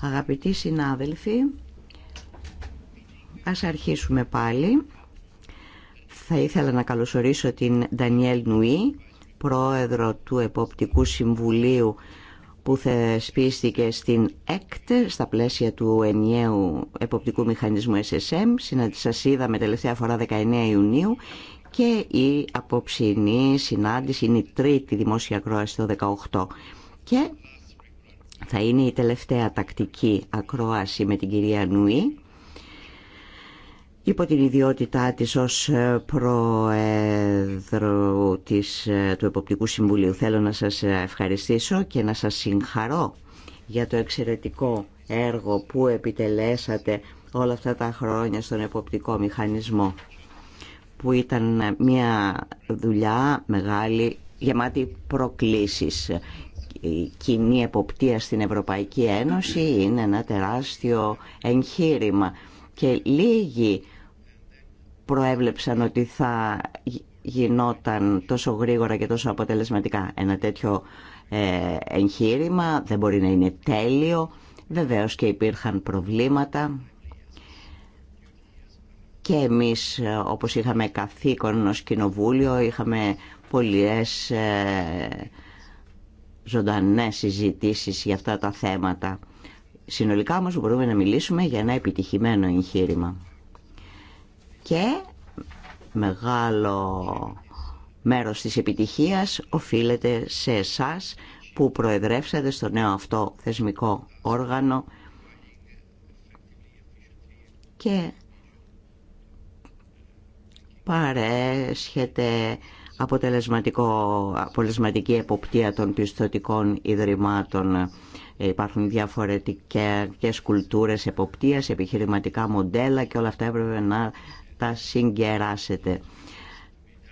Αγαπητοί συνάδελφοι, ας αρχίσουμε πάλι. Θα ήθελα να καλωσορίσω την Ντανιέλ Νουή, πρόεδρο του Εποπτικού Συμβουλίου που θεσπίστηκε στην ΕΚΤ στα πλαίσια του ενιαίου εποπτικού μηχανισμού SSM. Σας είδαμε τελευταία φορά 19 Ιουνίου και η απόψινή συνάντηση είναι η τρίτη δημόσια κρόαση το 18. Και θα είναι η τελευταία τακτική ακρόαση με την κυρία Νουή υπό την ιδιότητά της ως ε, Προέδρου ε, του Εποπτικού Συμβουλίου. Θέλω να σας ε, ευχαριστήσω και να σας συγχαρώ για το εξαιρετικό έργο που επιτελέσατε όλα αυτά τα χρόνια στον εποπτικό μηχανισμό που ήταν μια δουλειά μεγάλη γεμάτη προκλήσεις η κοινή εποπτεία στην Ευρωπαϊκή Ένωση είναι ένα τεράστιο εγχείρημα και λίγοι προέβλεψαν ότι θα γινόταν τόσο γρήγορα και τόσο αποτελεσματικά. Ένα τέτοιο ε, εγχείρημα δεν μπορεί να είναι τέλειο. Βεβαίως και υπήρχαν προβλήματα και εμείς ε, όπως είχαμε καθήκον ως κοινοβούλιο είχαμε πολλές ε, ζωντανές συζητήσεις για αυτά τα θέματα. Συνολικά όμως μπορούμε να μιλήσουμε για ένα επιτυχημένο εγχείρημα. Και μεγάλο μέρος της επιτυχίας οφείλεται σε εσάς που προεδρεύσατε στο νέο αυτό θεσμικό όργανο και παρέσχετε αποτελεσματική εποπτεία των πιστοτικών ιδρυμάτων. Υπάρχουν διαφορετικές κουλτούρες εποπτείας, επιχειρηματικά μοντέλα και όλα αυτά έπρεπε να τα συγκεράσετε.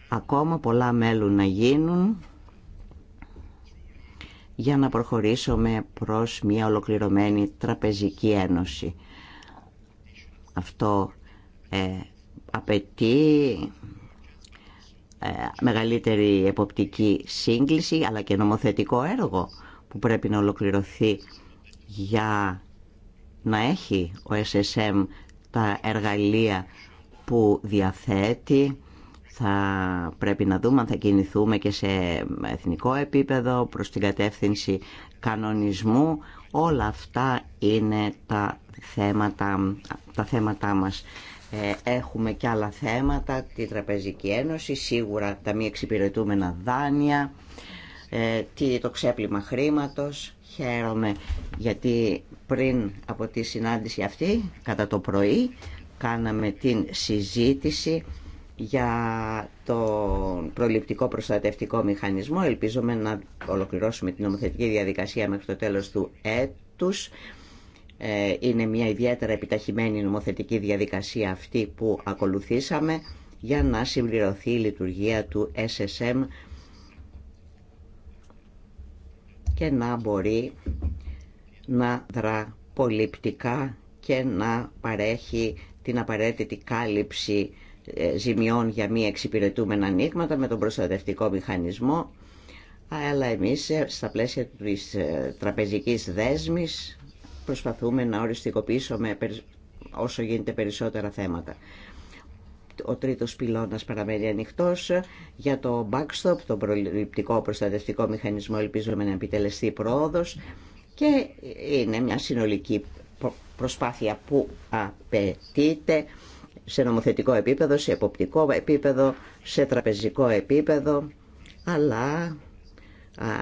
Ακόμα πολλά μέλουν να γίνουν για να προχωρήσουμε προς μια ολοκληρωμένη τραπεζική ένωση. Αυτό ε, απαιτεί ε, μεγαλύτερη εποπτική σύγκληση αλλά και νομοθετικό έργο που πρέπει να ολοκληρωθεί για να έχει ο SSM τα εργαλεία που διαθέτει. Θα πρέπει να δούμε αν θα κινηθούμε και σε εθνικό επίπεδο προς την κατεύθυνση κανονισμού. Όλα αυτά είναι τα θέματα, τα θέματα μας. Ε, έχουμε και άλλα θέματα, τη Τραπεζική Ένωση, σίγουρα τα μη εξυπηρετούμενα δάνεια, ε, το ξέπλυμα χρήματος. Χαίρομαι γιατί πριν από τη συνάντηση αυτή, κατά το πρωί, κάναμε την συζήτηση για τον προληπτικό προστατευτικό μηχανισμό. Ελπίζουμε να ολοκληρώσουμε την νομοθετική διαδικασία μέχρι το τέλος του έτους ε, είναι μια ιδιαίτερα επιταχυμένη νομοθετική διαδικασία αυτή που ακολουθήσαμε για να συμπληρωθεί η λειτουργία του SSM και να μπορεί να δρά πολυπτικά και να παρέχει την απαραίτητη κάλυψη ε, ζημιών για μη εξυπηρετούμενα ανοίγματα με τον προστατευτικό μηχανισμό αλλά εμείς ε, στα πλαίσια της τραπεζικής δέσμης προσπαθούμε να οριστικοποιήσουμε όσο γίνεται περισσότερα θέματα. Ο τρίτος πυλώνας παραμένει ανοιχτός. Για το backstop, τον προληπτικό προστατευτικό μηχανισμό, ελπίζουμε να επιτελεστεί πρόοδος και είναι μια συνολική προσπάθεια που απαιτείται σε νομοθετικό επίπεδο, σε εποπτικό επίπεδο, σε τραπεζικό επίπεδο, αλλά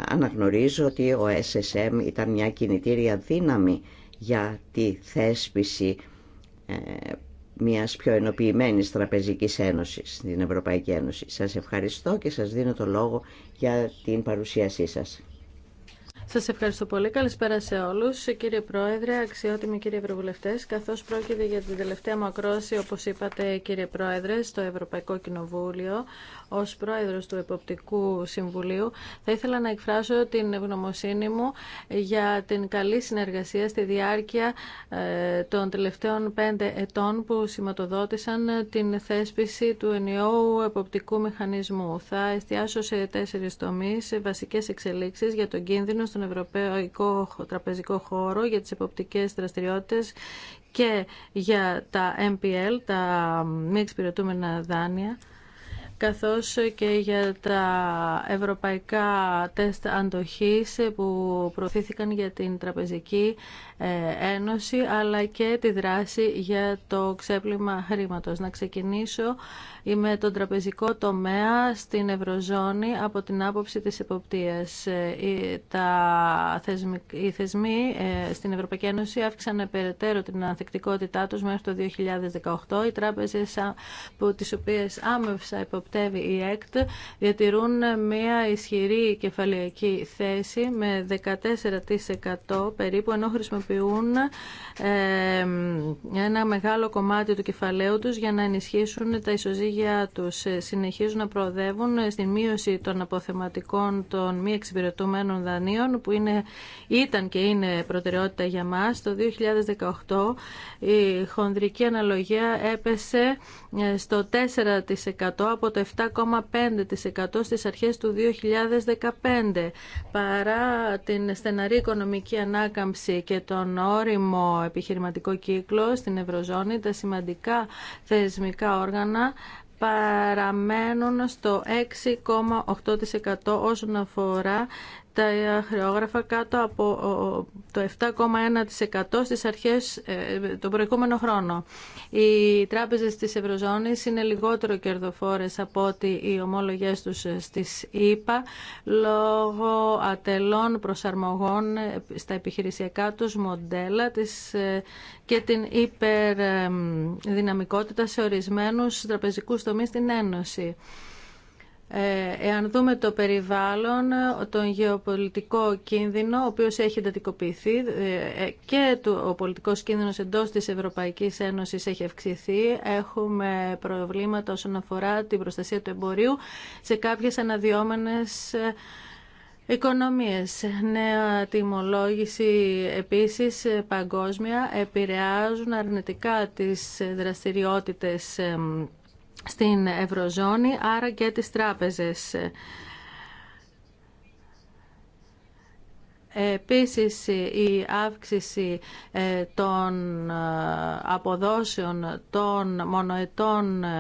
αναγνωρίζω ότι ο SSM ήταν μια κινητήρια δύναμη για τη θέσπιση ε, μιας πιο ενοποιημένης τραπεζικής ένωσης στην Ευρωπαϊκή Ένωση. Σας ευχαριστώ και σας δίνω το λόγο για την παρουσίασή σας. Σα ευχαριστώ πολύ. Καλησπέρα σε όλου, Κύριε Πρόεδρε, αξιότιμοι κύριοι Ευρωβουλευτέ, Καθώ πρόκειται για την τελευταία μου ακρόση, όπω είπατε κύριε Πρόεδρε, στο Ευρωπαϊκό Κοινοβούλιο, ω πρόεδρο του Εποπτικού Συμβουλίου, θα ήθελα να εκφράσω την ευγνωμοσύνη μου για την καλή συνεργασία στη διάρκεια ε, των τελευταίων πέντε ετών που σηματοδότησαν την θέσπιση του ενιαίου εποπτικού μηχανισμού. Θα εστιάσω σε τέσσερι τομεί βασικέ εξελίξει για τον κίνδυνο στον Ευρωπαϊκό Τραπεζικό Χώρο για τις εποπτικές δραστηριότητες και για τα MPL, τα μη εξυπηρετούμενα δάνεια, καθώς και για τα ευρωπαϊκά τεστ αντοχής που προωθήθηκαν για την τραπεζική ε, ένωση αλλά και τη δράση για το ξέπλυμα χρήματος. Να ξεκινήσω με τον τραπεζικό τομέα στην Ευρωζώνη από την άποψη της εποπτείας. Ε, τα οι θεσμοί ε, στην Ευρωπαϊκή Ένωση αύξησαν περαιτέρω την ανθεκτικότητά τους μέχρι το 2018. Οι τράπεζες που τις οποίες άμευσα υποπτεύει η ΕΚΤ διατηρούν μια ισχυρή κεφαλαιακή θέση με 14% περίπου ενώ χρησιμοποιούν χρησιμοποιούν ε, ένα μεγάλο κομμάτι του κεφαλαίου τους για να ενισχύσουν τα ισοζύγια τους. Ε, συνεχίζουν να προοδεύουν ε, στη μείωση των αποθεματικών των μη εξυπηρετούμενων δανείων που είναι, ήταν και είναι προτεραιότητα για μας. Το 2018 η χονδρική αναλογία έπεσε στο 4% από το 7,5% στις αρχές του 2015. Παρά την στεναρή οικονομική ανάκαμψη και το τον όριμο επιχειρηματικό κύκλο στην Ευρωζώνη, τα σημαντικά θεσμικά όργανα παραμένουν στο 6,8% όσον αφορά τα χρεόγραφα κάτω από το 7,1% στις αρχές ε, τον προηγούμενο χρόνο. Οι τράπεζες της Ευρωζώνης είναι λιγότερο κερδοφόρες από ότι οι ομόλογές τους ε, στις ΕΠΑ λόγω ατελών προσαρμογών ε, στα επιχειρησιακά τους μοντέλα της και την υπερδυναμικότητα σε ορισμένους τραπεζικούς τομείς στην Ένωση. Ε, εάν δούμε το περιβάλλον, τον γεωπολιτικό κίνδυνο, ο οποίος έχει εντατικοποιηθεί ε, και ο πολιτικός κίνδυνος εντός της Ευρωπαϊκής Ένωσης έχει αυξηθεί, έχουμε προβλήματα όσον αφορά την προστασία του εμπορίου σε κάποιες αναδυόμενες ε, Οικονομίες, νέα τιμολόγηση επίσης παγκόσμια επηρεάζουν αρνητικά τις δραστηριότητες στην Ευρωζώνη, άρα και τις τράπεζες. Επίσης η αύξηση ε, των ε, αποδόσεων των μονοετών ε,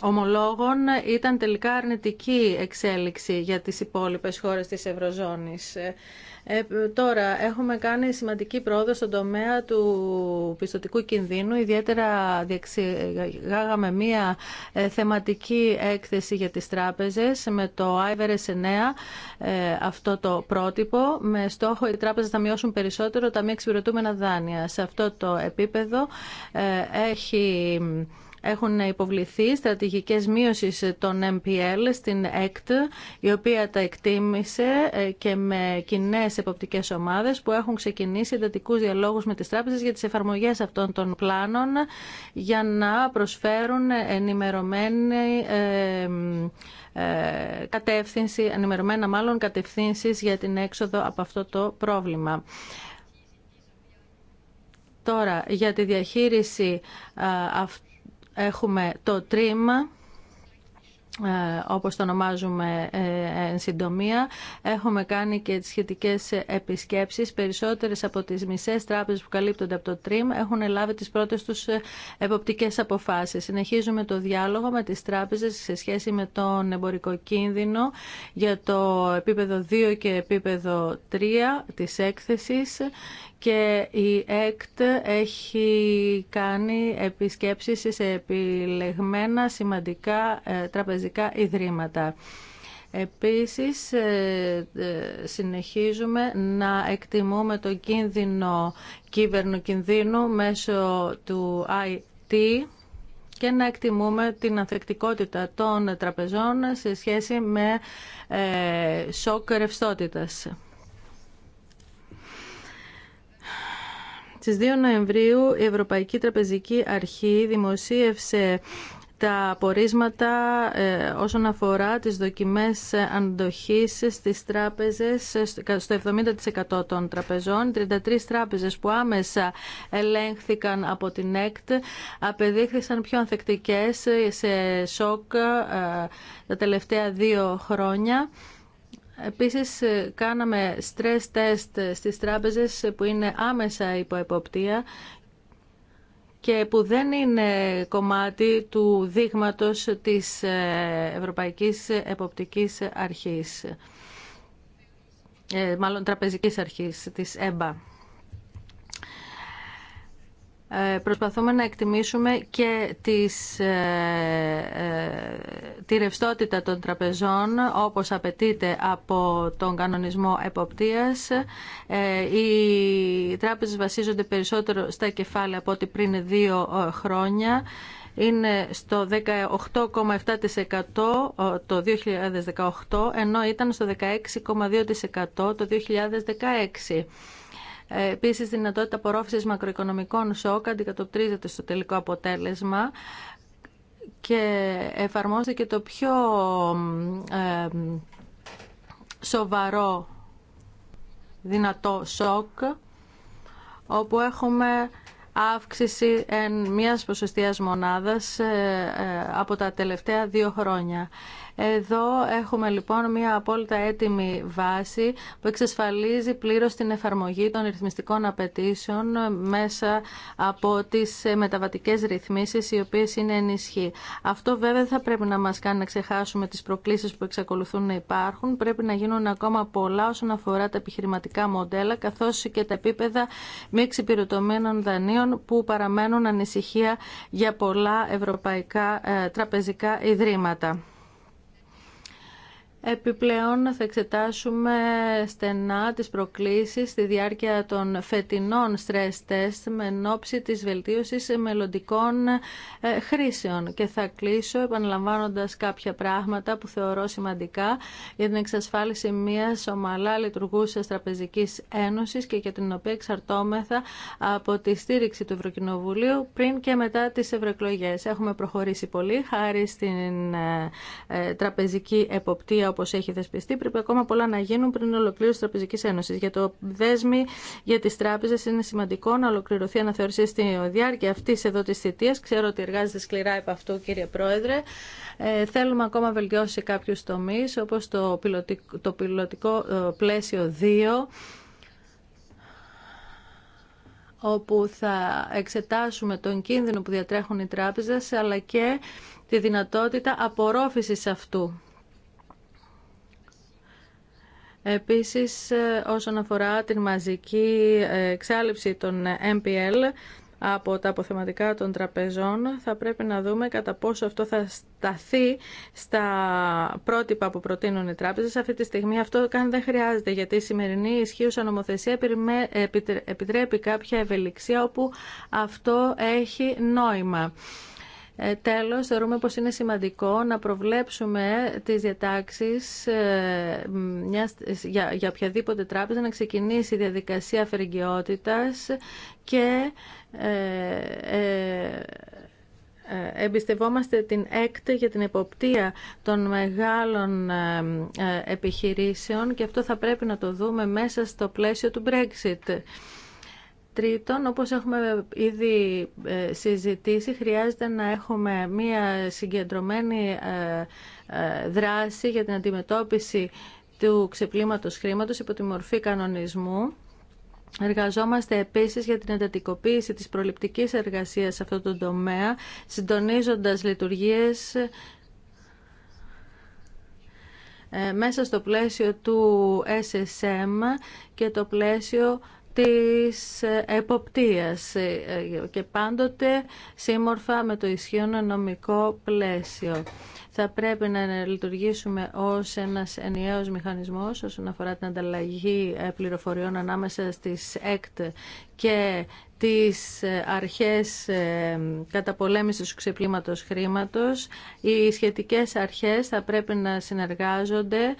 ομολόγων ήταν τελικά αρνητική εξέλιξη για τις υπόλοιπες χώρες της Ευρωζώνης. Ε, τώρα, έχουμε κάνει σημαντική πρόοδο στον τομέα του πιστοτικού κινδύνου. Ιδιαίτερα διεξηγάγαμε μία ε, θεματική έκθεση για τις τράπεζες με το IVRS 9, ε, αυτό το πρότυπο, με στόχο οι τράπεζες να μειώσουν περισσότερο τα μη εξυπηρετούμενα δάνεια. Σε αυτό το επίπεδο έχει έχουν υποβληθεί στρατηγικές μείωσης των MPL στην ΕΚΤ, η οποία τα εκτίμησε ε, και με κοινέ εποπτικές ομάδες που έχουν ξεκινήσει εντατικού διαλόγους με τις τράπεζες για τις εφαρμογές αυτών των πλάνων για να προσφέρουν ενημερωμένη ε, κατεύθυνση, ενημερωμένα μάλλον κατευθύνσεις για την έξοδο από αυτό το πρόβλημα. Τώρα, για τη διαχείριση αυτού Έχουμε το τρίμα ε, όπως το ονομάζουμε ε, ε, εν συντομία. Έχουμε κάνει και τις σχετικές επισκέψεις. Περισσότερες από τις μισές τράπεζες που καλύπτονται από το ΤΡΙΜ έχουν λάβει τις πρώτες τους εποπτικές αποφάσεις. Συνεχίζουμε το διάλογο με τις τράπεζες σε σχέση με τον εμπορικό κίνδυνο για το επίπεδο 2 και επίπεδο 3 της έκθεσης και η ΕΚΤ έχει κάνει επισκέψεις σε επιλεγμένα σημαντικά ε, τραπεζικά ιδρύματα. Επίσης, ε, ε, συνεχίζουμε να εκτιμούμε το κίνδυνο κινδύνου μέσω του IT και να εκτιμούμε την ανθεκτικότητα των τραπεζών σε σχέση με σοκ ρευστότητας. Στις 2 Νοεμβρίου η Ευρωπαϊκή Τραπεζική Αρχή δημοσίευσε τα πορίσματα ε, όσον αφορά τις δοκιμές αντοχής στις τράπεζες στο 70% των τραπεζών. 33 τράπεζες που άμεσα ελέγχθηκαν από την ΕΚΤ απεδείχθησαν πιο ανθεκτικές σε σοκ ε, τα τελευταία δύο χρόνια. Επίσης ε, κάναμε stress test στις τράπεζες που είναι άμεσα υπό εποπτεία και που δεν είναι κομμάτι του δείγματος της ε, Ευρωπαϊκής Εποπτικής Αρχής, ε, μάλλον Τραπεζικής Αρχής, της ΕΜΠΑ. Ε, προσπαθούμε να εκτιμήσουμε και τις, ε, ε, τη ρευστότητα των τραπεζών όπως απαιτείται από τον κανονισμό εποπτείας. οι τράπεζες βασίζονται περισσότερο στα κεφάλαια από ό,τι πριν δύο χρόνια. Είναι στο 18,7% το 2018, ενώ ήταν στο 16,2% το 2016. Ε, επίσης, δυνατότητα απορρόφηση μακροοικονομικών σοκ αντικατοπτρίζεται στο τελικό αποτέλεσμα και εφαρμόζεται το πιο ε, σοβαρό δυνατό σοκ όπου έχουμε αύξηση εν μιας ποσοστίας μονάδας ε, από τα τελευταία δύο χρόνια. Εδώ έχουμε λοιπόν μια απόλυτα έτοιμη βάση που εξασφαλίζει πλήρως την εφαρμογή των ρυθμιστικών απαιτήσεων μέσα από τις μεταβατικές ρυθμίσεις οι οποίες είναι ενισχύ. Αυτό βέβαια θα πρέπει να μας κάνει να ξεχάσουμε τις προκλήσεις που εξακολουθούν να υπάρχουν. Πρέπει να γίνουν ακόμα πολλά όσον αφορά τα επιχειρηματικά μοντέλα καθώς και τα επίπεδα μη εξυπηρετωμένων δανείων που παραμένουν ανησυχία για πολλά ευρωπαϊκά ε, τραπεζικά ιδρύματα. Επιπλέον θα εξετάσουμε στενά τις προκλήσεις στη διάρκεια των φετινών stress test με ενόψη της βελτίωσης μελλοντικών ε, χρήσεων και θα κλείσω επαναλαμβάνοντας κάποια πράγματα που θεωρώ σημαντικά για την εξασφάλιση μιας ομαλά λειτουργούσας τραπεζικής ένωσης και για την οποία εξαρτώμεθα από τη στήριξη του Ευρωκοινοβουλίου πριν και μετά τις ευρωεκλογέ. Έχουμε προχωρήσει πολύ χάρη στην ε, ε, τραπεζική εποπτεία όπω έχει δεσπιστεί, πρέπει ακόμα πολλά να γίνουν πριν ολοκλήρωση τη Τραπεζική Ένωση. Για το δέσμι για τι τράπεζε είναι σημαντικό να ολοκληρωθεί αναθεωρησία στη διάρκεια αυτή εδώ τη θητεία. Ξέρω ότι εργάζεται σκληρά επ' αυτού, κύριε Πρόεδρε. Ε, θέλουμε ακόμα βελτιώσει κάποιου τομεί, όπω το το πιλωτικό ε, πλαίσιο 2 όπου θα εξετάσουμε τον κίνδυνο που διατρέχουν οι τράπεζες, αλλά και τη δυνατότητα απορρόφησης αυτού. Επίσης, ε, όσον αφορά την μαζική εξάλληψη των MPL από τα αποθεματικά των τραπεζών, θα πρέπει να δούμε κατά πόσο αυτό θα σταθεί στα πρότυπα που προτείνουν οι τράπεζες. Αυτή τη στιγμή αυτό καν δεν χρειάζεται, γιατί η σημερινή ισχύουσα νομοθεσία επιτρέπει κάποια ευελιξία όπου αυτό έχει νόημα. Ε, τέλος, θεωρούμε πως είναι σημαντικό να προβλέψουμε τις διατάξεις ε, ε, για οποιαδήποτε τράπεζα να ξεκινήσει η διαδικασία αφαιρεγγιότητας και εμπιστευόμαστε την έκτη για την εποπτεία των μεγάλων επιχειρήσεων και αυτό θα πρέπει να το δούμε μέσα στο πλαίσιο του Brexit. Τρίτον, όπως έχουμε ήδη ε, συζητήσει, χρειάζεται να έχουμε μία συγκεντρωμένη ε, ε, δράση για την αντιμετώπιση του ξεπλήματος χρήματος υπό τη μορφή κανονισμού. Εργαζόμαστε επίσης για την εντατικοποίηση της προληπτικής εργασίας σε αυτό το τομέα, συντονίζοντας λειτουργίες μέσα στο πλαίσιο του SSM και το πλαίσιο της ε, εποπτείας ε, ε, και πάντοτε σύμμορφα με το ισχύον νομικό πλαίσιο. Θα πρέπει να λειτουργήσουμε ως ένας ενιαίος μηχανισμός όσον αφορά την ανταλλαγή πληροφοριών ανάμεσα στις ΕΚΤ και τις αρχές καταπολέμησης του ξεπλήματος χρήματος. Οι σχετικές αρχές θα πρέπει να συνεργάζονται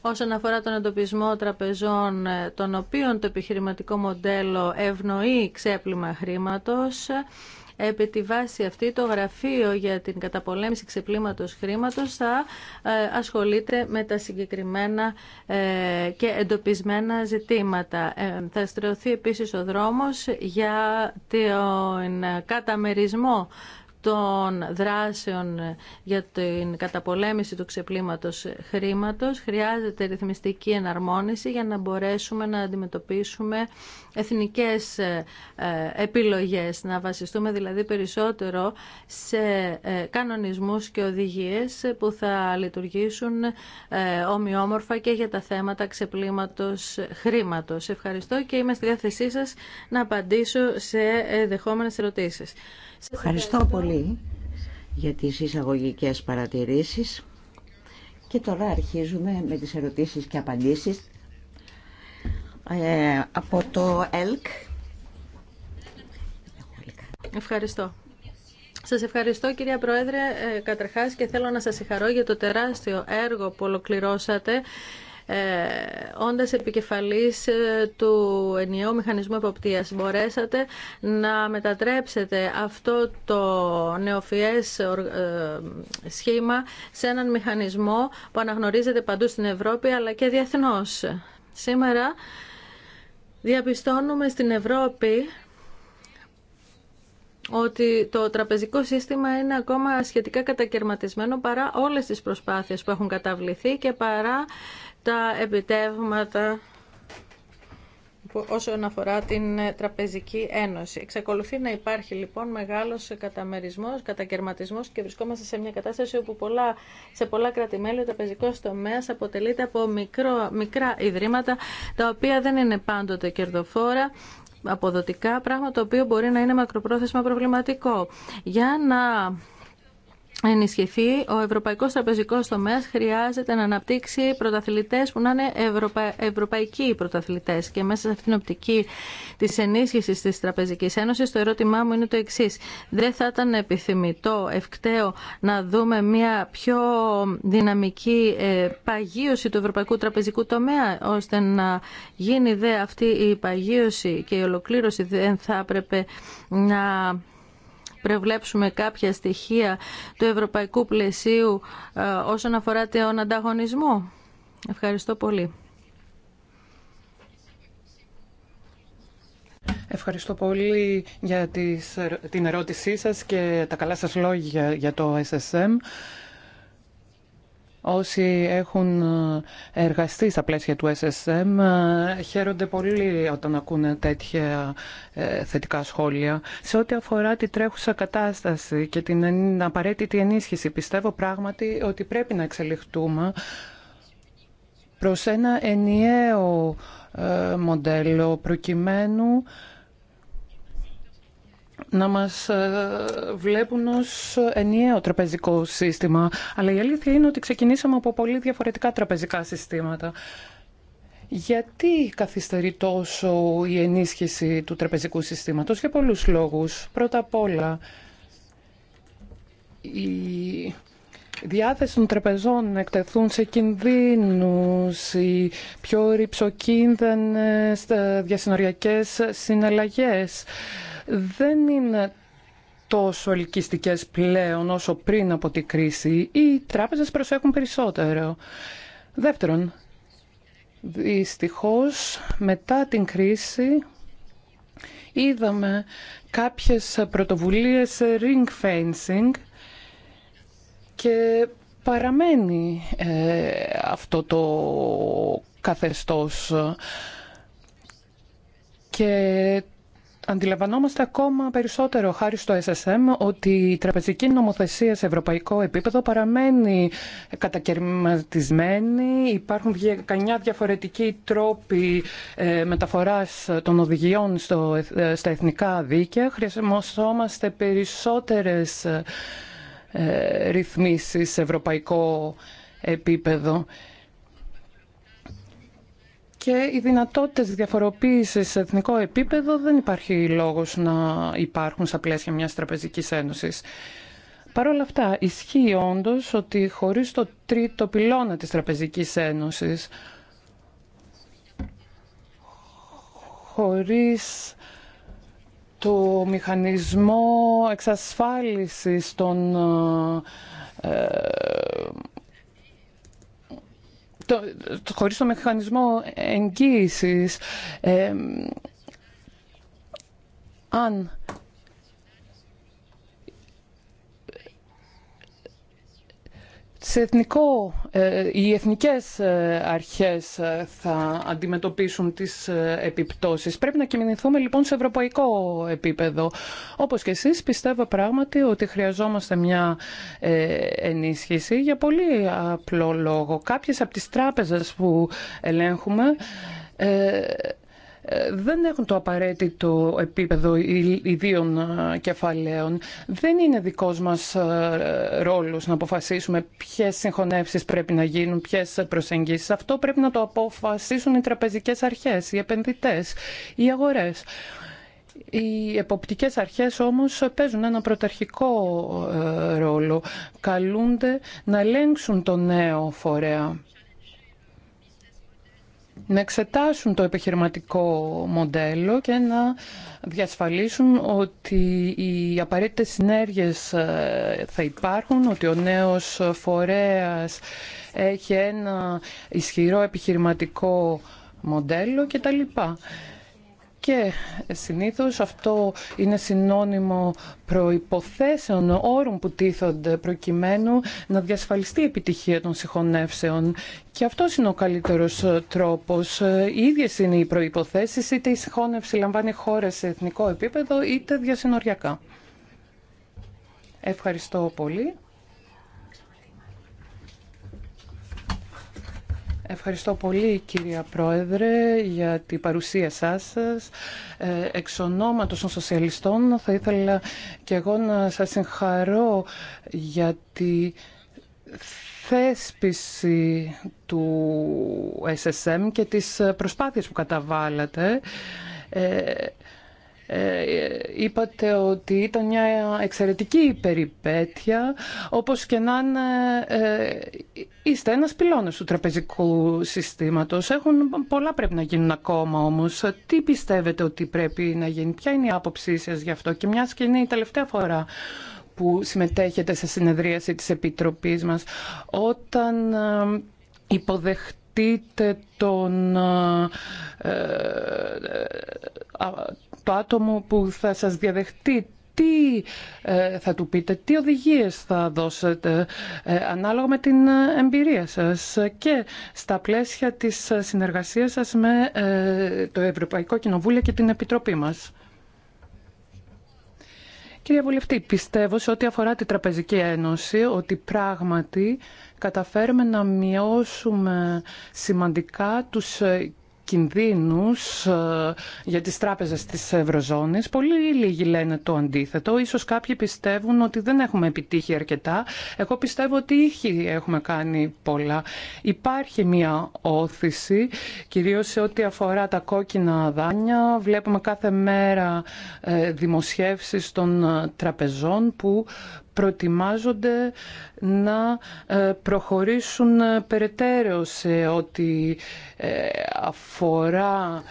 όσον αφορά τον εντοπισμό τραπεζών ε, των οποίων το επιχειρηματικό μοντέλο ευνοεί ξέπλυμα χρήματος. Επί τη βάση αυτή το Γραφείο για την Καταπολέμηση Ξεπλήματος Χρήματος θα ε, ασχολείται με τα συγκεκριμένα ε, και εντοπισμένα ζητήματα. Θα στρεωθεί επίσης ο δρόμος για τον καταμερισμό των δράσεων για την καταπολέμηση του ξεπλήματος χρήματος. Χρειάζεται ρυθμιστική εναρμόνιση για να μπορέσουμε να αντιμετωπίσουμε εθνικές ε, επιλογές, να βασιστούμε δηλαδή περισσότερο σε ε, κανονισμούς και οδηγίες που θα λειτουργήσουν ε, ομοιόμορφα και για τα θέματα ξεπλήματος χρήματος. Ευχαριστώ και είμαι στη διάθεσή σας να απαντήσω σε δεχόμενες ερωτήσεις. Ευχαριστώ πολύ για τις εισαγωγικές παρατηρήσεις και τώρα αρχίζουμε με τις ερωτήσεις και απαντήσεις ε, από το ΕΛΚ. Ευχαριστώ. Σας ευχαριστώ κυρία Πρόεδρε ε, καταρχάς και θέλω να σας συγχαρώ για το τεράστιο έργο που ολοκληρώσατε ε, όντας επικεφαλής ε, του ενιαίου μηχανισμού εποπτείας μπορέσατε να μετατρέψετε αυτό το νεοφιές ε, σχήμα σε έναν μηχανισμό που αναγνωρίζεται παντού στην Ευρώπη αλλά και διεθνώς. Σήμερα διαπιστώνουμε στην Ευρώπη ότι το τραπεζικό σύστημα είναι ακόμα σχετικά κατακαιρματισμένο παρά όλες τις προσπάθειες που έχουν καταβληθεί και παρά τα επιτεύγματα όσον αφορά την Τραπεζική Ένωση. Εξακολουθεί να υπάρχει λοιπόν μεγάλος καταμερισμός, κατακαιρματισμός και βρισκόμαστε σε μια κατάσταση όπου πολλά, σε πολλά κράτη-μέλη ο τραπεζικό τομέα αποτελείται από μικρό, μικρά ιδρύματα τα οποία δεν είναι πάντοτε κερδοφόρα αποδοτικά, πράγμα το οποίο μπορεί να είναι μακροπρόθεσμα προβληματικό. Για να ενισχυθεί, ο ευρωπαϊκός τραπεζικός τομέας χρειάζεται να αναπτύξει πρωταθλητές που να είναι ευρωπαϊκοί πρωταθλητές και μέσα σε αυτήν την οπτική της ενίσχυσης της Τραπεζικής Ένωσης το ερώτημά μου είναι το εξής. Δεν θα ήταν επιθυμητό, ευκταίο να δούμε μια πιο δυναμική ε, παγίωση του ευρωπαϊκού τραπεζικού τομέα ώστε να γίνει δε αυτή η παγίωση και η ολοκλήρωση δεν θα έπρεπε να προβλέψουμε κάποια στοιχεία του ευρωπαϊκού πλαισίου ε, όσον αφορά τον ανταγωνισμό. Ευχαριστώ πολύ. Ευχαριστώ πολύ για την ερώτησή σας και τα καλά σας λόγια για το SSM. Όσοι έχουν ε, εργαστεί στα πλαίσια του SSM ε, χαίρονται πολύ όταν ακούνε τέτοια ε, θετικά σχόλια. Σε ό,τι αφορά τη τρέχουσα κατάσταση και την απαραίτητη ενίσχυση, πιστεύω πράγματι ότι πρέπει να εξελιχτούμε προς ένα ενιαίο μοντέλο προκειμένου να μας ε, βλέπουν ως ενιαίο τραπεζικό σύστημα. Αλλά η αλήθεια είναι ότι ξεκινήσαμε από πολύ διαφορετικά τραπεζικά συστήματα. Γιατί καθυστερεί τόσο η ενίσχυση του τραπεζικού συστήματος για πολλούς λόγους. Πρώτα απ' όλα, η διάθεση των τραπεζών εκτεθούν σε κινδύνους, οι πιο ρηψοκίνδυνες ε, διασυνοριακές συναλλαγές δεν είναι τόσο ελκυστικές πλέον όσο πριν από την κρίση. Οι τράπεζες προσέχουν περισσότερο. Δεύτερον, δυστυχώς μετά την κρίση είδαμε κάποιες πρωτοβουλίες ring fencing και παραμένει ε, αυτό το καθεστώς και Αντιλαμβανόμαστε ακόμα περισσότερο χάρη στο SSM ότι η τραπεζική νομοθεσία σε ευρωπαϊκό επίπεδο παραμένει κατακαιρματισμένη. Υπάρχουν κανιά διαφορετικοί τρόποι ε, μεταφοράς των οδηγιών στο, ε, στα εθνικά δίκαια. Χρειαζόμαστε περισσότερες ε, ρυθμίσεις σε ευρωπαϊκό επίπεδο και οι δυνατότητες διαφοροποίησης σε εθνικό επίπεδο δεν υπάρχει λόγος να υπάρχουν στα πλαίσια μιας τραπεζικής ένωσης. Παρ' όλα αυτά, ισχύει όντω ότι χωρίς το τρίτο πυλώνα της Τραπεζικής Ένωσης, χωρίς το μηχανισμό εξασφάλισης των ε, το, χωρίς το μηχανισμό εγγύησης. Ε, αν σε εθνικό, ε, οι εθνικές ε, αρχές ε, θα αντιμετωπίσουν τις επιπτώσεις. Πρέπει να κινηθούμε λοιπόν σε ευρωπαϊκό επίπεδο. Όπως και εσείς πιστεύω πράγματι ότι χρειαζόμαστε μια ενίσχυση για πολύ απλό λόγο. Κάποιες από τις τράπεζες που ελέγχουμε δεν έχουν το απαραίτητο επίπεδο ιδίων ε, κεφαλαίων. Δεν είναι δικός μας ε, ρόλος να αποφασίσουμε ποιες συγχωνεύσεις πρέπει να γίνουν, ποιες προσεγγίσεις. Αυτό πρέπει να το αποφασίσουν οι τραπεζικές αρχές, οι επενδυτές, οι αγορές. Οι εποπτικές αρχές όμως παίζουν ένα πρωταρχικό ε, ρόλο. Καλούνται να ελέγξουν το νέο φορέα να εξετάσουν το επιχειρηματικό μοντέλο και να διασφαλίσουν ότι οι απαραίτητες συνέργειες ε, θα υπάρχουν, ότι ο νέος φορέας έχει ένα ισχυρό επιχειρηματικό μοντέλο κτλ και συνήθως αυτό είναι συνώνυμο προϋποθέσεων όρων που τίθονται προκειμένου να διασφαλιστεί η επιτυχία των συγχωνεύσεων και αυτό είναι ο καλύτερος τρόπος. Οι ίδιες είναι οι προϋποθέσεις, είτε η συγχώνευση λαμβάνει χώρα σε εθνικό επίπεδο είτε διασυνοριακά. Ευχαριστώ πολύ. Ευχαριστώ πολύ κυρία Πρόεδρε για την παρουσία σας. Ε, εξ ονόματος των σοσιαλιστών θα ήθελα και εγώ να σας συγχαρώ για τη θέσπιση του SSM και τις προσπάθειες που καταβάλατε. Ε, ε, είπατε ότι ήταν μια εξαιρετική περιπέτεια, όπως και να είναι, ε, είστε ένας πυλώνας του τραπεζικού συστήματος. Έχουν, πολλά πρέπει να γίνουν ακόμα όμως. Τι πιστεύετε ότι πρέπει να γίνει, ποια είναι η άποψή σας γι' αυτό και μια και είναι η τελευταία φορά που συμμετέχετε σε συνεδρίαση της Επιτροπής μας. Όταν ε, υποδεχτείτε τον, ε, το άτομο που θα σας διαδεχτεί τι ε, θα του πείτε, τι οδηγίες θα δώσετε ε, ανάλογα με την ε, εμπειρία σας και στα πλαίσια της συνεργασίας σας με το Ευρωπαϊκό Κοινοβούλιο και την Επιτροπή μας. Κύριε Βουλευτή, πιστεύω σε ό,τι αφορά τη Τραπεζική Ένωση ότι πράγματι καταφέρουμε να μειώσουμε σημαντικά τους κινδύνους ε, για τις τράπεζες της Ευρωζώνης. Πολύ λίγοι λένε το αντίθετο. Ίσως κάποιοι πιστεύουν ότι δεν έχουμε επιτύχει αρκετά. Εγώ πιστεύω ότι ήχοι έχουμε κάνει πολλά. Υπάρχει μια όθηση, κυρίως σε ό,τι αφορά τα κόκκινα δάνεια. Βλέπουμε κάθε μέρα ε, δημοσιεύσεις των ε, τραπεζών που προετοιμάζονται να ε, προχωρήσουν ε, περαιτέρω σε ό,τι ε, αφορά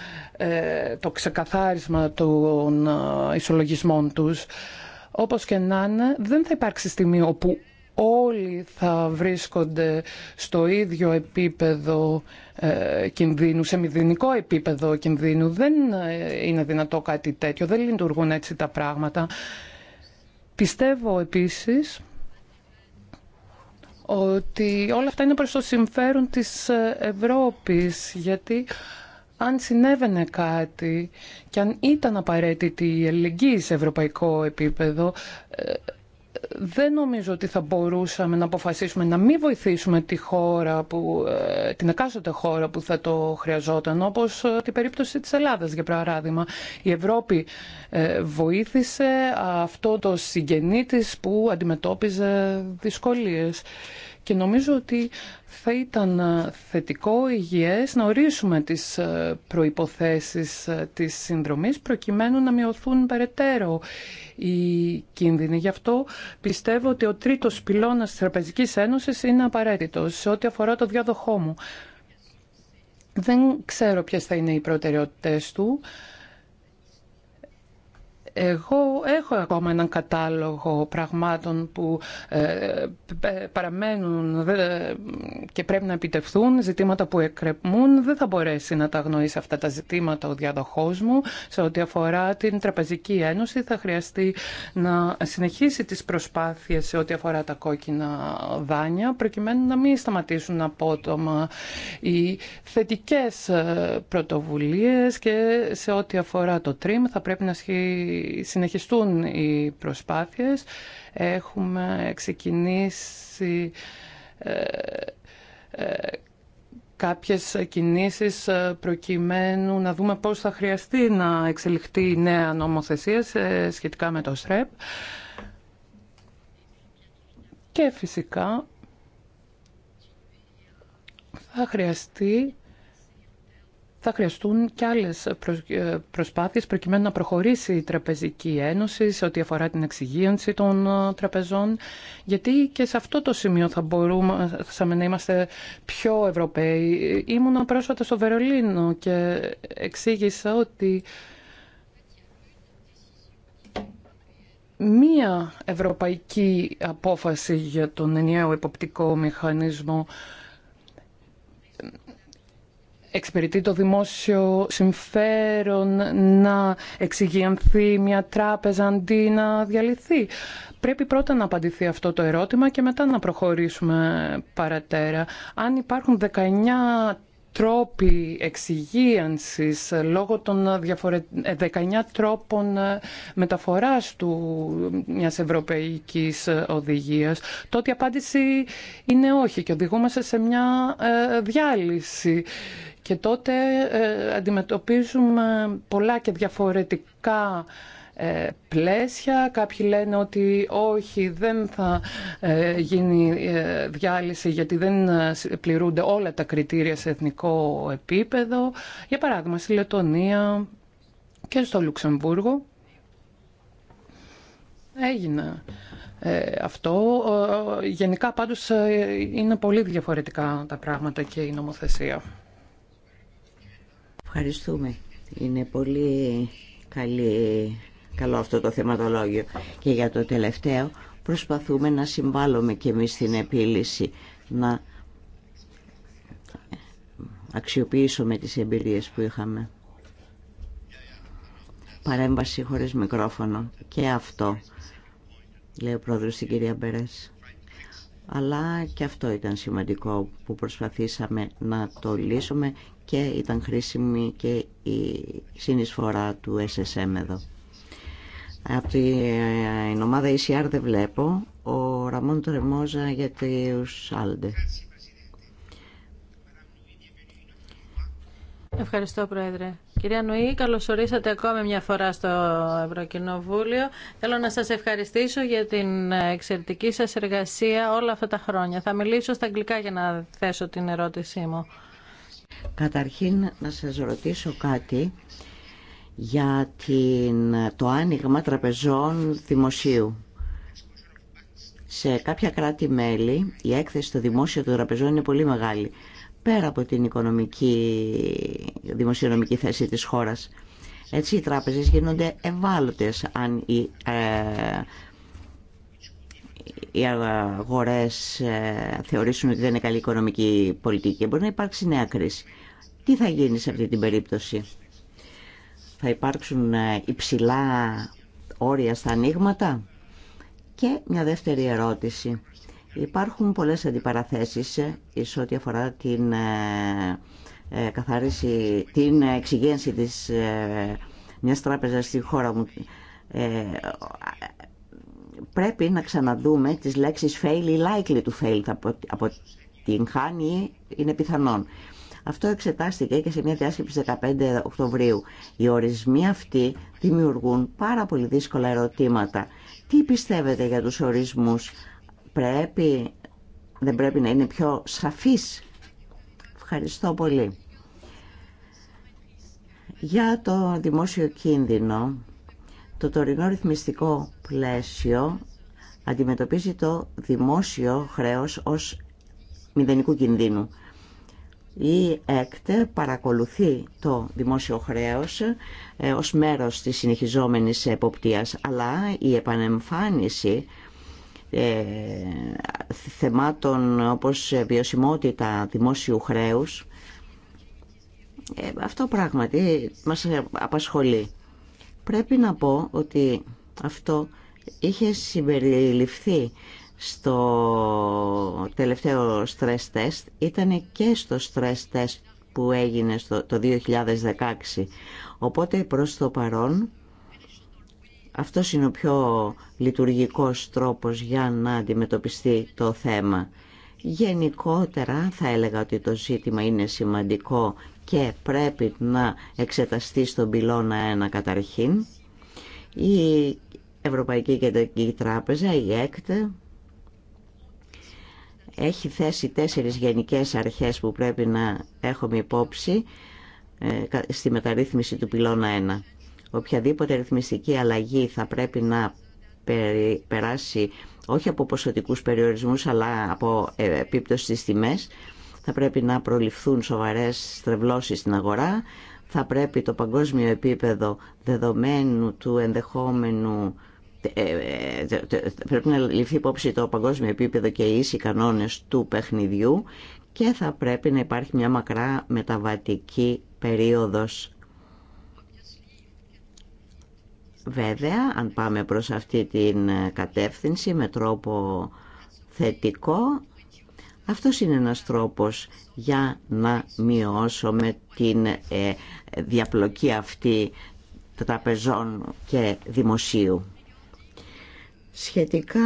το ξεκαθάρισμα των ισολογισμών τους. Όπως και να είναι, δεν θα υπάρξει στιγμή όπου όλοι θα βρίσκονται στο ίδιο επίπεδο κινδύνου, σε μηδενικό επίπεδο κινδύνου. Δεν είναι δυνατό κάτι τέτοιο, δεν λειτουργούν έτσι τα πράγματα. Πιστεύω επίσης ότι όλα αυτά είναι προς το συμφέρον της Ευρώπης, γιατί αν συνέβαινε κάτι και αν ήταν απαραίτητη η ελληνική σε ευρωπαϊκό επίπεδο, ε, δεν νομίζω ότι θα μπορούσαμε να αποφασίσουμε να μην βοηθήσουμε τη χώρα που, ε, την εκάστοτε χώρα που θα το χρειαζόταν, όπως ε, την περίπτωση της Ελλάδας για παράδειγμα. Η Ευρώπη ε, βοήθησε αυτό το συγγενή της που αντιμετώπιζε δυσκολίες. Και νομίζω ότι θα ήταν θετικό, υγιές, να ορίσουμε τις προϋποθέσεις της συνδρομής προκειμένου να μειωθούν περαιτέρω η κίνδυνοι. Γι' αυτό πιστεύω ότι ο τρίτος πυλώνας της Τραπεζικής Ένωση είναι απαραίτητος σε ό,τι αφορά το διάδοχό μου. Δεν ξέρω ποιες θα είναι οι προτεραιότητες του. Εγώ έχω ακόμα έναν κατάλογο πραγμάτων που ε, παραμένουν και πρέπει να επιτευχθούν, ζητήματα που εκκρεμούν. Δεν θα μπορέσει να τα γνωρίσει αυτά τα ζητήματα ο διαδοχός μου. Σε ό,τι αφορά την Τραπεζική Ένωση θα χρειαστεί να συνεχίσει τις προσπάθειες σε ό,τι αφορά τα κόκκινα δάνεια, προκειμένου να μην σταματήσουν απότομα οι θετικές ε, πρωτοβουλίες και σε ό,τι αφορά το TRIM θα πρέπει να συνεχιστούν οι προσπάθειες. Έχουμε ξεκινήσει ε, ε, κάποιες κινήσεις ε, προκειμένου να δούμε πώς θα χρειαστεί να εξελιχθεί η νέα νομοθεσία σχετικά με το ΣΡΕΠ. Και φυσικά θα χρειαστεί θα χρειαστούν και άλλε ε, προσπάθειες προκειμένου να προχωρήσει η Τραπεζική Ένωση σε ό,τι αφορά την εξυγίανση των ε, τραπεζών, γιατί και σε αυτό το σημείο θα μπορούσαμε να είμαστε πιο Ευρωπαίοι. Ήμουνα πρόσφατα στο Βερολίνο και εξήγησα ότι μία ευρωπαϊκή απόφαση για τον ενιαίο εποπτικό μηχανισμό εξυπηρετεί το δημόσιο συμφέρον να εξηγιανθεί μια τράπεζα αντί να διαλυθεί. Πρέπει πρώτα να απαντηθεί αυτό το ερώτημα και μετά να προχωρήσουμε παρατέρα. Αν υπάρχουν 19 τρόποι εξυγίανσης ε, λόγω των 19 ε, ε, τρόπων μεταφοράς του μιας ευρωπαϊκής οδηγίας, τότε η απάντηση είναι όχι και οδηγούμαστε σε μια διάλυση. Και τότε αντιμετωπίζουμε πολλά και διαφορετικά ε, πλαίσια. Κάποιοι λένε ότι όχι, δεν θα ε, γίνει ε, διάλυση γιατί δεν πληρούνται όλα τα κριτήρια σε εθνικό επίπεδο. Για παράδειγμα, στη Λετωνία και στο Λουξεμβούργο έγινε αυτό. Γενικά, πάντως, είναι πολύ διαφορετικά τα πράγματα και η νομοθεσία. Ευχαριστούμε. Είναι πολύ καλή καλό αυτό το θεματολόγιο. Και για το τελευταίο προσπαθούμε να συμβάλλουμε και εμείς στην επίλυση, να αξιοποιήσουμε τις εμπειρίες που είχαμε. Παρέμβαση χωρίς μικρόφωνο και αυτό, λέει ο πρόεδρος στην κυρία Μπερές. Αλλά και αυτό ήταν σημαντικό που προσπαθήσαμε να το λύσουμε και ήταν χρήσιμη και η συνεισφορά του SSM εδώ. Από ε, την ομάδα ECR δεν βλέπω. Ο Ραμόν Τρεμόζα για του Άλντε. Ευχαριστώ, Πρόεδρε. Κυρία Νουή, καλωσορίσατε ακόμη μια φορά στο Ευρωκοινοβούλιο. Θέλω να σας ευχαριστήσω για την εξαιρετική σας εργασία όλα αυτά τα χρόνια. Θα μιλήσω στα αγγλικά για να θέσω την ερώτησή μου. Καταρχήν, να σας ρωτήσω κάτι για την, το άνοιγμα τραπεζών δημοσίου. Σε κάποια κράτη-μέλη η έκθεση στο δημόσιο των τραπεζών είναι πολύ μεγάλη, πέρα από την οικονομική, δημοσιονομική θέση της χώρας. Έτσι οι τράπεζες γίνονται ευάλωτες αν οι, ε, οι αγορές ε, θεωρήσουν ότι δεν είναι καλή οικονομική πολιτική. Μπορεί να υπάρξει νέα κρίση. Τι θα γίνει σε αυτή την περίπτωση θα υπάρξουν ε, υψηλά όρια στα ανοίγματα. Και μια δεύτερη ερώτηση. Υπάρχουν πολλές αντιπαραθέσεις σε ό,τι αφορά την ε, ε, καθάριση, την εξυγένση της μιας τράπεζας στη χώρα μου. πρέπει να ξαναδούμε τις λέξεις fail ή likely to fail, από την χάνει είναι πιθανόν. Αυτό εξετάστηκε και σε μια διάσκεψη 15 Οκτωβρίου. Οι ορισμοί αυτοί δημιουργούν πάρα πολύ δύσκολα ερωτήματα. Τι πιστεύετε για τους ορισμούς, πρέπει, δεν πρέπει να είναι πιο σαφείς. Ευχαριστώ πολύ. Για το δημόσιο κίνδυνο, το τωρινό ρυθμιστικό πλαίσιο αντιμετωπίζει το δημόσιο χρέος ως μηδενικού κινδύνου. Η ΕΚΤ παρακολουθεί το δημόσιο χρέος ε, ως μέρος της συνεχιζόμενης εποπτείας, αλλά η επανεμφάνιση ε, θεμάτων όπως βιωσιμότητα δημόσιου χρέους, ε, αυτό πράγματι μας απασχολεί. Πρέπει να πω ότι αυτό είχε συμπεριληφθεί στο τελευταίο stress test ήταν και στο stress test που έγινε το 2016. Οπότε προς το παρόν αυτό είναι ο πιο λειτουργικός τρόπος για να αντιμετωπιστεί το θέμα. Γενικότερα θα έλεγα ότι το ζήτημα είναι σημαντικό και πρέπει να εξεταστεί στον πυλώνα ένα καταρχήν. Η Ευρωπαϊκή Κεντρική Τράπεζα, η ΕΚΤ, έχει θέσει τέσσερις γενικές αρχές που πρέπει να έχουμε υπόψη ε, στη μεταρρύθμιση του πυλώνα 1. Οποιαδήποτε ρυθμιστική αλλαγή θα πρέπει να περάσει όχι από ποσοτικούς περιορισμούς αλλά από ε, επίπτωση στις τιμές. Θα πρέπει να προληφθούν σοβαρές στρεβλώσεις στην αγορά. Θα πρέπει το παγκόσμιο επίπεδο δεδομένου του ενδεχόμενου πρέπει να ληφθεί υπόψη το παγκόσμιο επίπεδο και οι ίσοι κανόνες του παιχνιδιού και θα πρέπει να υπάρχει μια μακρά μεταβατική περίοδος. Βέβαια, αν πάμε προς αυτή την κατεύθυνση με τρόπο θετικό, αυτό είναι ένας τρόπος για να μειώσουμε την ε, διαπλοκή αυτή τραπεζών και δημοσίου. Σχετικά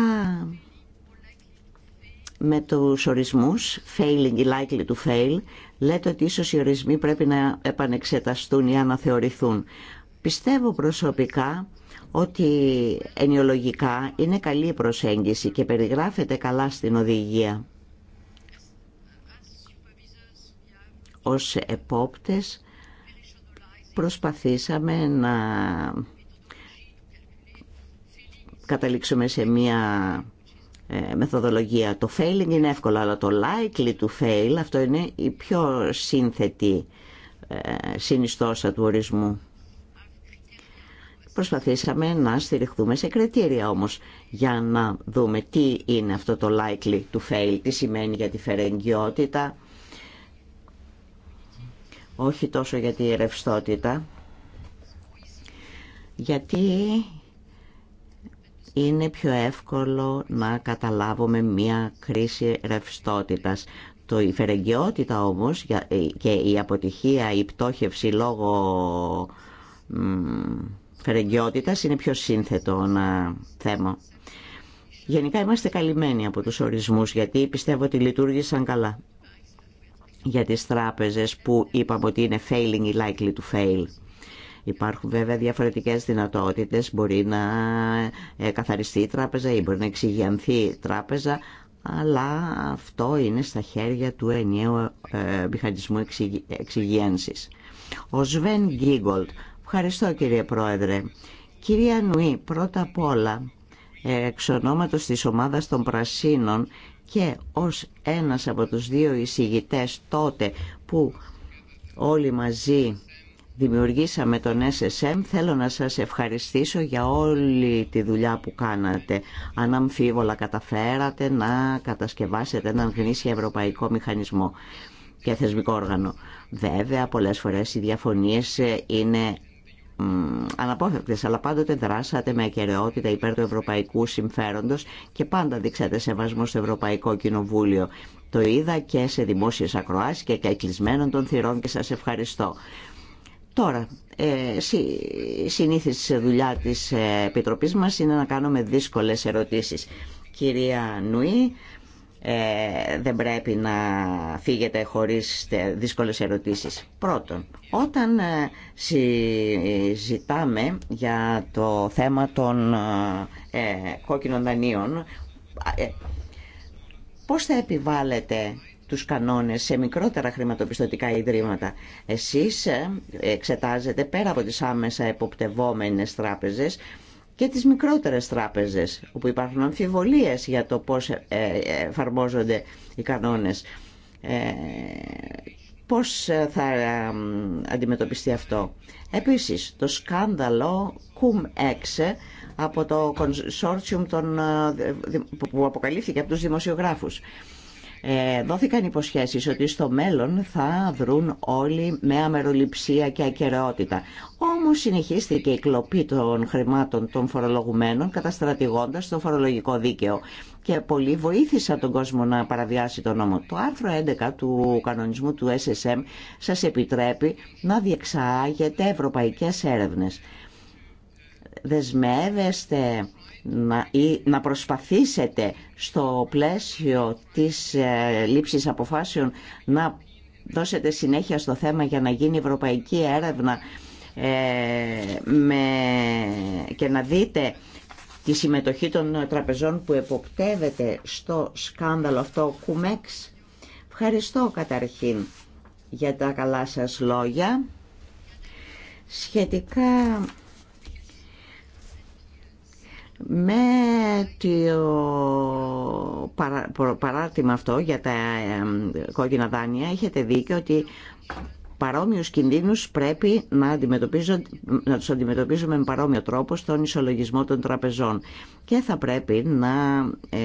με τους ορισμούς, failing ή likely to fail, λέτε ότι ίσως οι ορισμοί πρέπει να επανεξεταστούν ή αναθεωρηθούν. Πιστεύω προσωπικά ότι ενιολογικά είναι καλή προσέγγιση και περιγράφεται καλά στην οδηγία. Ως επόπτες προσπαθήσαμε να καταλήξουμε σε μια ε, μεθοδολογία. Το failing είναι εύκολο, αλλά το likely to fail αυτό είναι η πιο σύνθετη ε, συνιστόσα του ορισμού. Προσπαθήσαμε να στηριχθούμε σε κριτήρια όμως για να δούμε τι είναι αυτό το likely to fail, τι σημαίνει για τη φερεγγιότητα, όχι τόσο για τη ρευστότητα, γιατί είναι πιο εύκολο να καταλάβουμε μια κρίση ρευστότητας. Το, η φερεγγιότητα όμως και η αποτυχία, η πτώχευση λόγω φερεγγιότητας είναι πιο σύνθετο ένα θέμα. Γενικά είμαστε καλυμμένοι από τους ορισμούς γιατί πιστεύω ότι λειτουργήσαν καλά για τις τράπεζες που είπαμε ότι είναι failing ή likely to fail. Υπάρχουν βέβαια διαφορετικές δυνατότητες. Μπορεί να ε, καθαριστεί η τράπεζα ή μπορεί να εξηγιανθεί η τράπεζα αλλά αυτό είναι στα χέρια του ενιαίου ε, μηχανισμού εξυγένσης. Ο Σβέν Γκίγκολτ. Ευχαριστώ κύριε Πρόεδρε. Κυρία Νουή, πρώτα απ' όλα, εξ ονόματος της ομάδας των Πρασίνων και ως ένας από τους δύο εισηγητές τότε που όλοι μαζί δημιουργήσαμε τον SSM θέλω να σας ευχαριστήσω για όλη τη δουλειά που κάνατε. Αν αμφίβολα καταφέρατε να κατασκευάσετε έναν γνήσιο ευρωπαϊκό μηχανισμό και θεσμικό όργανο. Βέβαια, πολλές φορές οι διαφωνίες ε, είναι αναπόφευκτες, αλλά πάντοτε δράσατε με ακαιρεότητα υπέρ του ευρωπαϊκού συμφέροντος και πάντα δείξατε σεβασμό στο Ευρωπαϊκό Κοινοβούλιο. Το είδα και σε δημόσιες ακροάσεις και κλεισμένων των θυρών και σας ευχαριστώ. Τώρα, ε, η συνήθιση δουλειά της ε, Επιτροπής μας είναι να κάνουμε δύσκολες ερωτήσεις. Κυρία Νουή, ε, δεν πρέπει να φύγετε χωρίς δύσκολες ερωτήσεις. Πρώτον, όταν συζητάμε για το θέμα των ε, κόκκινων δανείων, πώς θα επιβάλλετε τους κανόνες σε μικρότερα χρηματοπιστωτικά ιδρύματα. Εσείς ε, εξετάζετε πέρα από τις άμεσα εποπτευόμενες τράπεζες και τις μικρότερες τράπεζες όπου υπάρχουν αμφιβολίες για το πώς ε, ε, εφαρμόζονται οι κανόνες. Πώς θα αντιμετωπιστεί αυτό. Επίσης, το σκάνδαλο Cum-Ex από το κονσόρτσιουμ που αποκαλύφθηκε από τους δημοσιογράφους. Ε, δόθηκαν υποσχέσεις ότι στο μέλλον θα δρουν όλοι με αμεροληψία και ακαιρεότητα. Όμως συνεχίστηκε η κλοπή των χρημάτων των φορολογουμένων καταστρατηγώντας το φορολογικό δίκαιο και πολλοί βοήθησαν τον κόσμο να παραβιάσει τον νόμο. Το άρθρο 11 του κανονισμού του SSM σας επιτρέπει να διεξάγετε ευρωπαϊκές έρευνες. Δεσμεύεστε να, να προσπαθήσετε στο πλαίσιο της ε, λήψης αποφάσεων να δώσετε συνέχεια στο θέμα για να γίνει ευρωπαϊκή έρευνα ε, με, και να δείτε τη συμμετοχή των τραπεζών που εποπτεύεται στο σκάνδαλο αυτό Κουμέξ. Ευχαριστώ καταρχήν για τα καλά σας λόγια. Σχετικά με το παράρτημα αυτό για τα κόκκινα δάνεια έχετε δίκιο ότι παρόμοιους κινδύνους πρέπει να, να αντιμετωπίζουμε με παρόμοιο τρόπο στον ισολογισμό των τραπεζών και θα πρέπει να ε,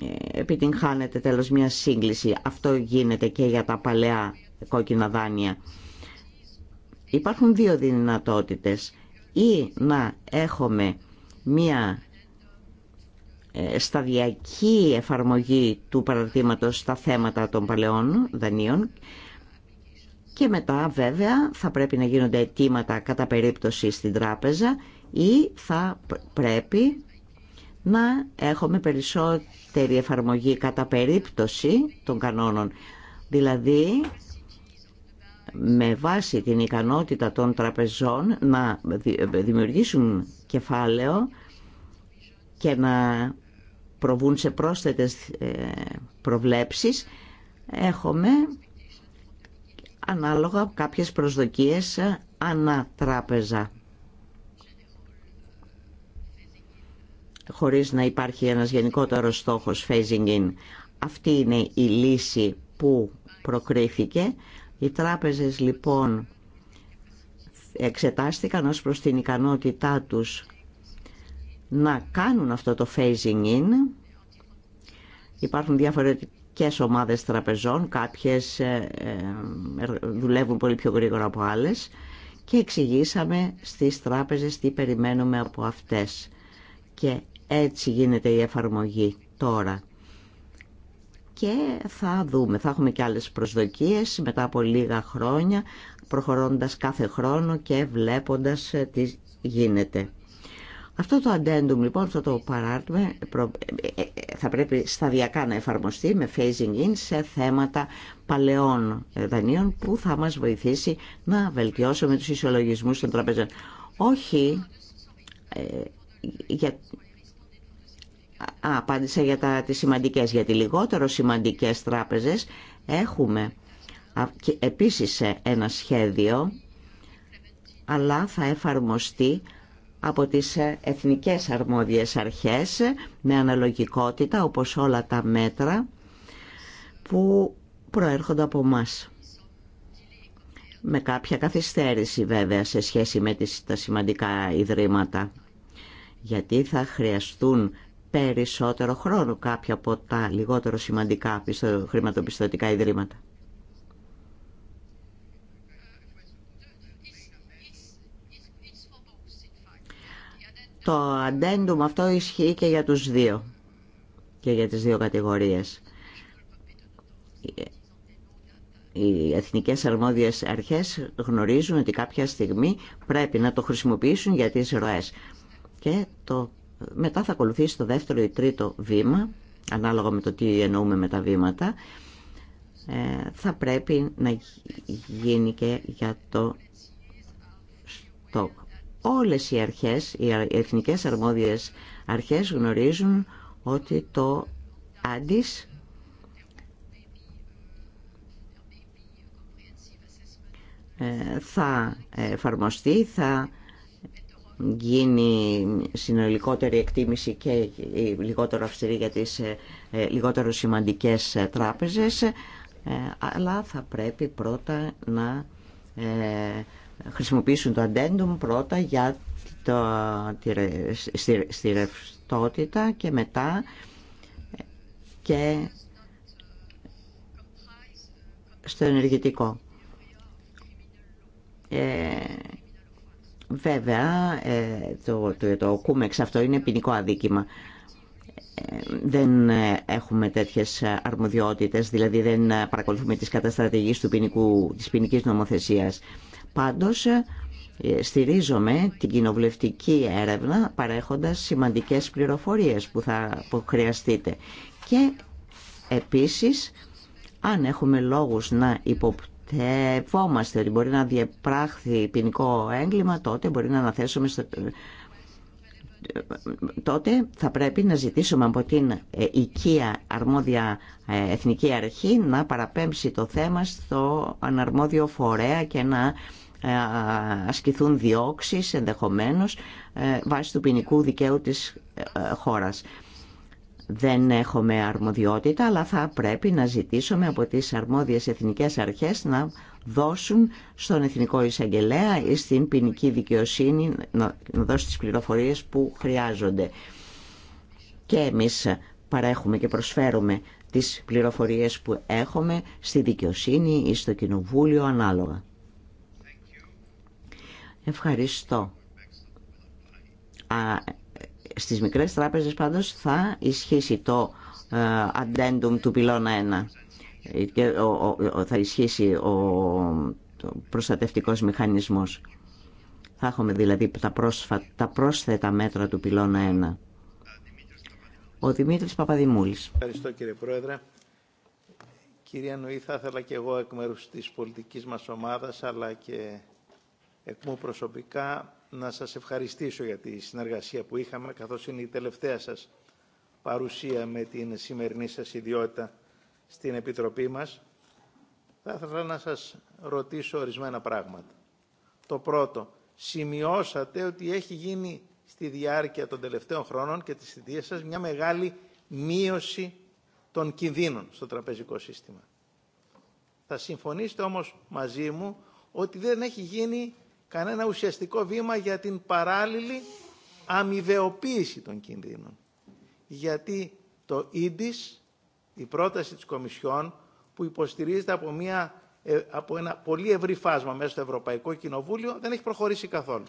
ε, επιτυγχάνεται τέλος μια σύγκληση. Αυτό γίνεται και για τα παλαιά κόκκινα δάνεια. Υπάρχουν δύο δυνατότητες ή να έχουμε μία ε, σταδιακή εφαρμογή του παραδείγματος στα θέματα των παλαιών δανείων και μετά βέβαια θα πρέπει να γίνονται αιτήματα κατά περίπτωση στην τράπεζα ή θα πρέπει να έχουμε περισσότερη εφαρμογή κατά περίπτωση των κανόνων. Δηλαδή με βάση την ικανότητα των τραπεζών να δημιουργήσουν κεφάλαιο και να προβούν σε πρόσθετες ε, προβλέψεις έχουμε ανάλογα κάποιες προσδοκίες τράπεζα Χωρίς να υπάρχει ένας γενικότερος στόχος phasing in. Αυτή είναι η λύση που προκρίθηκε οι τράπεζες λοιπόν εξετάστηκαν ως προς την ικανότητά τους να κάνουν αυτό το phasing in. Υπάρχουν διαφορετικές ομάδες τραπεζών, κάποιες ε, ε, ε, δουλεύουν πολύ πιο γρήγορα από άλλες και εξηγήσαμε στις τράπεζες τι περιμένουμε από αυτές. Και έτσι γίνεται η εφαρμογή τώρα και θα δούμε, θα έχουμε και άλλες προσδοκίες μετά από λίγα χρόνια, προχωρώντας κάθε χρόνο και βλέποντας ε, τι γίνεται. Αυτό το αντέντουμ λοιπόν, αυτό το παράρτημα ε, ε, θα πρέπει σταδιακά να εφαρμοστεί με phasing in σε θέματα παλαιών δανείων που θα μας βοηθήσει να βελτιώσουμε τους ισολογισμούς των τραπεζών. Όχι για, Α, απάντησα για τα, τις σημαντικές. Για τη λιγότερο σημαντικές τράπεζες έχουμε επίσης ένα σχέδιο, αλλά θα εφαρμοστεί από τις εθνικές αρμόδιες αρχές με αναλογικότητα όπως όλα τα μέτρα που προέρχονται από μας. Με κάποια καθυστέρηση βέβαια σε σχέση με τις, τα σημαντικά ιδρύματα γιατί θα χρειαστούν περισσότερο χρόνο κάποια από τα λιγότερο σημαντικά χρηματοπιστωτικά ιδρύματα. Το αντέντουμ αυτό ισχύει και για τους δύο και για τις δύο κατηγορίες. Οι εθνικές αρμόδιες αρχές γνωρίζουν ότι κάποια στιγμή πρέπει να το χρησιμοποιήσουν για τις ροές. Και το μετά θα ακολουθήσει το δεύτερο ή τρίτο βήμα, ανάλογα με το τι εννοούμε με τα βήματα, ε, θα πρέπει να γίνει και για το στόκ. Όλες οι αρχές, οι εθνικές αρμόδιες αρχές γνωρίζουν ότι το άντις ε, θα εφαρμοστεί, θα γίνει συνολικότερη εκτίμηση και λιγότερο αυστηρή για τις ε, ε, λιγότερο σημαντικές ε, τράπεζες αλλά θα πρέπει πρώτα να χρησιμοποιήσουν το αντέντουμ πρώτα για το, τη, στη, και μετά και στο ενεργητικό. Βέβαια, ε, το, το, το κούμεξ αυτό είναι ποινικό αδίκημα. Ε, δεν ε, έχουμε τέτοιες αρμοδιότητες, δηλαδή δεν παρακολουθούμε τις καταστρατηγίες του ποινικού, της ποινικής νομοθεσίας. Πάντως, στηρίζομαι την κοινοβουλευτική έρευνα παρέχοντας σημαντικές πληροφορίες που θα που χρειαστείτε. Και επίσης, αν έχουμε λόγους να υποπτώσουμε, πιστεύόμαστε ότι μπορεί να διεπράχθει ποινικό έγκλημα, τότε μπορεί να αναθέσουμε Τότε θα πρέπει να ζητήσουμε από την ε, οικία αρμόδια ε, εθνική αρχή να παραπέμψει το θέμα στο αναρμόδιο φορέα και να ε, ασκηθούν διώξεις ενδεχομένως βάσει του ποινικού δικαίου της χώρας δεν έχουμε αρμοδιότητα, αλλά θα πρέπει να ζητήσουμε από τις αρμόδιες εθνικές αρχές να δώσουν στον Εθνικό Εισαγγελέα ή στην ποινική δικαιοσύνη να δώσει τις πληροφορίες που χρειάζονται. Και εμείς παρέχουμε και προσφέρουμε τις πληροφορίες που έχουμε στη δικαιοσύνη ή στο κοινοβούλιο ανάλογα. Ευχαριστώ. Στις μικρές τράπεζες πάντως θα ισχύσει το ε, addendum του πυλώνα 1 και θα ισχύσει ο προστατευτικός μηχανισμός. Θα έχουμε δηλαδή τα, πρόσθετα μέτρα του πυλώνα 1. Ο Δημήτρης Παπαδημούλης. Ευχαριστώ κύριε Πρόεδρε. Κυρία Νουή, θα ήθελα και εγώ εκ μέρους της πολιτικής μας ομάδας, αλλά και εκ μου προσωπικά, να σας ευχαριστήσω για τη συνεργασία που είχαμε, καθώς είναι η τελευταία σας παρουσία με την σημερινή σας ιδιότητα στην Επιτροπή μας. Θα ήθελα να σας ρωτήσω ορισμένα πράγματα. Το πρώτο, σημειώσατε ότι έχει γίνει στη διάρκεια των τελευταίων χρόνων και της θητείας σας μια μεγάλη μείωση των κινδύνων στο τραπεζικό σύστημα. Θα συμφωνήσετε όμως μαζί μου ότι δεν έχει γίνει κανένα ουσιαστικό βήμα για την παράλληλη αμοιβεοποίηση των κινδύνων. Γιατί το ίντις, η πρόταση της Κομισιόν, που υποστηρίζεται από, μια, ε, από ένα πολύ ευρύ φάσμα μέσα στο Ευρωπαϊκό Κοινοβούλιο, δεν έχει προχωρήσει καθόλου.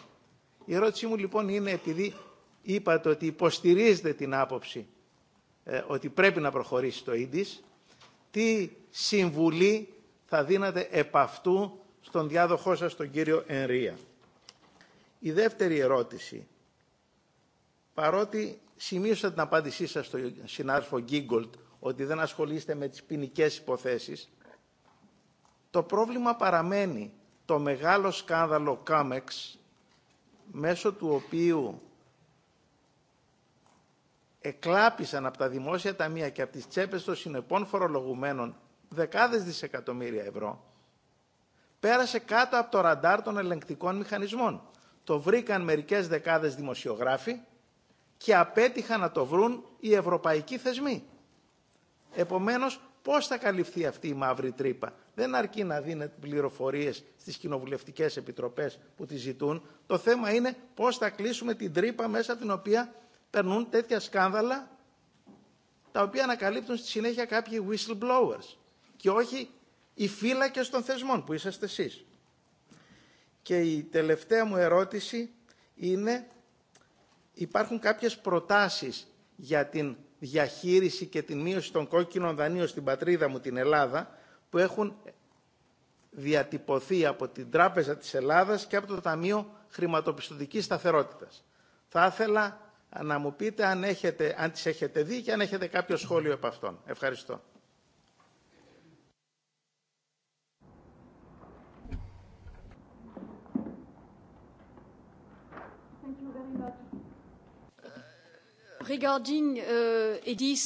Η ερώτησή μου λοιπόν είναι, επειδή είπατε ότι υποστηρίζετε την άποψη ε, ότι πρέπει να προχωρήσει το ίντις, τι συμβουλή θα δίνατε επ' αυτού στον διάδοχό σας τον κύριο Ενρία. Η δεύτερη ερώτηση, παρότι σημείωσα την απάντησή σας στον συνάδελφο Γκίγκολτ ότι δεν ασχολείστε με τις ποινικέ υποθέσεις, το πρόβλημα παραμένει το μεγάλο σκάνδαλο Κάμεξ, μέσω του οποίου εκλάπησαν από τα δημόσια ταμεία και από τις τσέπες των συνεπών φορολογουμένων δεκάδες δισεκατομμύρια ευρώ, πέρασε κάτω από το ραντάρ των ελεγκτικών μηχανισμών. Το βρήκαν μερικές δεκάδες δημοσιογράφοι και απέτυχαν να το βρουν οι ευρωπαϊκοί θεσμοί. Επομένως, πώς θα καλυφθεί αυτή η μαύρη τρύπα. Δεν αρκεί να δίνετε πληροφορίες στις κοινοβουλευτικές επιτροπές που τη ζητούν. Το θέμα είναι πώς θα κλείσουμε την τρύπα μέσα την οποία περνούν τέτοια σκάνδαλα τα οποία ανακαλύπτουν στη συνέχεια κάποιοι whistleblowers και όχι οι φύλακες των θεσμών που είσαστε εσείς. Και η τελευταία μου ερώτηση είναι υπάρχουν κάποιες προτάσεις για την διαχείριση και την μείωση των κόκκινων δανείων στην πατρίδα μου την Ελλάδα που έχουν διατυπωθεί από την Τράπεζα της Ελλάδας και από το Ταμείο Χρηματοπιστωτικής Σταθερότητας. Θα ήθελα να μου πείτε αν, έχετε, αν τις έχετε δει και αν έχετε κάποιο σχόλιο από αυτόν. Ευχαριστώ. Regarding EDIS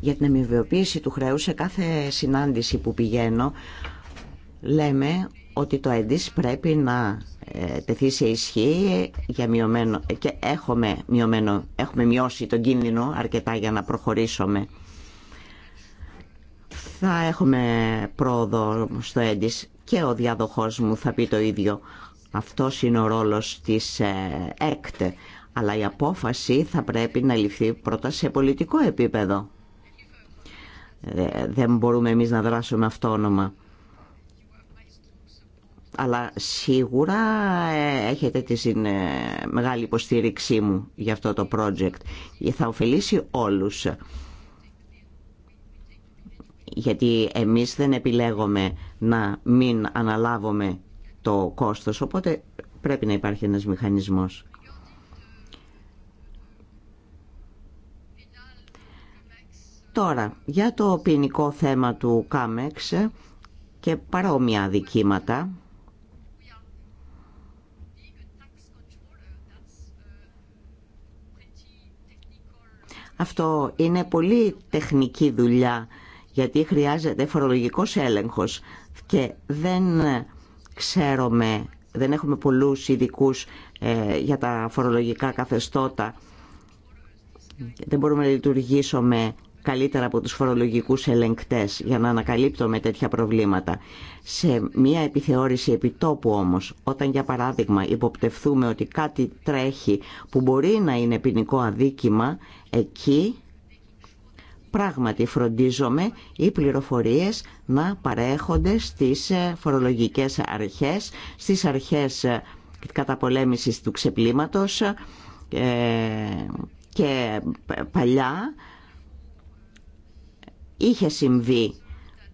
Για την αμοιβιοποίηση του χρέους σε κάθε συνάντηση που πηγαίνω λέμε ότι το ΕΝΤΙΣ πρέπει να ε, τεθεί σε ισχύ για μειωμένο, και έχουμε, μειωμένο, έχουμε μειώσει τον κίνδυνο αρκετά για να προχωρήσουμε. Θα έχουμε πρόοδο στο ΕΝΤΙΣ και ο διαδοχός μου θα πει το ίδιο. Αυτό είναι ο ρόλος της ε, ΕΚΤΕ. αλλά η απόφαση θα πρέπει να ληφθεί πρώτα σε πολιτικό επίπεδο. Ε, δεν μπορούμε εμείς να δράσουμε αυτόνομα. Αλλά σίγουρα ε, έχετε τη μεγάλη υποστήριξή μου για αυτό το project. Θα ωφελήσει όλους γιατί εμείς δεν επιλέγουμε να μην αναλάβουμε το κόστος, οπότε πρέπει να υπάρχει ένας μηχανισμός. Τώρα, για το ποινικό θέμα του Κάμεξ και παρόμοια δικήματα, Αυτό είναι πολύ τεχνική δουλειά γιατί χρειάζεται φορολογικός έλεγχος και δεν ξέρουμε, δεν έχουμε πολλούς ειδικού ε, για τα φορολογικά καθεστώτα. Δεν μπορούμε να λειτουργήσουμε καλύτερα από τους φορολογικούς ελεγκτές για να ανακαλύπτουμε τέτοια προβλήματα. Σε μία επιθεώρηση επιτόπου όμως, όταν για παράδειγμα υποπτευθούμε ότι κάτι τρέχει που μπορεί να είναι ποινικό αδίκημα, εκεί πράγματι φροντίζομαι οι πληροφορίες να παρέχονται στις ε, φορολογικές αρχές, στις αρχές ε, καταπολέμησης του ξεπλήματος ε, και παλιά είχε συμβεί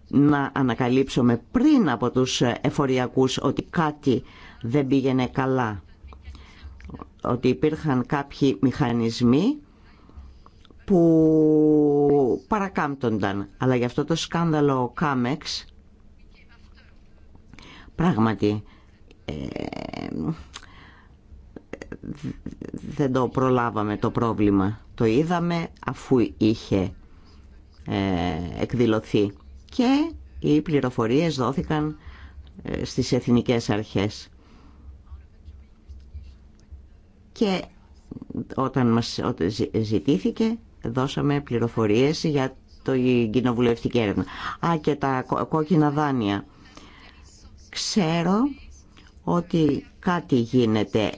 να ανακαλύψουμε πριν από τους εφοριακούς ότι κάτι δεν πήγαινε καλά ότι υπήρχαν κάποιοι μηχανισμοί που παρακάμπτονταν. Αλλά γι' αυτό το σκάνδαλο Κάμεξ πράγματι ε, δεν το προλάβαμε το πρόβλημα. Το είδαμε αφού είχε ε, εκδηλωθεί και οι πληροφορίες δόθηκαν ε, στις εθνικές αρχές. Και όταν μας ζητήθηκε δώσαμε πληροφορίες για το κοινοβουλευτική έρευνα. Α, και τα κόκκινα δάνεια. Ξέρω ότι κάτι γίνεται.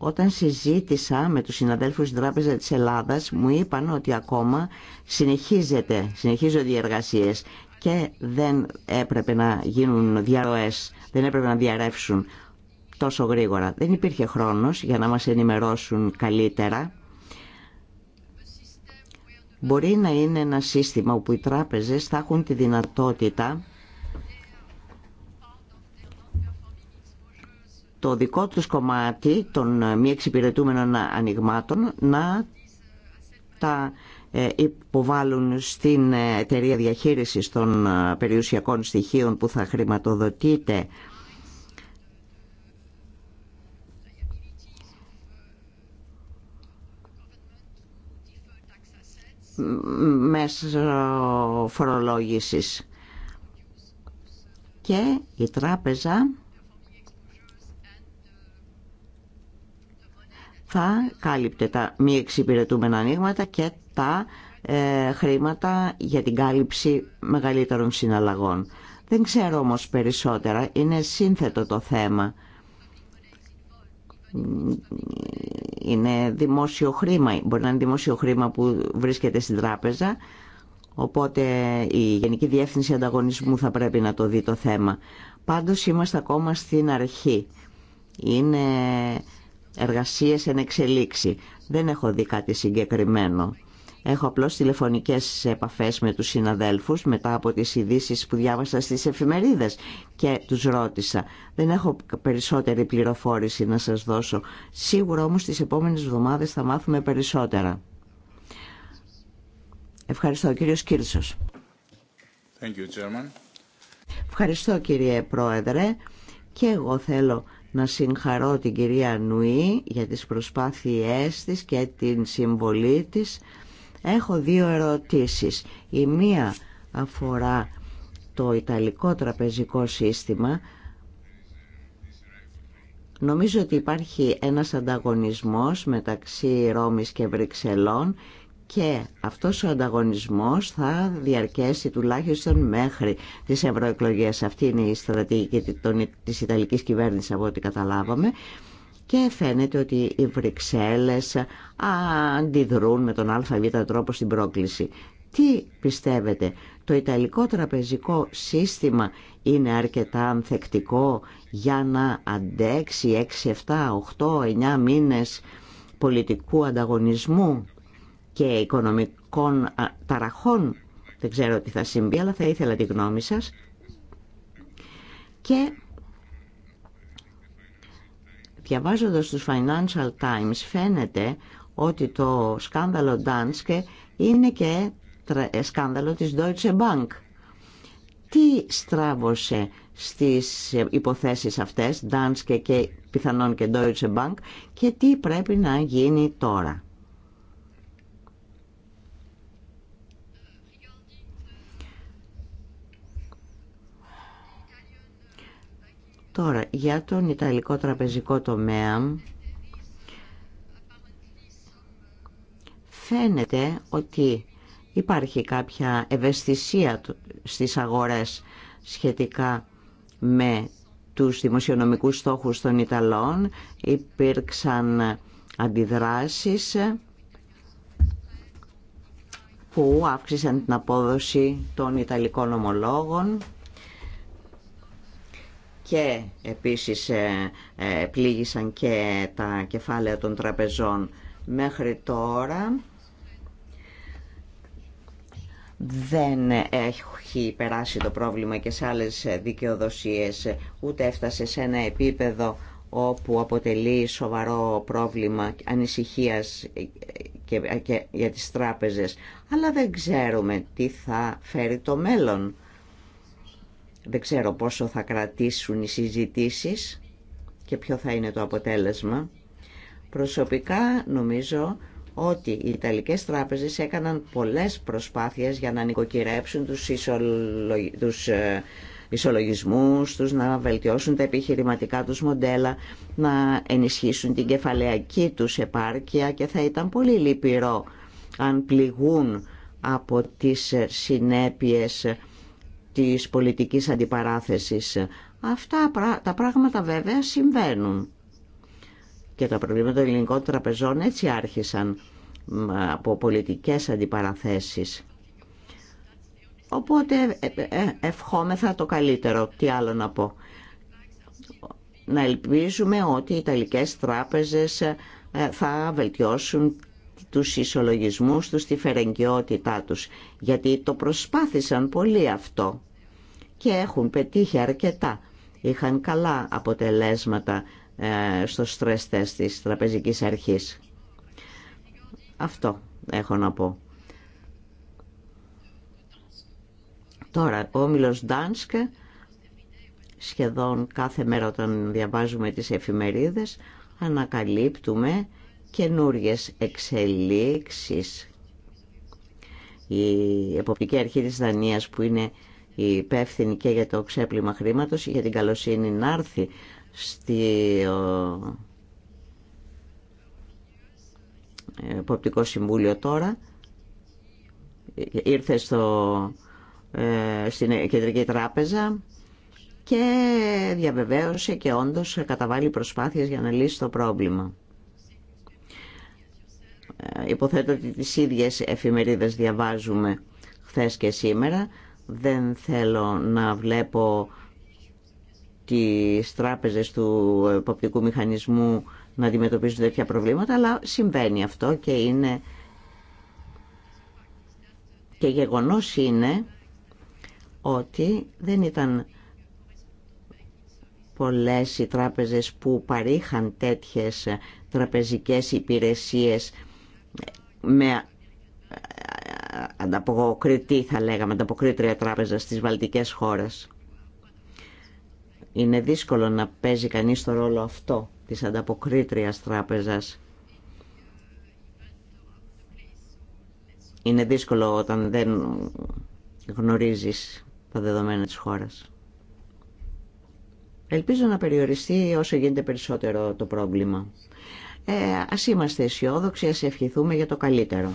Όταν συζήτησα με τους συναδέλφους της Τράπεζα της Ελλάδας, μου είπαν ότι ακόμα συνεχίζεται, συνεχίζονται οι εργασίες και δεν έπρεπε να γίνουν διαρροές, δεν έπρεπε να διαρρεύσουν τόσο γρήγορα. Δεν υπήρχε χρόνος για να μας ενημερώσουν καλύτερα. Μπορεί να είναι ένα σύστημα όπου οι τράπεζες θα έχουν τη δυνατότητα το δικό τους κομμάτι των μη εξυπηρετούμενων ανοιγμάτων να τα ε, υποβάλουν στην εταιρεία διαχείρισης των ε, περιουσιακών στοιχείων που θα χρηματοδοτείται μέσω φορολόγησης. Και η τράπεζα θα κάλυπτε τα μη εξυπηρετούμενα ανοίγματα και τα ε, χρήματα για την κάλυψη μεγαλύτερων συναλλαγών. Δεν ξέρω όμως περισσότερα, είναι σύνθετο το θέμα είναι δημόσιο χρήμα, μπορεί να είναι δημόσιο χρήμα που βρίσκεται στην τράπεζα, οπότε η Γενική Διεύθυνση Ανταγωνισμού θα πρέπει να το δει το θέμα. Πάντως είμαστε ακόμα στην αρχή. Είναι εργασίες εν εξελίξη. Δεν έχω δει κάτι συγκεκριμένο. Έχω απλώ τηλεφωνικές επαφέ με τους συναδέλφους μετά από τις ειδήσει που διάβασα στις εφημερίδες και τους ρώτησα. Δεν έχω περισσότερη πληροφόρηση να σας δώσω. Σίγουρα όμως τις επόμενες εβδομάδε θα μάθουμε περισσότερα. Ευχαριστώ κύριο Κίρσο. Ευχαριστώ κύριε Πρόεδρε και εγώ θέλω να συγχαρώ την κυρία Νουή για τις προσπάθειές της και την συμβολή της Έχω δύο ερωτήσεις. Η μία αφορά το Ιταλικό τραπεζικό σύστημα. Νομίζω ότι υπάρχει ένας ανταγωνισμός μεταξύ Ρώμης και Βρυξελών και αυτός ο ανταγωνισμός θα διαρκέσει τουλάχιστον μέχρι τις ευρωεκλογές. Αυτή είναι η στρατηγική της Ιταλικής κυβέρνησης από ό,τι καταλάβαμε και φαίνεται ότι οι Βρυξέλλες αντιδρούν με τον ΑΒ τρόπο στην πρόκληση. Τι πιστεύετε, το Ιταλικό τραπεζικό σύστημα είναι αρκετά ανθεκτικό για να αντέξει 6, 7, 8, 9 μήνες πολιτικού ανταγωνισμού και οικονομικών ταραχών. Δεν ξέρω τι θα συμβεί, αλλά θα ήθελα τη γνώμη σας. Και Διαβάζοντας τους Financial Times φαίνεται ότι το σκάνδαλο Danske είναι και ε, σκάνδαλο της Deutsche Bank. Τι στράβωσε στις υποθέσεις αυτές, Danske και πιθανόν και Deutsche Bank, και τι πρέπει να γίνει τώρα. Τώρα, για τον Ιταλικό τραπεζικό τομέα φαίνεται ότι υπάρχει κάποια ευαισθησία στις αγορές σχετικά με τους δημοσιονομικούς στόχους των Ιταλών. Υπήρξαν αντιδράσεις που αύξησαν την απόδοση των Ιταλικών ομολόγων και επίσης ε, ε, πλήγησαν και τα κεφάλαια των τραπεζών μέχρι τώρα. Δεν έχει περάσει το πρόβλημα και σε άλλες δικαιοδοσίες, ούτε έφτασε σε ένα επίπεδο όπου αποτελεί σοβαρό πρόβλημα ανησυχίας και για τις τράπεζες. Αλλά δεν ξέρουμε τι θα φέρει το μέλλον. Δεν ξέρω πόσο θα κρατήσουν οι συζητήσεις και ποιο θα είναι το αποτέλεσμα. Προσωπικά νομίζω ότι οι Ιταλικές τράπεζες έκαναν πολλές προσπάθειες για να νοικοκυρέψουν τους, ε, ισολογισμούς, τους να βελτιώσουν τα επιχειρηματικά τους μοντέλα, να ενισχύσουν την κεφαλαιακή τους επάρκεια και θα ήταν πολύ λυπηρό αν πληγούν από τις συνέπειες της πολιτικής αντιπαράθεσης. Αυτά τα πράγματα βέβαια συμβαίνουν. Και τα προβλήματα των ελληνικών τραπεζών έτσι άρχισαν από πολιτικές αντιπαραθέσεις. Οπότε ε, ε, ευχόμεθα το καλύτερο. Τι άλλο να πω. Να ελπίζουμε ότι οι Ιταλικές τράπεζες ε, θα βελτιώσουν τους ισολογισμούς τους, τη φερενκιότητά τους. Γιατί το προσπάθησαν πολύ αυτό και έχουν πετύχει αρκετά. Είχαν καλά αποτελέσματα ε, στο στρες τεστ της τραπεζικής αρχής. Αυτό έχω να πω. Τώρα, ο Όμιλος Ντάνσκε, σχεδόν κάθε μέρα όταν διαβάζουμε τις εφημερίδες, ανακαλύπτουμε καινούριε εξελίξεις. Η Εποπτική Αρχή της Δανίας που είναι η υπεύθυνη και για το ξέπλυμα χρήματος για την καλοσύνη να έρθει στη ποπτικό Συμβούλιο τώρα ήρθε στο, ε, στην Κεντρική Τράπεζα και διαβεβαίωσε και όντως καταβάλει προσπάθειες για να λύσει το πρόβλημα. Ε, υποθέτω ότι τις ίδιες εφημερίδες διαβάζουμε χθες και σήμερα. Δεν θέλω να βλέπω τι τράπεζες του εποπτικού μηχανισμού να αντιμετωπίζουν τέτοια προβλήματα, αλλά συμβαίνει αυτό και είναι και γεγονός είναι ότι δεν ήταν πολλές οι τράπεζες που παρήχαν τέτοιες τραπεζικές υπηρεσίες με ανταποκριτή θα λέγαμε, ανταποκρίτρια τράπεζα στις βαλτικές χώρες. Είναι δύσκολο να παίζει κανείς το ρόλο αυτό της ανταποκρίτριας τράπεζας. Είναι δύσκολο όταν δεν γνωρίζεις τα δεδομένα της χώρας. Ελπίζω να περιοριστεί όσο γίνεται περισσότερο το πρόβλημα. Ε, ας είμαστε αισιόδοξοι, ας ευχηθούμε για το καλύτερο.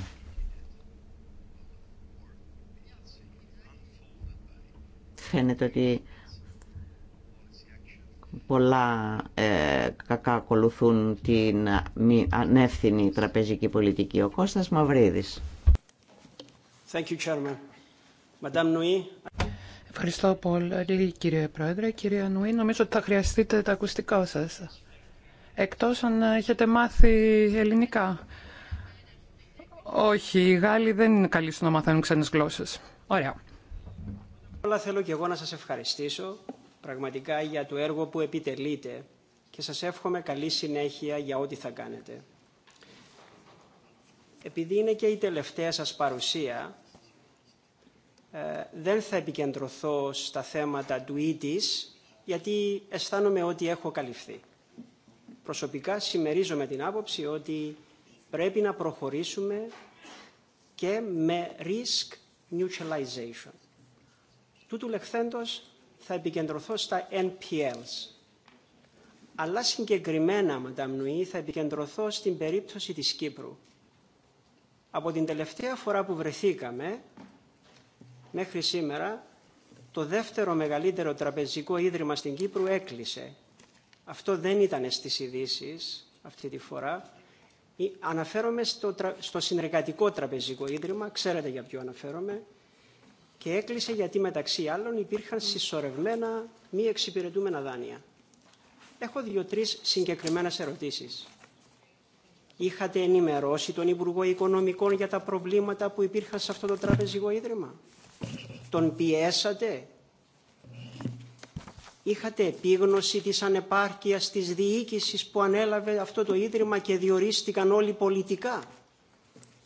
φαίνεται ότι πολλά ε, κακά ακολουθούν την μη ανεύθυνη τραπεζική πολιτική. Ο Κώστας Μαυρίδης. Thank you, Ευχαριστώ πολύ κύριε Πρόεδρε. Κύριε Νουή, νομίζω ότι θα χρειαστείτε τα ακουστικά σας. Εκτός αν έχετε μάθει ελληνικά. Όχι, οι Γάλλοι δεν είναι καλοί στο να μαθαίνουν ξένες γλώσσες. Ωραία. Όλα θέλω και εγώ να σας ευχαριστήσω πραγματικά για το έργο που επιτελείτε και σας εύχομαι καλή συνέχεια για ό,τι θα κάνετε. Επειδή είναι και η τελευταία σας παρουσία, ε, δεν θα επικεντρωθώ στα θέματα του ΙΤΙΣ, γιατί αισθάνομαι ότι έχω καλυφθεί. Προσωπικά συμμερίζομαι την άποψη ότι πρέπει να προχωρήσουμε και με risk neutralization. Τούτου λεχθέντος θα επικεντρωθώ στα NPLs. Αλλά συγκεκριμένα, Μανταμνουή, θα επικεντρωθώ στην περίπτωση της Κύπρου. Από την τελευταία φορά που βρεθήκαμε, μέχρι σήμερα, το δεύτερο μεγαλύτερο τραπεζικό ίδρυμα στην Κύπρου έκλεισε. Αυτό δεν ήταν στις ειδήσει αυτή τη φορά. Αναφέρομαι στο, στο συνεργατικό τραπεζικό ίδρυμα, ξέρετε για ποιο αναφέρομαι, και έκλεισε γιατί μεταξύ άλλων υπήρχαν συσσωρευμένα μη εξυπηρετούμενα δάνεια. Έχω δύο-τρεις συγκεκριμένες ερωτήσεις. Είχατε ενημερώσει τον Υπουργό Οικονομικών για τα προβλήματα που υπήρχαν σε αυτό το τραπεζικό ίδρυμα. Τον πιέσατε. Είχατε επίγνωση της ανεπάρκειας της διοίκησης που ανέλαβε αυτό το ίδρυμα και διορίστηκαν όλοι πολιτικά.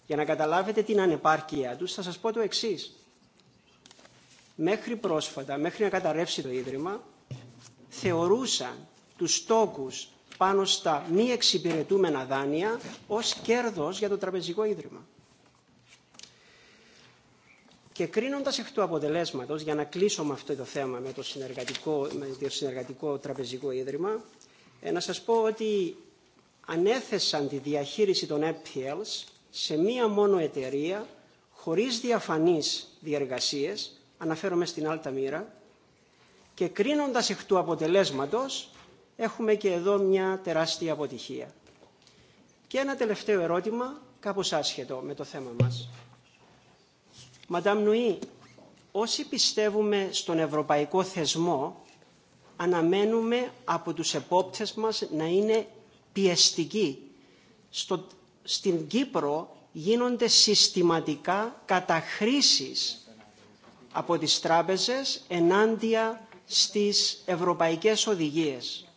Για να καταλάβετε την ανεπάρκεια τους θα σας πω το εξής. Μέχρι πρόσφατα, μέχρι να καταρρεύσει το Ίδρυμα, θεωρούσαν τους στόκους πάνω στα μη εξυπηρετούμενα δάνεια ως κέρδος για το Τραπεζικό Ίδρυμα. Και κρίνοντα εκ του αποτελέσματο, για να κλείσω με αυτό το θέμα, με το συνεργατικό, με το συνεργατικό τραπεζικό ίδρυμα, ε, να σας πω ότι ανέθεσαν τη διαχείριση των FPLs σε μία μόνο εταιρεία, χωρίς διαφανείς διεργασίες αναφέρομαι στην μοίρα. και κρίνοντας εκ του αποτελέσματος έχουμε και εδώ μια τεράστια αποτυχία. Και ένα τελευταίο ερώτημα, κάπως άσχετο με το θέμα μας. Μαντάμ Νουή, όσοι πιστεύουμε στον ευρωπαϊκό θεσμό, αναμένουμε από τους επόπτες μας να είναι πιεστικοί. Στο, στην Κύπρο γίνονται συστηματικά καταχρήσεις από τις τράπεζες ενάντια στις ευρωπαϊκές οδηγίες.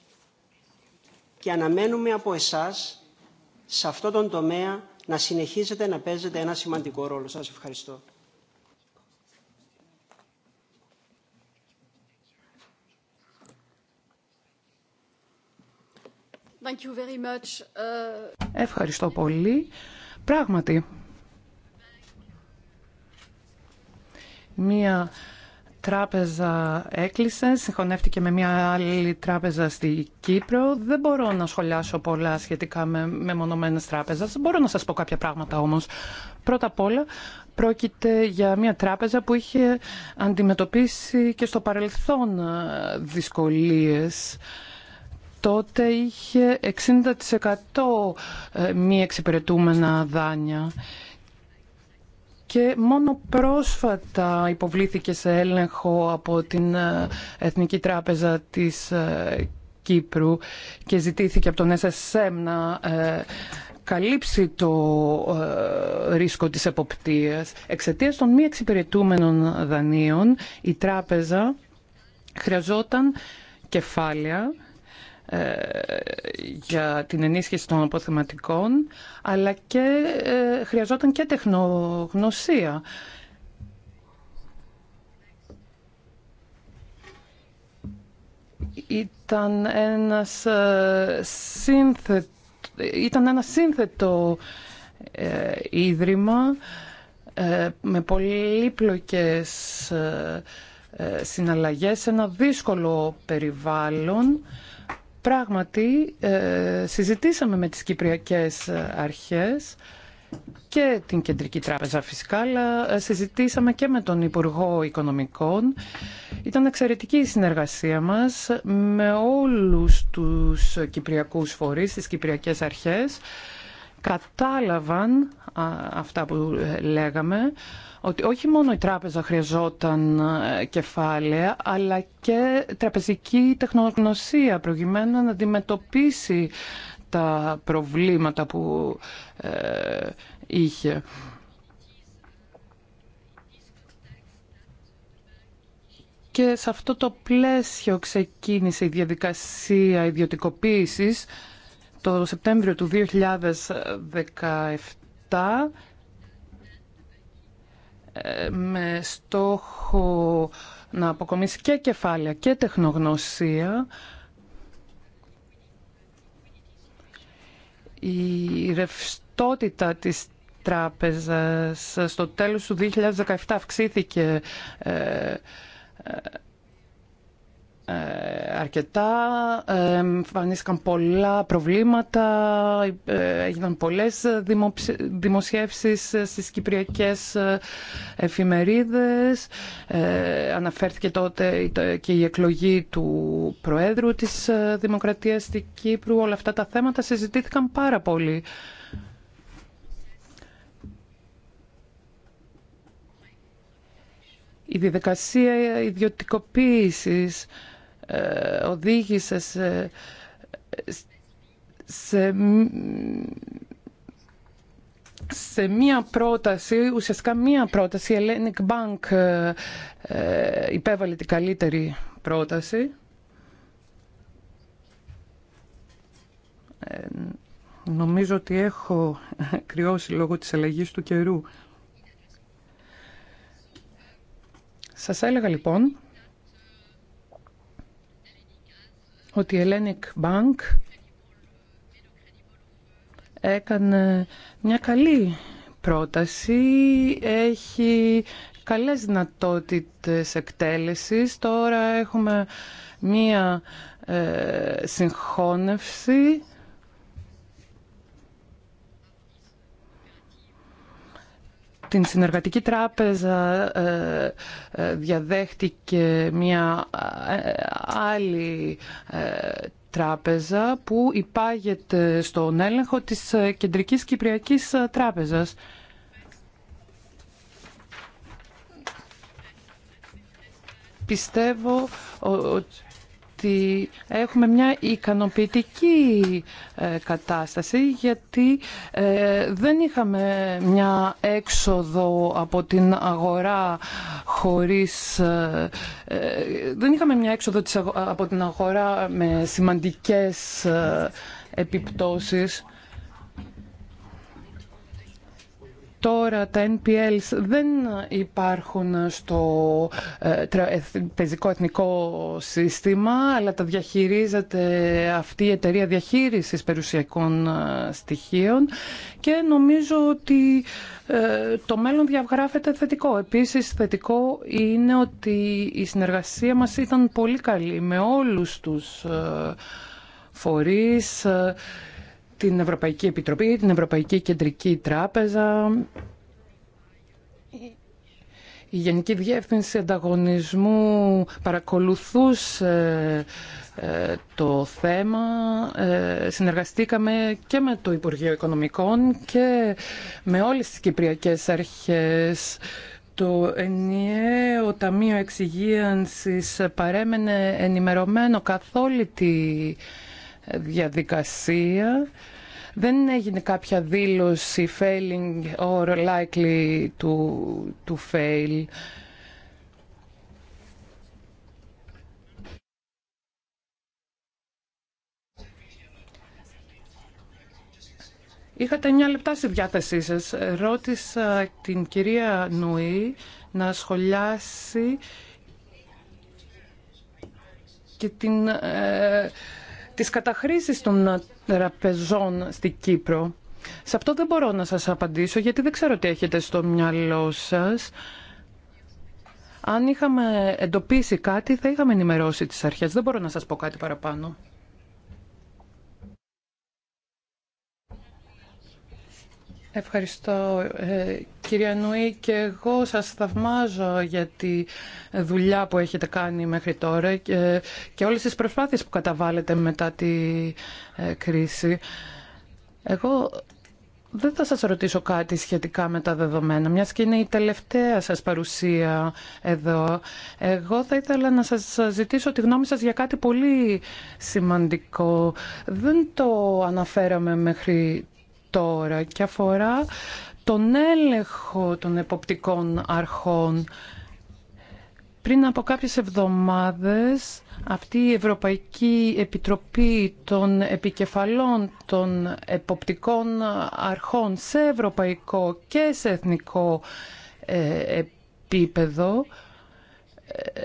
Και αναμένουμε από εσάς, σε αυτό τον τομέα, να συνεχίζετε να παίζετε ένα σημαντικό ρόλο. Σας ευχαριστώ. Ε, ευχαριστώ πολύ. Πράγματι, Μία τράπεζα έκλεισε, συγχωνεύτηκε με μια άλλη τράπεζα στη Κύπρο. Δεν μπορώ να σχολιάσω πολλά σχετικά με μεμονωμένες τράπεζες. Μπορώ να σας πω κάποια πράγματα όμως. Πρώτα απ' όλα, πρόκειται για μια τράπεζα που είχε αντιμετωπίσει και στο παρελθόν ε, δυσκολίες. Τότε είχε 60% ε, μη εξυπηρετούμενα δάνεια και μόνο πρόσφατα υποβλήθηκε σε έλεγχο από την ε, Εθνική Τράπεζα της ε, Κύπρου και ζητήθηκε από τον SSM να ε, καλύψει το ρίσκο της εποπτείας. Εξαιτίας των μη εξυπηρετούμενων δανείων η τράπεζα χρειαζόταν κεφάλαια ε, για την ενίσχυση των αποθεματικών, αλλά και ε, χρειαζόταν και τεχνογνωσία. Ήταν ένας ε, σύνθετο, ήταν ένα σύνθετο ίδρυμα με πολύπλοκες συναλλαγές, ένα δύσκολο περιβάλλον Πράγματι, ε, συζητήσαμε με τις Κυπριακές Αρχές και την Κεντρική Τράπεζα φυσικά, αλλά ε, συζητήσαμε και με τον Υπουργό Οικονομικών. Ήταν εξαιρετική η συνεργασία μας με όλους τους Κυπριακούς φορείς, τις Κυπριακές Αρχές. Κατάλαβαν αυτά που ε, λέγαμε ότι όχι μόνο η τράπεζα χρειαζόταν ε, κεφάλαια, αλλά και τραπεζική τεχνογνωσία προκειμένου να αντιμετωπίσει τα προβλήματα που ε, είχε. Και σε αυτό το πλαίσιο ξεκίνησε η διαδικασία ιδιωτικοποίησης το Σεπτέμβριο του 2017 με στόχο να αποκομίσει και κεφάλαια και τεχνογνωσία. Η ρευστότητα της τράπεζας στο τέλος του 2017 αυξήθηκε ε, ε, ε, αρκετά, ε, εμφανίστηκαν πολλά προβλήματα, ε, έγιναν πολλές δημοσιεύσεις στις κυπριακές εφημερίδες. Αναφέρθηκε τότε και η εκλογή του Προέδρου της Δημοκρατίας στην Κύπρου. Όλα αυτά τα θέματα συζητήθηκαν πάρα πολύ. Η διδικασία ιδιωτικοποίησης ε, οδήγησε σε, σε μία πρόταση, ουσιαστικά μία πρόταση, η Hellenic Bank ε, ε, υπέβαλε την καλύτερη πρόταση. νομίζω ότι έχω κρυώσει λόγω της αλλαγή του καιρού. Σας έλεγα λοιπόν ότι η Hellenic Bank έκανε μια καλή πρόταση, έχει καλές δυνατότητες εκτέλεσης. Τώρα έχουμε μία ε, συγχώνευση την Συνεργατική Τράπεζα ε, ε, διαδέχτηκε μια ε, άλλη τράπεζα που υπάγεται στον έλεγχο της Κεντρικής Κυπριακής Τράπεζας. Πιστεύω ότι ότι έχουμε μια ικανοποιητική ε, κατάσταση γιατί ε, δεν είχαμε μια έξοδο από την αγορά χωρίς ε, δεν είχαμε μια έξοδο από την αγορά με σημαντικές επιπτώσεις Τώρα τα NPLs δεν υπάρχουν στο πεζικό ε, εθνικό σύστημα, αλλά τα διαχειρίζεται αυτή η εταιρεία διαχείρισης περιουσιακών ε, στοιχείων και νομίζω ότι ε, το μέλλον διαγράφεται θετικό. Επίσης θετικό είναι ότι η συνεργασία μας ήταν πολύ καλή με όλους τους φορείς την Ευρωπαϊκή Επιτροπή, την Ευρωπαϊκή Κεντρική Τράπεζα, η Γενική Διεύθυνση Ανταγωνισμού παρακολουθούσε ε, το θέμα. Ε, συνεργαστήκαμε και με το Υπουργείο Οικονομικών και με όλες τις Κυπριακές Αρχές. Το ενιαίο Ταμείο Εξυγίανσης παρέμενε ενημερωμένο καθ' όλη τη διαδικασία. Δεν έγινε κάποια δήλωση failing or likely to, to fail. Είχατε 9 λεπτά στη διάθεσή σας. Ρώτησα την κυρία Νουή να σχολιάσει και την ε, τις καταχρήσεις των τραπεζών στην Κύπρο. Σε αυτό δεν μπορώ να σας απαντήσω γιατί δεν ξέρω τι έχετε στο μυαλό σας. Αν είχαμε εντοπίσει κάτι θα είχαμε ενημερώσει τις αρχές. Δεν μπορώ να σας πω κάτι παραπάνω. Ευχαριστώ ε, κυρία Νουή και εγώ σας θαυμάζω για τη δουλειά που έχετε κάνει μέχρι τώρα και, και όλες τις προσπάθειες που καταβάλλετε μετά τη ε, κρίση. Εγώ δεν θα σας ρωτήσω κάτι σχετικά με τα δεδομένα, μιας και είναι η τελευταία σας παρουσία εδώ. Εγώ θα ήθελα να σας ζητήσω τη γνώμη σας για κάτι πολύ σημαντικό. Δεν το αναφέραμε μέχρι τώρα και αφορά τον έλεγχο των εποπτικών αρχών. Πριν από κάποιες εβδομάδες αυτή η Ευρωπαϊκή Επιτροπή των Επικεφαλών των Εποπτικών Αρχών σε ευρωπαϊκό και σε εθνικό ε, επίπεδο ε,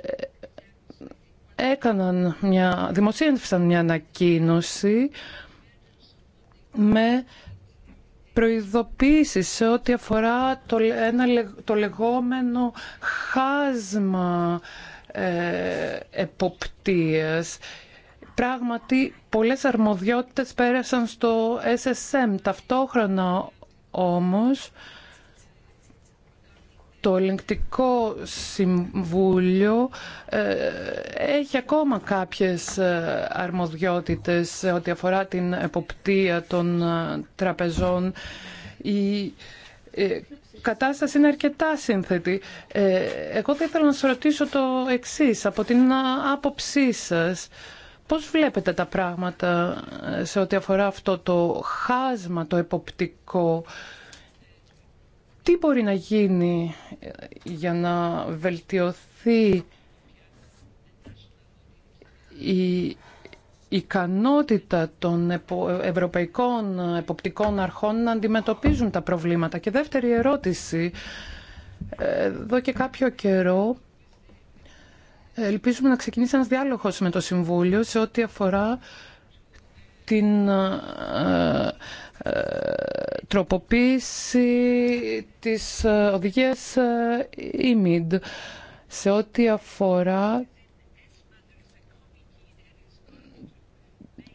έκαναν μια, δημοσίευσαν μια ανακοίνωση με Προειδοποίηση σε ό,τι αφορά το, ένα, το λεγόμενο χάσμα ε, εποπτείας. Πράγματι, πολλές αρμοδιότητες πέρασαν στο SSM. Ταυτόχρονα όμως, το ελεγκτικό συμβούλιο ε, έχει ακόμα κάποιες ε, αρμοδιότητες ό,τι αφορά την εποπτεία των ε, τραπεζών. Η κατάσταση είναι αρκετά σύνθετη. Εγώ θα ήθελα να σας ρωτήσω το εξής, από την άποψή σας. Πώς βλέπετε τα πράγματα σε ό,τι αφορά αυτό το χάσμα, το εποπτικό, τι μπορεί να γίνει ε, για να βελτιωθεί η ικανότητα των ευρωπαϊκών εποπτικών αρχών να αντιμετωπίζουν τα προβλήματα. Και δεύτερη ερώτηση, ε, εδώ και κάποιο καιρό ελπίζουμε να ξεκινήσει ένας διάλογος με το Συμβούλιο σε ό,τι αφορά την ε, ε, τροποποίηση της ε, οδηγίας EMID ε, σε ό,τι αφορά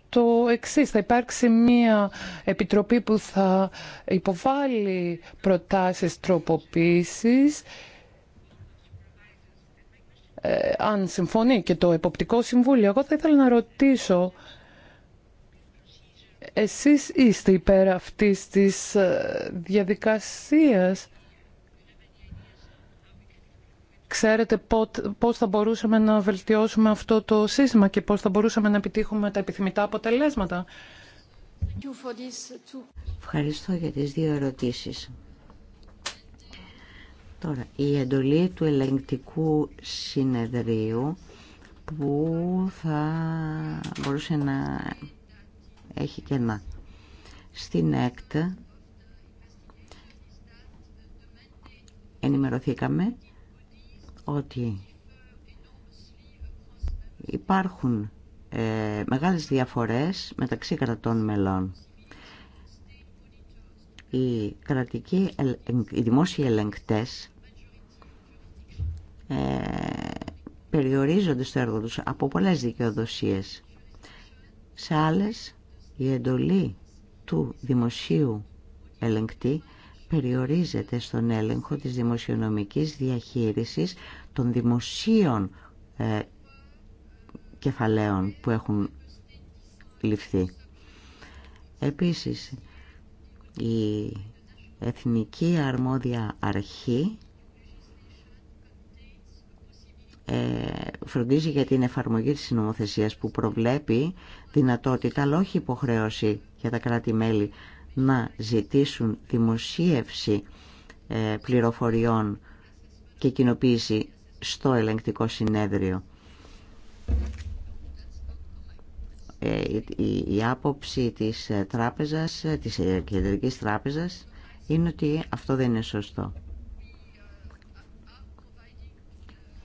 το εξή. Θα υπάρξει μία επιτροπή που θα υποβάλει προτάσεις τροποποίησης αν συμφωνεί και το Εποπτικό Συμβούλιο. Εγώ θα ήθελα να ρωτήσω εσείς είστε υπέρ αυτής της ε, διαδικασίας. Ξέρετε πώς θα μπορούσαμε να βελτιώσουμε αυτό το σύστημα και πώς θα μπορούσαμε να επιτύχουμε τα επιθυμητά αποτελέσματα. Ευχαριστώ για τις δύο ερωτήσεις. Τώρα, η εντολή του ελεγκτικού συνεδρίου που θα μπορούσε να έχει κενά. Στην ΕΚΤ ενημερωθήκαμε ότι υπάρχουν ε, μεγάλες διαφορές μεταξύ κρατών μελών. Οι, κρατικοί, οι δημόσιοι ελεγκτές ε, περιορίζονται στο έργο τους από πολλές δικαιοδοσίες. Σε άλλες η εντολή του δημοσίου ελεγκτή περιορίζεται στον έλεγχο της δημοσιονομικής διαχείρισης των δημοσίων ε, κεφαλαίων που έχουν ληφθεί. Επίσης, η Εθνική Αρμόδια Αρχή ε, φροντίζει για την εφαρμογή της νομοθεσία που προβλέπει δυνατότητα, αλλά όχι υποχρέωση για τα κράτη-μέλη να ζητήσουν δημοσίευση ε, πληροφοριών και κοινοποίηση στο ελεγκτικό συνέδριο. Ε, η άποψη της τράπεζας, της κεντρικής τράπεζας, είναι ότι αυτό δεν είναι σωστό.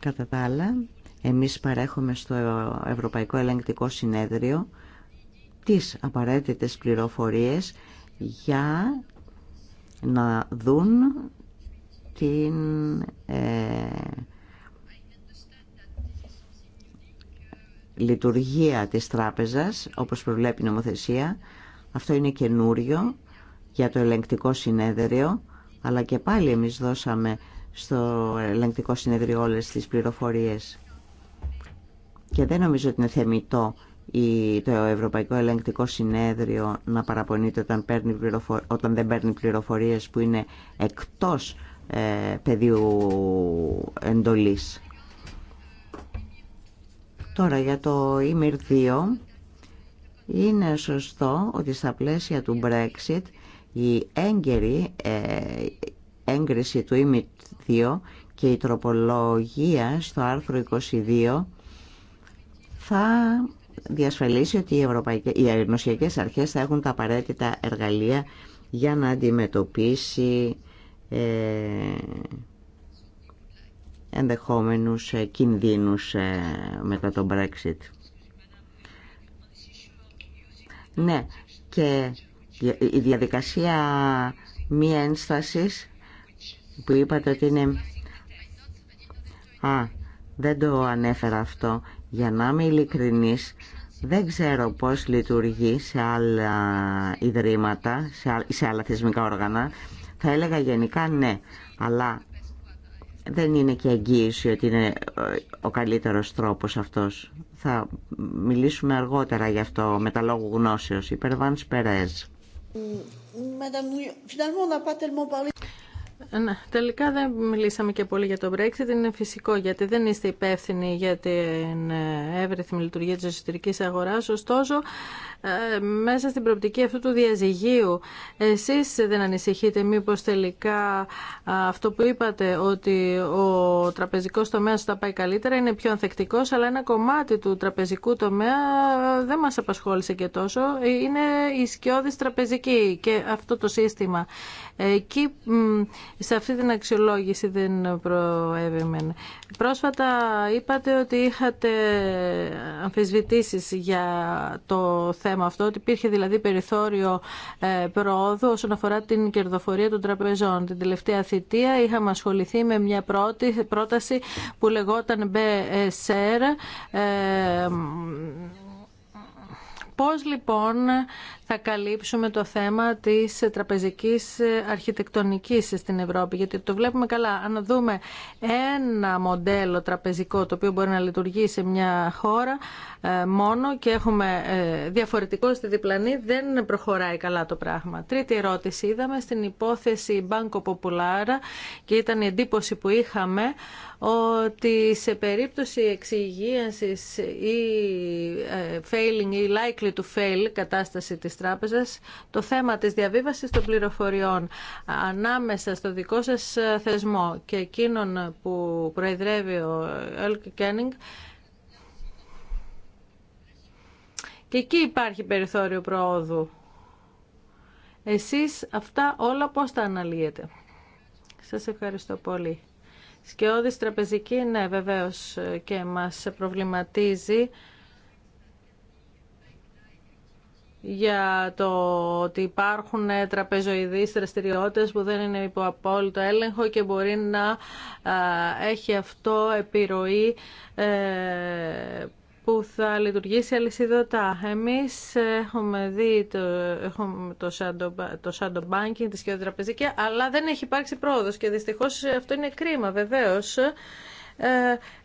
Κατά τα άλλα, εμείς παρέχουμε στο Ευρωπαϊκό Ελεγκτικό Συνέδριο τις απαραίτητες πληροφορίες για να δουν την ε, λειτουργία της τράπεζας, όπως προβλέπει η νομοθεσία. Αυτό είναι καινούριο για το ελεγκτικό συνέδριο, αλλά και πάλι εμείς δώσαμε στο ελεγκτικό συνεδρίο όλες τις πληροφορίες. Και δεν νομίζω ότι είναι θεμητό ή το Ευρωπαϊκό Ελεγκτικό Συνέδριο να παραπονείται όταν, παίρνει όταν δεν παίρνει πληροφορίες που είναι εκτός ε, πεδίου εντολής. Τώρα για το ΙΜΙΡ 2 είναι σωστό ότι στα πλαίσια του Brexit η έγκαιρη ε, έγκριση του ΙΜΙΡ και η τροπολογία στο άρθρο 22 θα διασφαλίσει ότι οι, ευρωπαϊκές, οι αρχές θα έχουν τα απαραίτητα εργαλεία για να αντιμετωπίσει ε, ενδεχόμενους ε, κινδύνους ε, μετά τον Brexit. Ναι, και η διαδικασία μη ένστασης που είπατε ότι είναι... Α, δεν το ανέφερα αυτό. Για να είμαι ειλικρινής, δεν ξέρω πώς λειτουργεί σε άλλα ιδρύματα, σε άλλα θεσμικά όργανα. Θα έλεγα γενικά ναι, αλλά δεν είναι και εγγύηση ότι είναι ε, ο καλύτερος τρόπος αυτός. Θα μιλήσουμε αργότερα γι' αυτό με τα λόγου γνώσεως. Υπερβάνς Περέζ. Ναι, τελικά δεν μιλήσαμε και πολύ για το Brexit. Είναι φυσικό γιατί δεν είστε υπεύθυνοι για την ε, εύρυθμη λειτουργία τη εσωτερική αγορά, Ωστόσο, ε, μέσα στην προοπτική αυτού του διαζυγίου, εσεί δεν ανησυχείτε μήπω τελικά ε, αυτό που είπατε ότι ο τραπέζικό τομέα θα πάει καλύτερα, είναι πιο ανθεκτικό, αλλά ένα κομμάτι του τραπεζικού τομέα δεν μα απασχόλησε και τόσο. Είναι η σκιώδης τραπεζική και αυτό το σύστημα. Εκεί σε αυτή την αξιολόγηση δεν προέβημεν. Πρόσφατα είπατε ότι είχατε αμφισβητήσεις για το θέμα αυτό, ότι υπήρχε δηλαδή περιθώριο ε, προόδου όσον αφορά την κερδοφορία των τραπεζών. Την τελευταία θητεία είχαμε ασχοληθεί με μια πρώτη, πρόταση που λεγόταν BSR, ε, Πώς λοιπόν θα καλύψουμε το θέμα της τραπεζικής αρχιτεκτονικής στην Ευρώπη. Γιατί το βλέπουμε καλά. Αν δούμε ένα μοντέλο τραπεζικό το οποίο μπορεί να λειτουργεί σε μια χώρα ε, μόνο και έχουμε ε, διαφορετικό στη διπλανή, δεν προχωράει καλά το πράγμα. Τρίτη ερώτηση. Είδαμε στην υπόθεση Banco Popular και ήταν η εντύπωση που είχαμε ότι σε περίπτωση εξυγίανσης ή ε, failing ή likely to fail κατάσταση της το θέμα της διαβίβασης των πληροφοριών ανάμεσα στο δικό σας ε, θεσμό και εκείνον που προεδρεύει ο Ελκ Κένιγκ και εκεί υπάρχει περιθώριο προόδου. Εσείς αυτά όλα πώς τα αναλύετε. Σας ευχαριστώ πολύ. Σκιώδης τραπεζική, ναι βεβαίως ε, και μας προβληματίζει για το ότι υπάρχουν τραπεζοειδείς δραστηριότητε που δεν είναι υπό απόλυτο έλεγχο και μπορεί να έχει αυτό επιρροή ε, που θα λειτουργήσει αλυσιδωτά. Εμείς έχουμε δει το, έχουμε το, shadow, το shadow banking, τη τραπεζική, αλλά δεν έχει υπάρξει πρόοδος και δυστυχώς αυτό είναι κρίμα βεβαίως. Ε,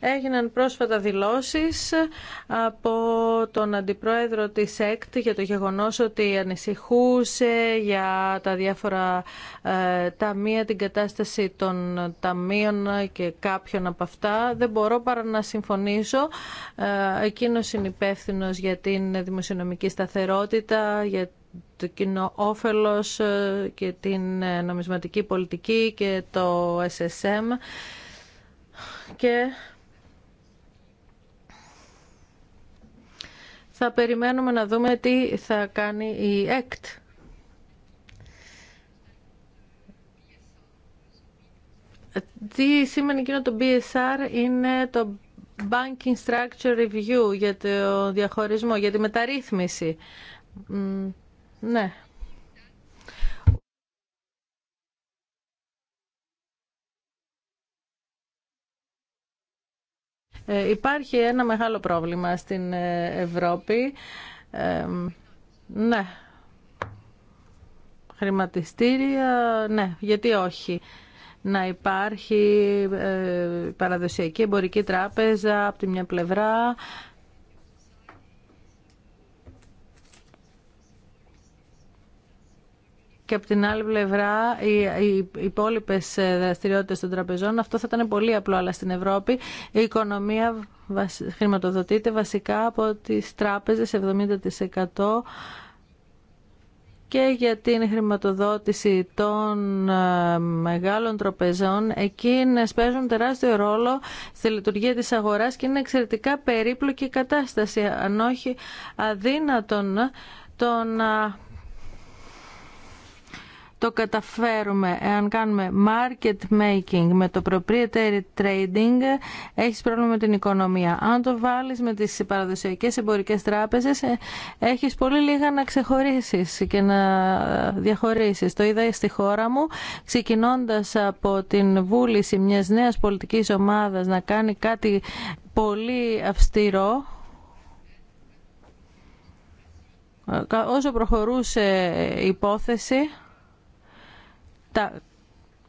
έγιναν πρόσφατα δηλώσεις από τον Αντιπρόεδρο της ΕΚΤ για το γεγονός ότι ανησυχούσε για τα διάφορα ε, ταμεία, την κατάσταση των ταμείων και κάποιων από αυτά. Δεν μπορώ παρά να συμφωνήσω. Ε, εκείνος είναι υπεύθυνο για την δημοσιονομική σταθερότητα, για το κοινό όφελος και την νομισματική πολιτική και το SSM και θα περιμένουμε να δούμε τι θα κάνει η ΕΚΤ. Τι σημαίνει εκείνο το BSR είναι το Banking Structure Review για το διαχωρισμό, για τη μεταρρύθμιση. Ναι. Ε, υπάρχει ένα μεγάλο πρόβλημα στην ε, Ευρώπη. Ε, ναι. Χρηματιστήρια, ναι. Γιατί όχι να υπάρχει παραδοσιακή εμπορική τράπεζα από τη μια πλευρά και από την άλλη πλευρά οι, οι υπόλοιπε δραστηριότητε των τραπεζών. Αυτό θα ήταν πολύ απλό, αλλά στην Ευρώπη η οικονομία χρηματοδοτείται βασικά από τις τράπεζες 70% και για την χρηματοδότηση των ε, μεγάλων τροπεζών. Εκείνες παίζουν τεράστιο ρόλο στη λειτουργία της αγοράς και είναι εξαιρετικά περίπλοκη κατάσταση, αν όχι αδύνατον το να το καταφέρουμε. Εάν κάνουμε market making με το proprietary trading, έχεις πρόβλημα με την οικονομία. Αν το βάλεις με τις παραδοσιακές εμπορικές τράπεζες, ε, έχεις πολύ λίγα να ξεχωρίσεις και να διαχωρίσεις. Το είδα στη χώρα μου, ξεκινώντας από την βούληση μιας νέας πολιτικής ομάδας να κάνει κάτι πολύ αυστηρό, ε, όσο προχωρούσε η υπόθεση τα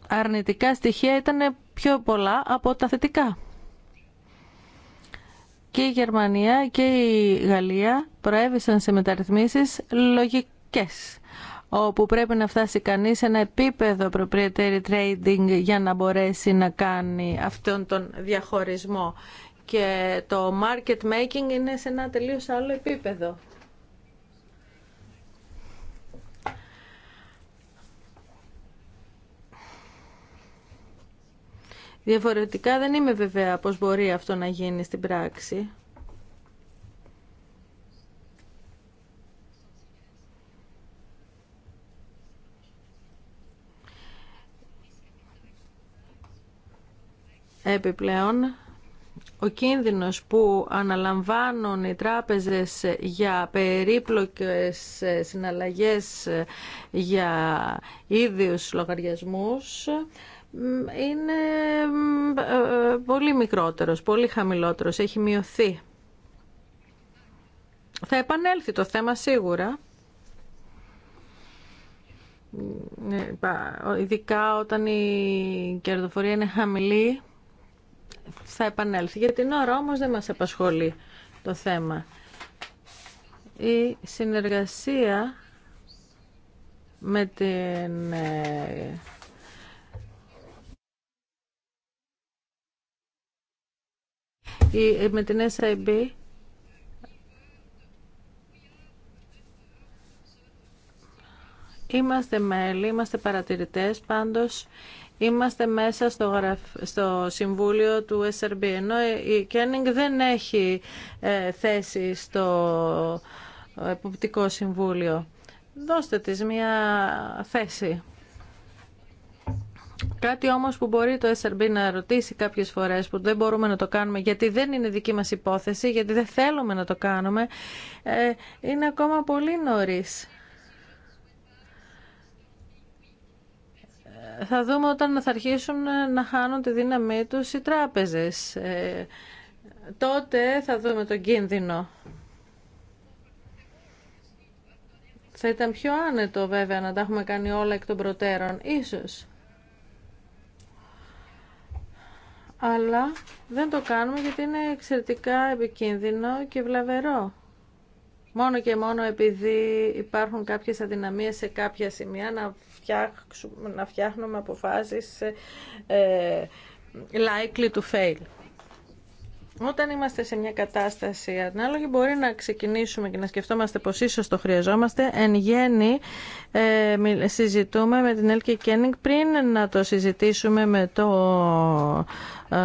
αρνητικά στοιχεία ήταν πιο πολλά από τα θετικά. Και η Γερμανία και η Γαλλία προέβησαν σε μεταρρυθμίσεις λογικές όπου πρέπει να φτάσει κανείς σε ένα επίπεδο proprietary trading για να μπορέσει να κάνει αυτόν τον διαχωρισμό. Και το market making είναι σε ένα τελείως άλλο επίπεδο. Διαφορετικά δεν είμαι βεβαία πώς μπορεί αυτό να γίνει στην πράξη. Επιπλέον, ο κίνδυνος που αναλαμβάνουν οι τράπεζες για περίπλοκες συναλλαγές για ίδιους λογαριασμούς είναι ε, ε, πολύ μικρότερος, πολύ χαμηλότερος, έχει μειωθεί. Θα επανέλθει το θέμα σίγουρα, ε, ειδικά όταν η κερδοφορία είναι χαμηλή, θα επανέλθει. Για την ώρα όμως δεν μας απασχολεί το θέμα. Η συνεργασία με την με την SIB Είμαστε μέλη, είμαστε παρατηρητές, πάντως είμαστε μέσα στο, στο Συμβούλιο του SRB, ενώ η Κένιγκ δεν έχει ε, θέση στο Εποπτικό Συμβούλιο. Δώστε της μια θέση. Κάτι όμως που μπορεί το SRB να ρωτήσει κάποιες φορές που δεν μπορούμε να το κάνουμε γιατί δεν είναι δική μας υπόθεση, γιατί δεν θέλουμε να το κάνουμε, ε, είναι ακόμα πολύ νωρίς. Ε, θα δούμε όταν θα αρχίσουν να χάνουν τη δύναμή τους οι τράπεζες. Ε, τότε θα δούμε τον κίνδυνο. Θα ήταν πιο άνετο βέβαια να τα έχουμε κάνει όλα εκ των προτέρων, ίσως. αλλά δεν το κάνουμε γιατί είναι εξαιρετικά επικίνδυνο και βλαβερό. Μόνο και μόνο επειδή υπάρχουν κάποιες αδυναμίες σε κάποια σημεία να, να φτιάχνουμε αποφάσεις ε, ε likely to fail. Όταν είμαστε σε μια κατάσταση ανάλογη μπορεί να ξεκινήσουμε και να σκεφτόμαστε πως ίσως το χρειαζόμαστε. Εν γέννη ε, συζητούμε με την Έλκη Κένιγκ πριν να το συζητήσουμε με το ε,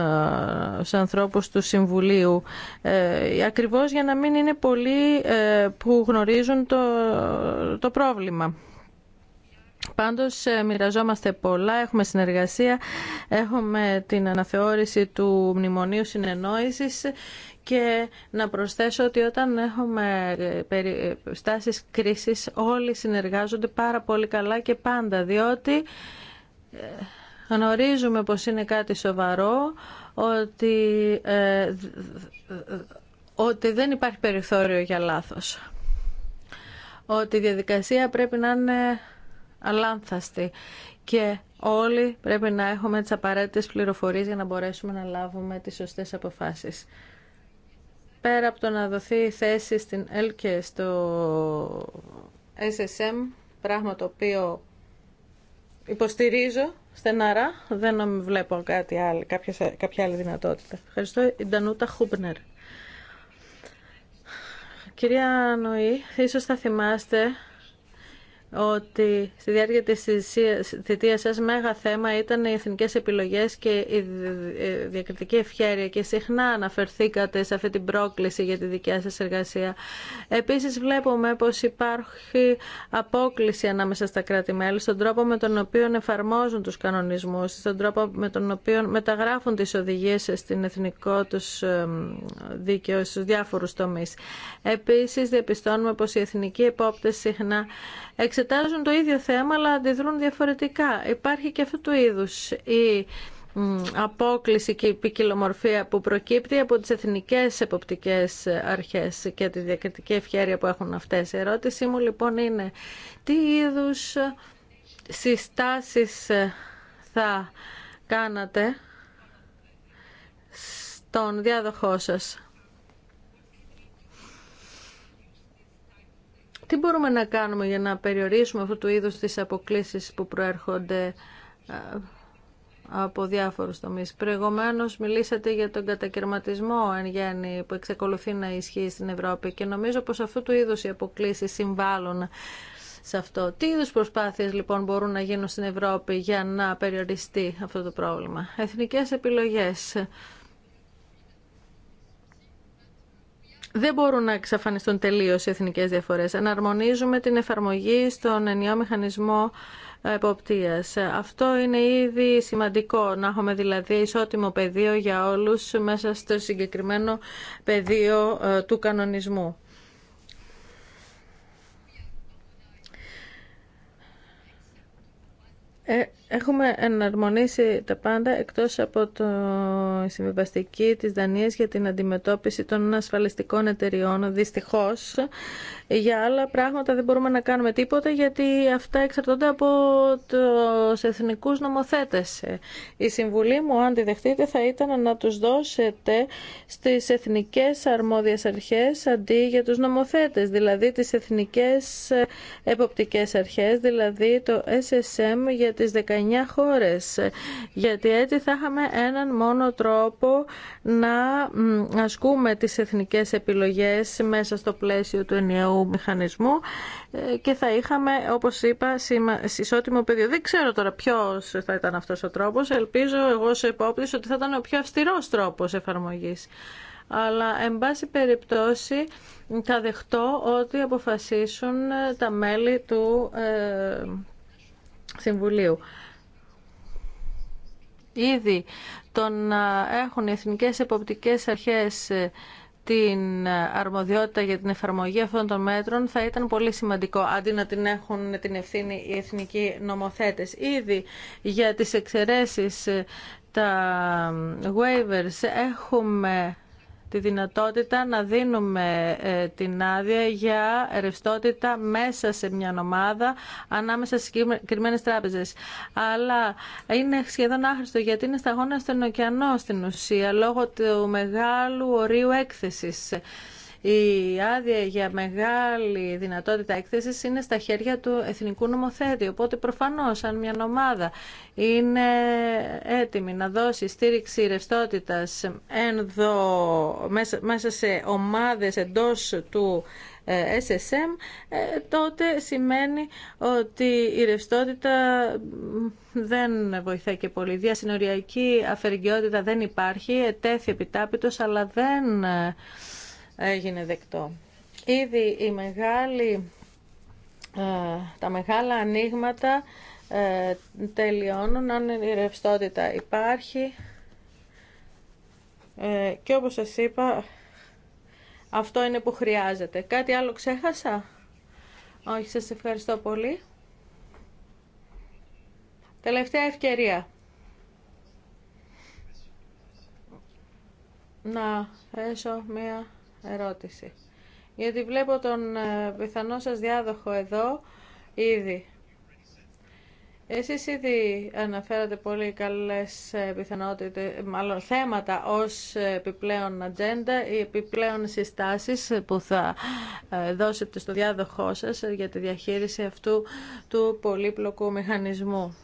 στους ανθρώπους του Συμβουλίου ε, ακριβώς για να μην είναι πολλοί ε, που γνωρίζουν το, το πρόβλημα. Πάντως ε, μοιραζόμαστε πολλά, έχουμε συνεργασία, έχουμε την αναθεώρηση του Μνημονίου Συνεννόησης και να προσθέσω ότι όταν έχουμε ε, ε, στάσεις κρίσης όλοι συνεργάζονται πάρα πολύ καλά και πάντα διότι γνωρίζουμε πως είναι κάτι σοβαρό, ότι, ότι δεν υπάρχει περιθώριο για λάθος. Ότι η διαδικασία πρέπει να είναι αλάνθαστη και όλοι πρέπει να έχουμε τις απαραίτητες πληροφορίες για να μπορέσουμε να λάβουμε τις σωστές αποφάσεις. Πέρα από το να δοθεί θέση στην ΕΛΚΕ στο SSM, πράγμα το οποίο υποστηρίζω στεναρά, δεν βλέπω κάτι άλλο, κάποια, άλλη δυνατότητα. Ευχαριστώ. Η Ντανούτα Χούμπνερ. Κυρία Νοή, ίσως θα θυμάστε ότι στη διάρκεια της θητείας σας μέγα θέμα ήταν οι εθνικές επιλογές και η ε, διακριτική ευχέρεια και συχνά αναφερθήκατε σε αυτή την πρόκληση για τη δικιά σας εργασία. Επίσης βλέπουμε πως υπάρχει απόκληση ανάμεσα στα κράτη-μέλη στον τρόπο με τον οποίο εφαρμόζουν τους κανονισμούς, στον τρόπο με τον οποίο μεταγράφουν τις οδηγίες στην εθνικό τους δίκαιο στους διάφορους τομείς. Επίσης διαπιστώνουμε πως οι εθνικοί επόπτες συχνά εξετάζουν το ίδιο θέμα αλλά αντιδρούν διαφορετικά. Υπάρχει και αυτού του είδους η απόκληση και η ποικιλομορφία που προκύπτει από τις εθνικές εποπτικές αρχές και τη διακριτική ευχαίρεια που έχουν αυτές. Η ερώτησή μου λοιπόν είναι τι είδους συστάσεις θα κάνατε στον διάδοχό σας Τι μπορούμε να κάνουμε για να περιορίσουμε αυτού του είδους τις αποκλήσεις που προέρχονται από διάφορους τομείς. Προηγουμένως μιλήσατε για τον κατακαιρματισμό εν γέννη που εξακολουθεί να ισχύει στην Ευρώπη και νομίζω πως αυτού του είδους οι αποκλήσεις συμβάλλουν σε αυτό. Τι είδους προσπάθειες λοιπόν μπορούν να γίνουν στην Ευρώπη για να περιοριστεί αυτό το πρόβλημα. Εθνικές επιλογές. δεν μπορούν να εξαφανιστούν τελείως οι εθνικές διαφορές. Αναρμονίζουμε την εφαρμογή στον ενιαίο μηχανισμό ε, εποπτείας. Αυτό είναι ήδη σημαντικό, να έχουμε δηλαδή ισότιμο πεδίο για όλους μέσα στο συγκεκριμένο πεδίο ε, του κανονισμού. Ε, Έχουμε εναρμονίσει τα πάντα εκτός από το συμβιβαστική της Δανίας για την αντιμετώπιση των ασφαλιστικών εταιριών. Δυστυχώς, για άλλα πράγματα δεν μπορούμε να κάνουμε τίποτα γιατί αυτά εξαρτώνται από τους εθνικούς νομοθέτες. Η συμβουλή μου, αν τη δεχτείτε, θα ήταν να τους δώσετε στις εθνικές αρμόδιες αρχές αντί για τους νομοθέτες, δηλαδή τις εθνικές εποπτικές αρχές, δηλαδή το SSM για τις χώρες γιατί έτσι θα είχαμε έναν μόνο τρόπο να ασκούμε τις εθνικές επιλογές μέσα στο πλαίσιο του ενιαίου μηχανισμού ε, και θα είχαμε όπως είπα ισότιμο πεδίο. Δεν ξέρω τώρα ποιος θα ήταν αυτός ο τρόπος. Ελπίζω εγώ σε υπόπτυση ότι θα ήταν ο πιο αυστηρός τρόπος εφαρμογής αλλά εν πάση περιπτώσει θα δεχτώ ότι αποφασίσουν τα μέλη του ε, Συμβουλίου. Ήδη τον έχουν οι εθνικές εποπτικές αρχές ε, την αρμοδιότητα για την εφαρμογή αυτών των μέτρων θα ήταν πολύ σημαντικό αντί να την έχουν την ευθύνη οι εθνικοί νομοθέτες. Ήδη για τις εξαιρέσεις ε, τα waivers έχουμε τη δυνατότητα να δίνουμε ε, την άδεια για ρευστότητα μέσα σε μια ομάδα ανάμεσα στις κρυμμένες τράπεζες. Αλλά είναι σχεδόν άχρηστο γιατί είναι σταγόνα στον ωκεανό στην ουσία λόγω του μεγάλου ορίου έκθεσης η άδεια για μεγάλη δυνατότητα έκθεσης είναι στα χέρια του εθνικού νομοθέτη. Οπότε προφανώς αν μια ομάδα είναι έτοιμη να δώσει στήριξη ρευστότητας ενδο, μέσα σε ομάδες εντός του ε, SSM, ε, τότε σημαίνει ότι η ρευστότητα δεν βοηθάει και πολύ. Διασυνοριακή αφεργιότητα δεν υπάρχει, ετέθη επιτάπητος, αλλά δεν ε, έγινε δεκτό. Ήδη η μεγάλη, ε, τα μεγάλα ανοίγματα ε, τελειώνουν αν η ρευστότητα υπάρχει ε, και όπως σας είπα αυτό είναι που χρειάζεται. Κάτι άλλο ξέχασα? Όχι, σας ευχαριστώ πολύ. Τελευταία ευκαιρία. Να έσω μία ερώτηση. Γιατί βλέπω τον ε, πιθανό σας διάδοχο εδώ ήδη. Εσείς ήδη αναφέρατε πολύ καλές ε, πιθανότητες, μάλλον θέματα ως ε, επιπλέον ατζέντα ή επιπλέον συστάσεις που θα δώσετε στο διάδοχό σας για τη διαχείριση αυτού του πολύπλοκου μηχανισμού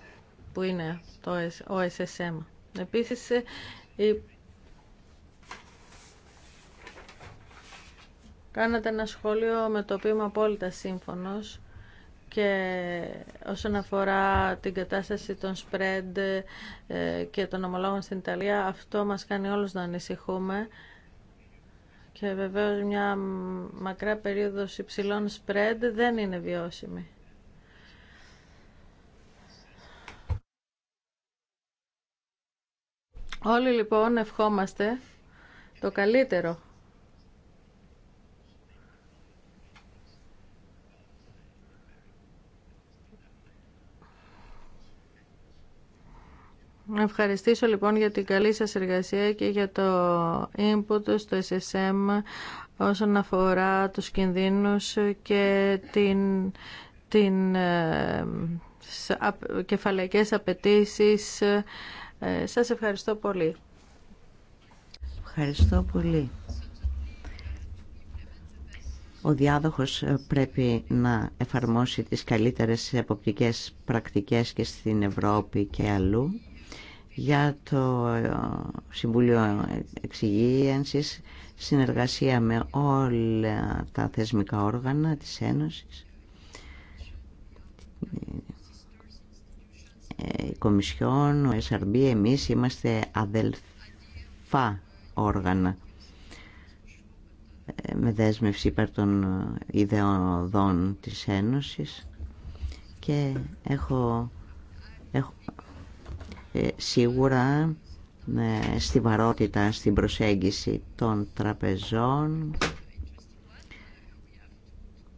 που είναι το OSSM. Επίσης, η Κάνατε ένα σχόλιο με το οποίο είμαι απόλυτα σύμφωνος και όσον αφορά την κατάσταση των spread ε, και των ομολόγων στην Ιταλία, αυτό μας κάνει όλους να ανησυχούμε. Και βεβαίως μια μακρά περίοδος υψηλών spread δεν είναι βιώσιμη. Όλοι λοιπόν ευχόμαστε το καλύτερο Ευχαριστήσω λοιπόν για την καλή σας εργασία και για το input στο SSM όσον αφορά τους κινδύνους και την, την ε, κεφαλαϊκές απαιτήσει. Ε, σας ευχαριστώ πολύ. Ευχαριστώ πολύ. Ο διάδοχος ε, πρέπει να εφαρμόσει τις καλύτερες εποπτικές πρακτικές και στην Ευρώπη και αλλού για το ε, Συμβούλιο Εξυγίανσης συνεργασία με όλα τα θεσμικά όργανα της Ένωσης ε, η Κομισιόν, ο SRB, εμείς είμαστε αδελφά όργανα ε, με δέσμευση υπέρ των ιδεοδών της Ένωσης και έχω, έχω ε, σίγουρα στη βαρότητα, στην προσέγγιση των τραπεζών.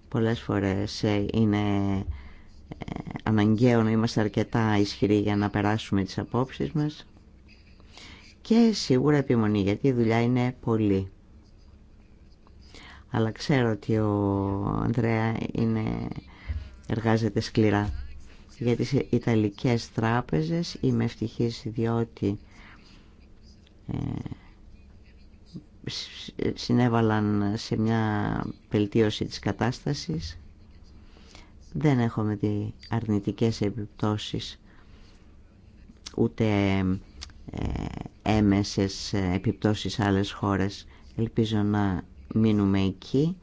Πολλές φορές ε, είναι ε, αναγκαίο να είμαστε αρκετά ισχυροί για να περάσουμε τις απόψεις μας και σίγουρα επιμονή γιατί η δουλειά είναι πολύ Αλλά ξέρω ότι ο Ανδρέα είναι, εργάζεται σκληρά για τις Ιταλικές τράπεζες. Είμαι ευτυχής διότι ε, συνέβαλαν σε μια βελτίωση της κατάστασης. Δεν έχουμε δει αρνητικές επιπτώσεις ούτε ε, έμεσες ε, επιπτώσεις σε άλλες χώρες. Ελπίζω να μείνουμε εκεί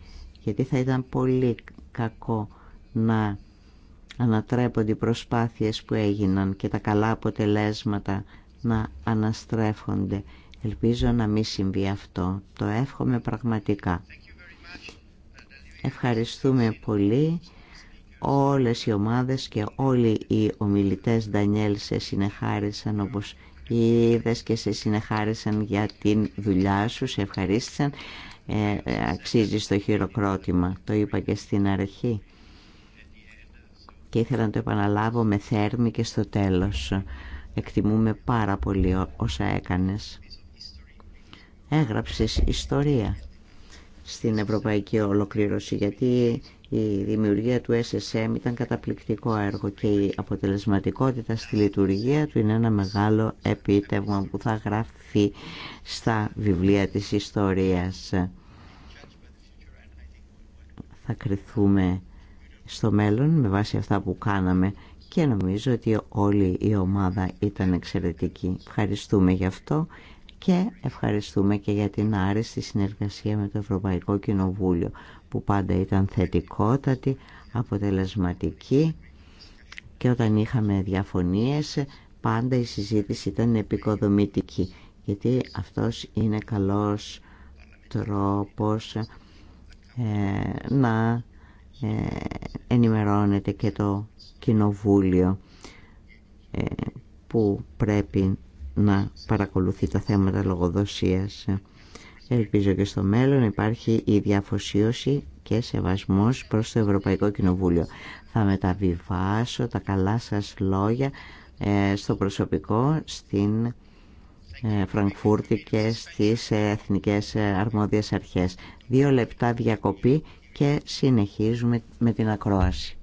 γιατί θα ήταν πολύ κακό να ανατρέπονται οι προσπάθειες που έγιναν και τα καλά αποτελέσματα να αναστρέφονται. Ελπίζω να μην συμβεί αυτό. Το εύχομαι πραγματικά. Ευχαριστούμε πολύ όλες οι ομάδες και όλοι οι ομιλητές Ντανιέλ σε συνεχάρισαν όπως είδε και σε συνεχάρισαν για την δουλειά σου, σε ευχαρίστησαν. Ε, ε αξίζεις το χειροκρότημα, το είπα και στην αρχή και ήθελα να το επαναλάβω με θέρμη και στο τέλος. Εκτιμούμε πάρα πολύ όσα έκανες. Έγραψες ιστορία στην ευρωπαϊκή ολοκλήρωση γιατί η δημιουργία του SSM ήταν καταπληκτικό έργο και η αποτελεσματικότητα στη λειτουργία του είναι ένα μεγάλο επίτευγμα που θα γράφει στα βιβλία της ιστορίας. Θα κριθούμε στο μέλλον με βάση αυτά που κάναμε και νομίζω ότι όλη η ομάδα ήταν εξαιρετική. Ευχαριστούμε γι' αυτό και ευχαριστούμε και για την άρεστη συνεργασία με το Ευρωπαϊκό Κοινοβούλιο που πάντα ήταν θετικότατη, αποτελεσματική και όταν είχαμε διαφωνίες πάντα η συζήτηση ήταν επικοδομητική γιατί αυτός είναι καλός τρόπος ε, να ε, ενημερώνεται και το κοινοβούλιο ε, που πρέπει να παρακολουθεί τα θέματα λογοδοσίας. Ελπίζω και στο μέλλον υπάρχει η διαφοσίωση και σεβασμός προς το Ευρωπαϊκό Κοινοβούλιο. Θα μεταβιβάσω τα καλά σας λόγια ε, στο προσωπικό, στην Φραγκφούρτη και στις εθνικές αρμόδιες αρχές. Δύο λεπτά διακοπή και συνεχίζουμε με την ακρόαση.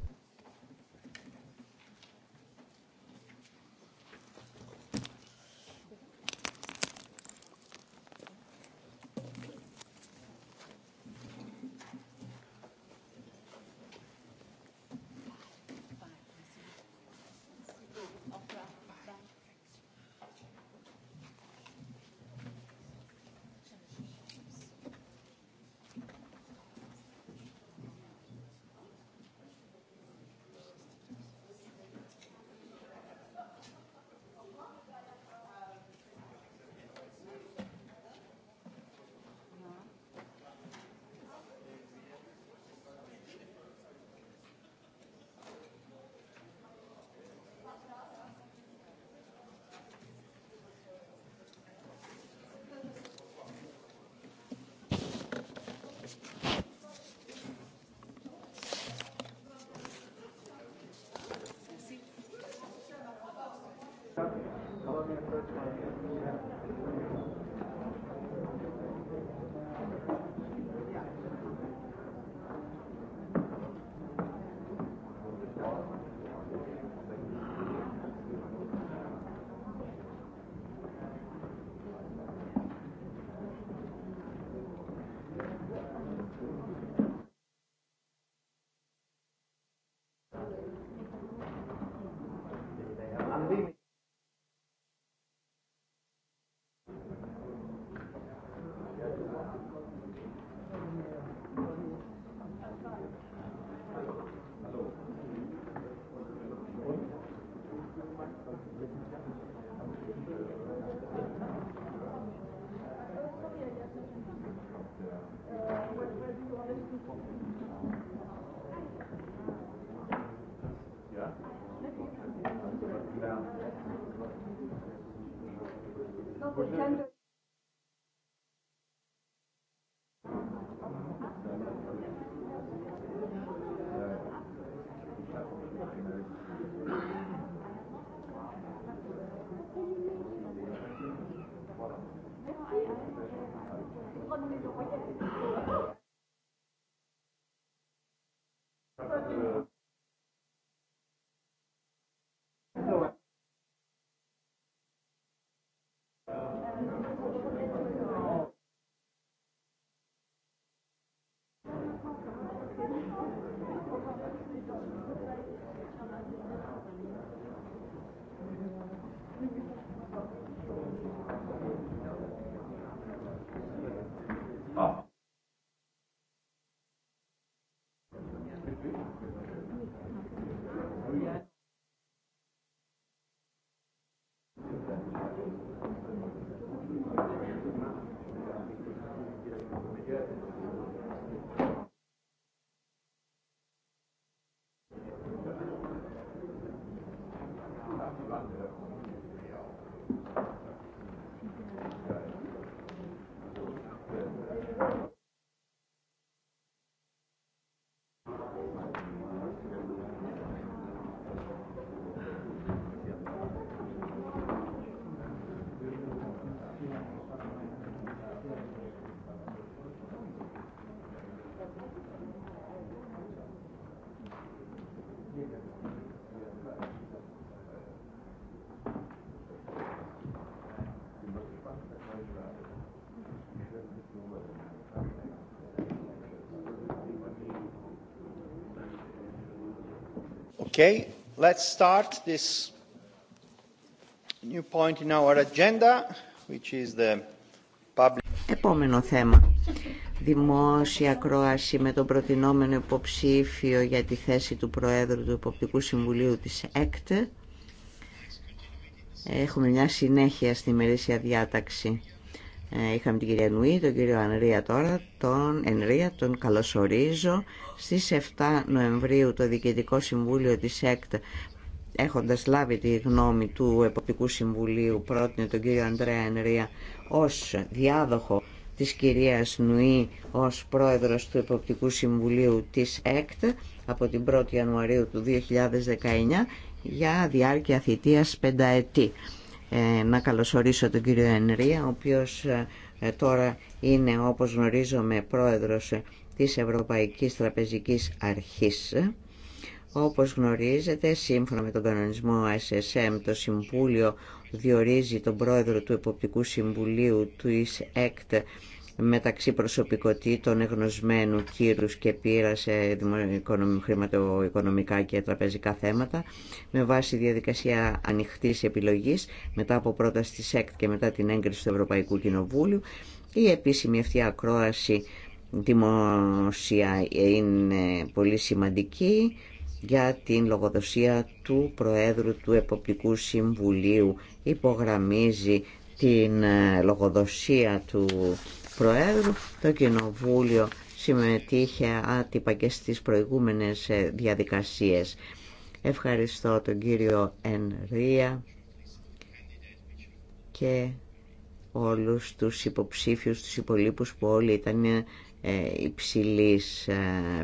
let's start this new point in Επόμενο θέμα. Δημόσια κρόαση με τον προτινόμενο υποψήφιο για τη θέση του Προέδρου του Υποπτικού Συμβουλίου της ΕΚΤ. Έχουμε μια συνέχεια στη μερίσια διάταξη. Ε, είχαμε την κυρία Νουή, τον κύριο Ανρία τώρα, τον Ενρία, τον καλωσορίζω. Στις 7 Νοεμβρίου το Διοικητικό Συμβούλιο της ΕΚΤ, έχοντας λάβει τη γνώμη του Εποπτικού Συμβουλίου, πρότεινε τον κύριο Ανδρέα Ενρία ως διάδοχο της κυρίας Νουή ως πρόεδρος του Εποπτικού Συμβουλίου της ΕΚΤ από την 1η Ιανουαρίου του 2019 για διάρκεια θητείας πενταετή. Ε, να καλωσορίσω τον κύριο Ενρία, ο οποίος ε, ε, τώρα είναι, όπως γνωρίζομαι, πρόεδρος της Ευρωπαϊκής Τραπεζικής Αρχής. Όπως γνωρίζετε, σύμφωνα με τον κανονισμό SSM, το Συμβούλιο διορίζει τον πρόεδρο του Εποπτικού Συμβουλίου του ΙΣΕΚΤ μεταξύ προσωπικότητων εγνωσμένου κύρους και πείρα σε χρηματοοικονομικά και τραπεζικά θέματα με βάση διαδικασία ανοιχτής επιλογής μετά από πρόταση της ΕΚΤ και μετά την έγκριση του Ευρωπαϊκού Κοινοβούλου. η επίσημη αυτή ακρόαση δημοσία είναι πολύ σημαντική για την λογοδοσία του Προέδρου του Εποπτικού Συμβουλίου υπογραμμίζει την ε, λογοδοσία του Προέδρου. Το Κοινοβούλιο συμμετείχε άτυπα και στις προηγούμενες ε, διαδικασίες. Ευχαριστώ τον κύριο Ενρία και όλους τους υποψήφιους, τους υπολείπους που όλοι ήταν ε, υψηλής ε,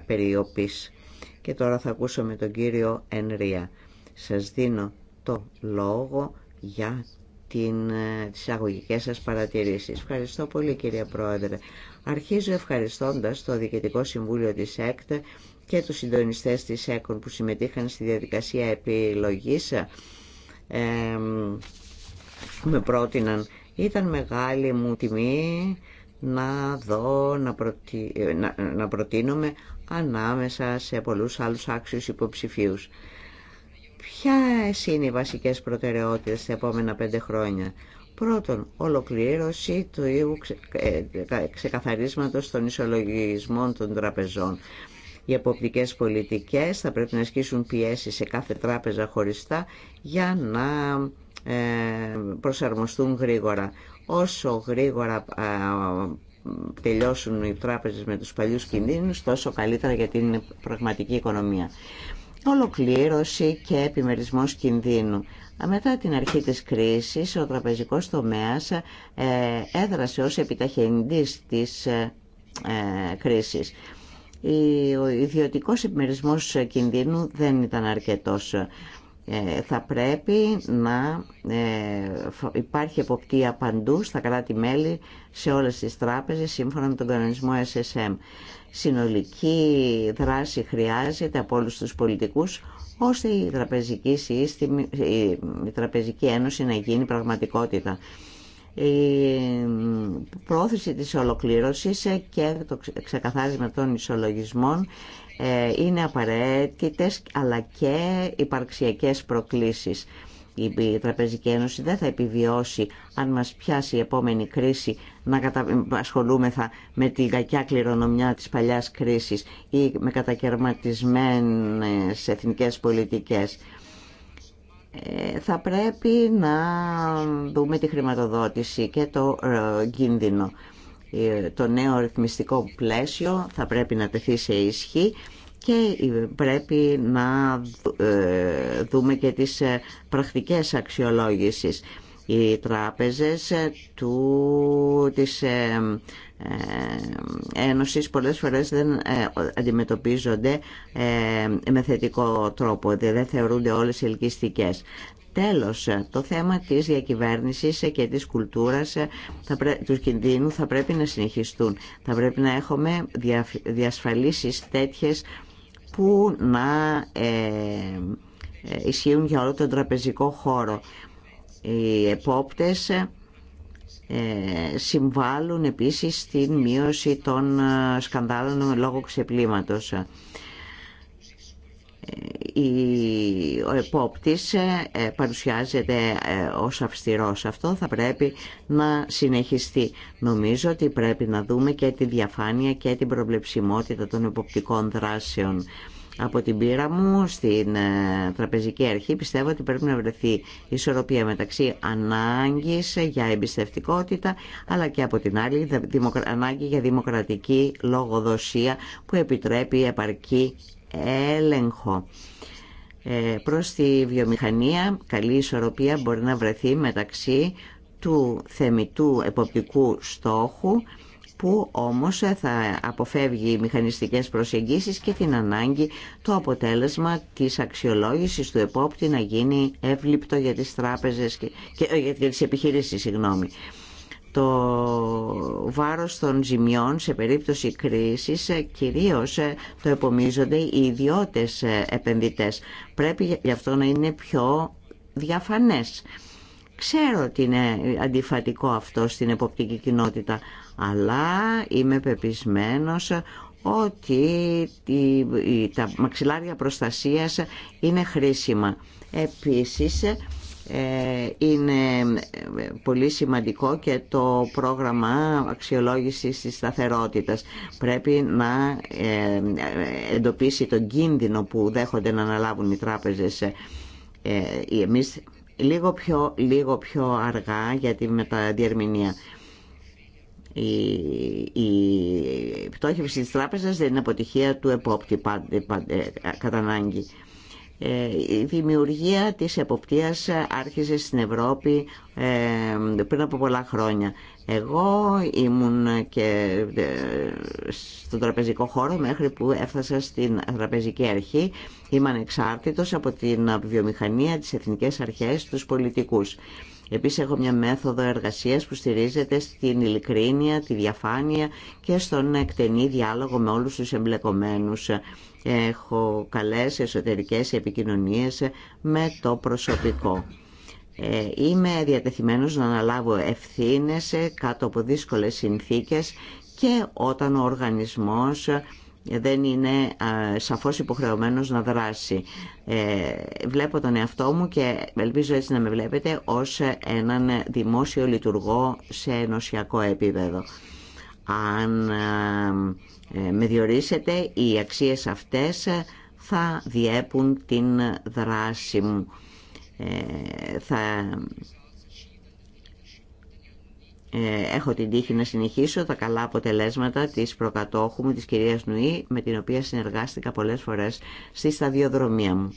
περιοπής. Και τώρα θα ακούσω με τον κύριο Ενρία. Σας δίνω το λόγο για την, ε, τις αγωγικές σας παρατηρήσεις. Ευχαριστώ πολύ κύριε Πρόεδρε. Αρχίζω ευχαριστώντας το Διοικητικό Συμβούλιο της ΕΚΤ και τους συντονιστές της ΕΚΟΝ που συμμετείχαν στη διαδικασία επιλογής ε, με πρότειναν. Ήταν μεγάλη μου τιμή να δω, να, προτι... Ε, να προτείνομαι ανάμεσα σε πολλούς άλλους άξιους υποψηφίους. Ποια είναι οι βασικές προτεραιότητες στα επόμενα πέντε χρόνια. Πρώτον, ολοκλήρωση του ξεκαθαρίσματο ε, ξεκαθαρίσματος των ισολογισμών των τραπεζών. Οι εποπτικές πολιτικές θα πρέπει να ασκήσουν πιέσει σε κάθε τράπεζα χωριστά για να ε, προσαρμοστούν γρήγορα. Όσο γρήγορα τελειώσουν οι τράπεζες με τους παλιούς κινδύνους, τόσο καλύτερα για την πραγματική οικονομία ολοκλήρωση και επιμερισμός κινδύνου. Μετά την αρχή της κρίσης, ο τραπεζικός τομέας ε, έδρασε ως επιταχυντής της ε, ε, κρίσης. Ο ιδιωτικός επιμερισμός κινδύνου δεν ήταν αρκετός. Θα πρέπει να υπάρχει εποπτεία παντού στα κράτη-μέλη σε όλες τις τράπεζες σύμφωνα με τον κανονισμό SSM. Συνολική δράση χρειάζεται από όλους τους πολιτικούς ώστε η Τραπεζική, σύστημη, η Τραπεζική Ένωση να γίνει πραγματικότητα. Η πρόθεση της ολοκλήρωσης και το ξεκαθάρισμα των ισολογισμών ε, είναι απαραίτητες αλλά και υπαρξιακές προκλήσεις. Η Τραπεζική Ένωση δεν θα επιβιώσει αν μας πιάσει η επόμενη κρίση να ασχολούμεθα με την κακιά κληρονομιά της παλιάς κρίσης ή με κατακαιρματισμένες εθνικές πολιτικές. Ε, θα πρέπει να δούμε τη χρηματοδότηση και το ε, κίνδυνο. Ε, το νέο ρυθμιστικό πλαίσιο θα πρέπει να τεθεί σε ισχύ και πρέπει να δούμε και τις πρακτικές αξιολόγησεις οι τράπεζες ε, του, της ε, ε, Ένωσης πολλές φορές δεν ε, αντιμετωπίζονται με θετικό τρόπο, δηλαδή δεν θεωρούνται όλες ελκυστικές. Τέλος, το θέμα της διακυβέρνησης και της κουλτούρας θα του κινδύνου θα πρέπει να συνεχιστούν. Θα πρέπει να έχουμε δια... διασφαλίσεις τέτοιες που να ε... ισχύουν για όλο τον τραπεζικό χώρο. Οι επόπτες ε, συμβάλλουν επίσης στην μείωση των ε, σκανδάλων λόγω ξεπλήματος. Ε, ο επόπτης παρουσιάζεται ως αυστηρός. Αυτό θα πρέπει να συνεχιστεί. Νομίζω ότι πρέπει να δούμε και τη διαφάνεια και την προβλεψιμότητα των εποπτικών δράσεων από την πείρα μου στην ε, τραπεζική αρχή πιστεύω ότι πρέπει να βρεθεί ισορροπία μεταξύ ανάγκης για εμπιστευτικότητα αλλά και από την άλλη ανάγκη για δημοκρατική λογοδοσία που επιτρέπει επαρκή έλεγχο. Ε, προς τη βιομηχανία καλή ισορροπία μπορεί να βρεθεί μεταξύ του θεμητού εποπτικού στόχου που όμως ε, θα αποφεύγει μηχανιστικές προσεγγίσεις και την ανάγκη το αποτέλεσμα της αξιολόγησης του επόπτη να γίνει εύληπτο για τις τράπεζες και, ε, για τις επιχειρήσεις, Το βάρος των ζημιών σε περίπτωση κρίσης ε, κυρίως το επομίζονται οι ιδιώτες επενδυτές. Πρέπει γι' αυτό να είναι πιο διαφανές. Ξέρω ότι είναι αντιφατικό αυτό στην εποπτική κοινότητα, αλλά είμαι πεπισμένος ότι τα μαξιλάρια προστασίας είναι χρήσιμα. Επίσης, ε, είναι ε, πολύ σημαντικό και το πρόγραμμα αξιολόγησης της σταθερότητας. Πρέπει να ε, εντοπίσει τον κίνδυνο που δέχονται να αναλάβουν οι τράπεζες. Εμείς λίγο πιο, λίγο πιο αργά για τη διερμηνία. Η, η πτώχευση της τράπεζας δεν είναι αποτυχία του επόπτη ε, κατά ανάγκη. Ε, η δημιουργία της εποπτείας άρχισε στην Ευρώπη ε, πριν από πολλά χρόνια. Εγώ ήμουν και στον τραπεζικό χώρο μέχρι που έφτασα στην τραπεζική αρχή. Είμαι ανεξάρτητος από την βιομηχανία, τις εθνικές αρχές, τους πολιτικούς. Επίσης έχω μια μέθοδο εργασίας που στηρίζεται στην ειλικρίνεια, τη διαφάνεια και στον εκτενή διάλογο με όλους τους εμπλεκομένους. Έχω καλές εσωτερικές επικοινωνίες με το προσωπικό. Ε, είμαι διατεθειμένος να αναλάβω ευθύνες κάτω από δύσκολες συνθήκες και όταν ο οργανισμός δεν είναι σαφώς υποχρεωμένος να δράσει. Ε, βλέπω τον εαυτό μου και ελπίζω έτσι να με βλέπετε ως έναν δημόσιο λειτουργό σε ενωσιακό επίπεδο. Αν ε, με διορίσετε, οι αξίες αυτές θα διέπουν την δράση μου. Ε, θα ε, έχω την τύχη να συνεχίσω τα καλά αποτελέσματα της προκατόχου μου, της κυρίας Νουή, με την οποία συνεργάστηκα πολλές φορές στη σταδιοδρομία μου.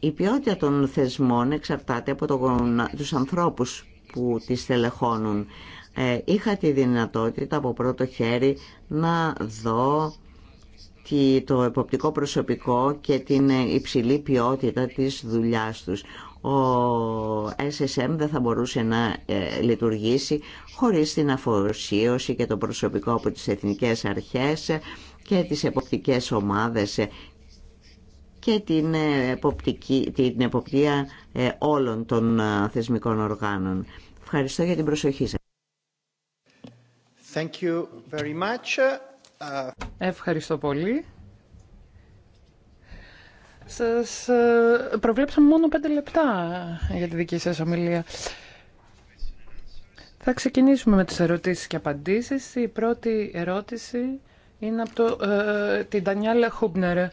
Η ποιότητα των θεσμών εξαρτάται από το, τους ανθρώπους που τις τελεχώνουν. Ε, είχα τη δυνατότητα από πρώτο χέρι να δω το εποπτικό προσωπικό και την υψηλή ποιότητα της δουλειάς τους ο SSM δεν θα μπορούσε να ε, λειτουργήσει χωρίς την αφοσίωση και το προσωπικό από τις εθνικές αρχές και τις εποπτικές ομάδες και την, ε, εποπτική, την εποπτεία ε, όλων των θεσμικών οργάνων. Ευχαριστώ για την προσοχή σας. Thank you very much. Ευχαριστώ πολύ. Σας ε, προβλέψαμε μόνο πέντε λεπτά για τη δική σας ομιλία. Θα ξεκινήσουμε με τις ερωτήσεις και απαντήσεις. Η πρώτη ερώτηση είναι από ε, την Τανιάλα Χούμπνερ. Ε,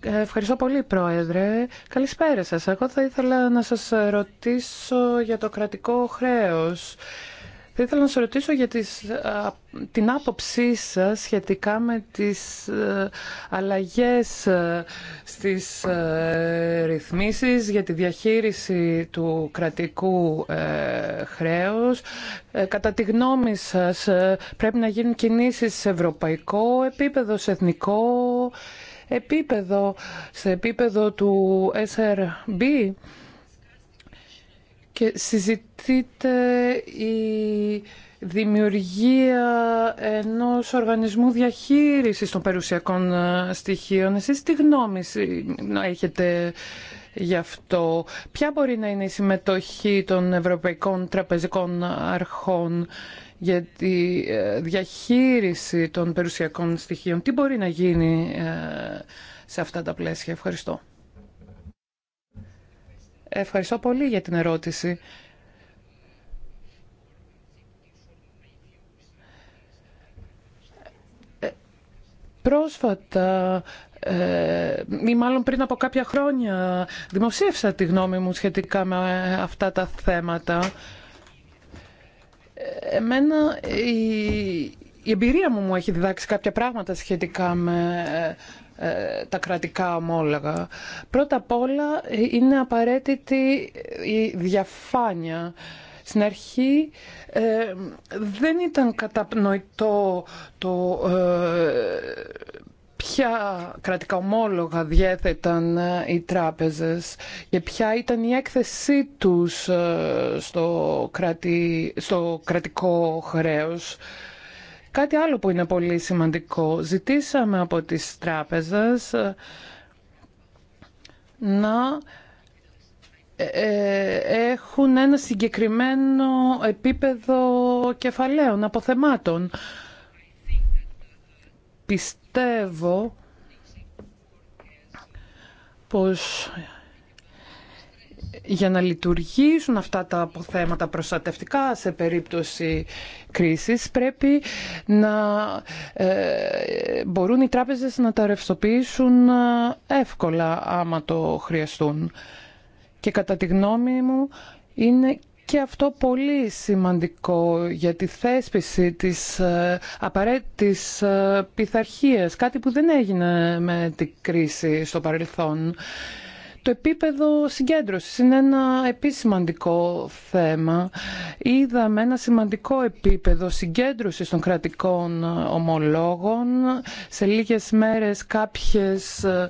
ευχαριστώ πολύ, Πρόεδρε. Καλησπέρα σας. Εγώ θα ήθελα να σας ρωτήσω για το κρατικό χρέος. Θα ήθελα να σα ρωτήσω για την άποψή σας σχετικά με τις ε, αλλαγές ρυθμίσει, στις ε, ρυθμίσεις για τη διαχείριση του κρατικού ε, χρέους. Κατά τη γνώμη σας πρέπει να γίνουν κινήσεις σε ευρωπαϊκό επίπεδο, σε εθνικό επίπεδο, σε επίπεδο του SRB και συζητείται η δημιουργία ενός οργανισμού διαχείρισης των περιουσιακών ε, στοιχείων. Εσείς τι γνώμη έχετε γι' αυτό. Ποια μπορεί να είναι η συμμετοχή των Ευρωπαϊκών Τραπεζικών Αρχών για τη ε, διαχείριση των περιουσιακών στοιχείων. Τι μπορεί να γίνει ε, σε αυτά τα πλαίσια. Ευχαριστώ. Ευχαριστώ πολύ για την ερώτηση. Ε, πρόσφατα ε, ή μάλλον πριν από κάποια χρόνια δημοσίευσα τη γνώμη μου σχετικά με αυτά τα θέματα. Εμένα η, εμπειρία μου μου έχει διδάξει κάποια πράγματα σχετικά με ε, ε, τα κρατικά ομόλογα. Πρώτα απ' όλα είναι απαραίτητη η διαφάνεια. Στην αρχή ε, δεν ήταν καταπνοητό το ε, ποια κρατικά ομόλογα διέθεταν οι τράπεζες και ποια ήταν η έκθεσή τους στο, στο κρατικό χρέος. Κάτι άλλο που είναι πολύ σημαντικό. Ζητήσαμε από τις τράπεζες ε, να ε, ε, έχουν ένα συγκεκριμένο επίπεδο κεφαλαίων, αποθεμάτων. Πιστεύω πως για να λειτουργήσουν αυτά τα αποθέματα προστατευτικά σε περίπτωση κρίσης πρέπει να ε, μπορούν οι τράπεζες να τα ρευστοποιήσουν ε, εύκολα άμα το χρειαστούν. Και κατά τη γνώμη μου είναι και αυτό πολύ σημαντικό για τη θέσπιση της ε, απαραίτητης πειθαρχίας, κάτι που δεν έγινε με την κρίση στο παρελθόν. Το επίπεδο συγκέντρωσης είναι ένα επίσης σημαντικό θέμα. Είδαμε ένα σημαντικό επίπεδο συγκέντρωσης των κρατικών ομολόγων. Σε λίγες μέρες κάποιες ε,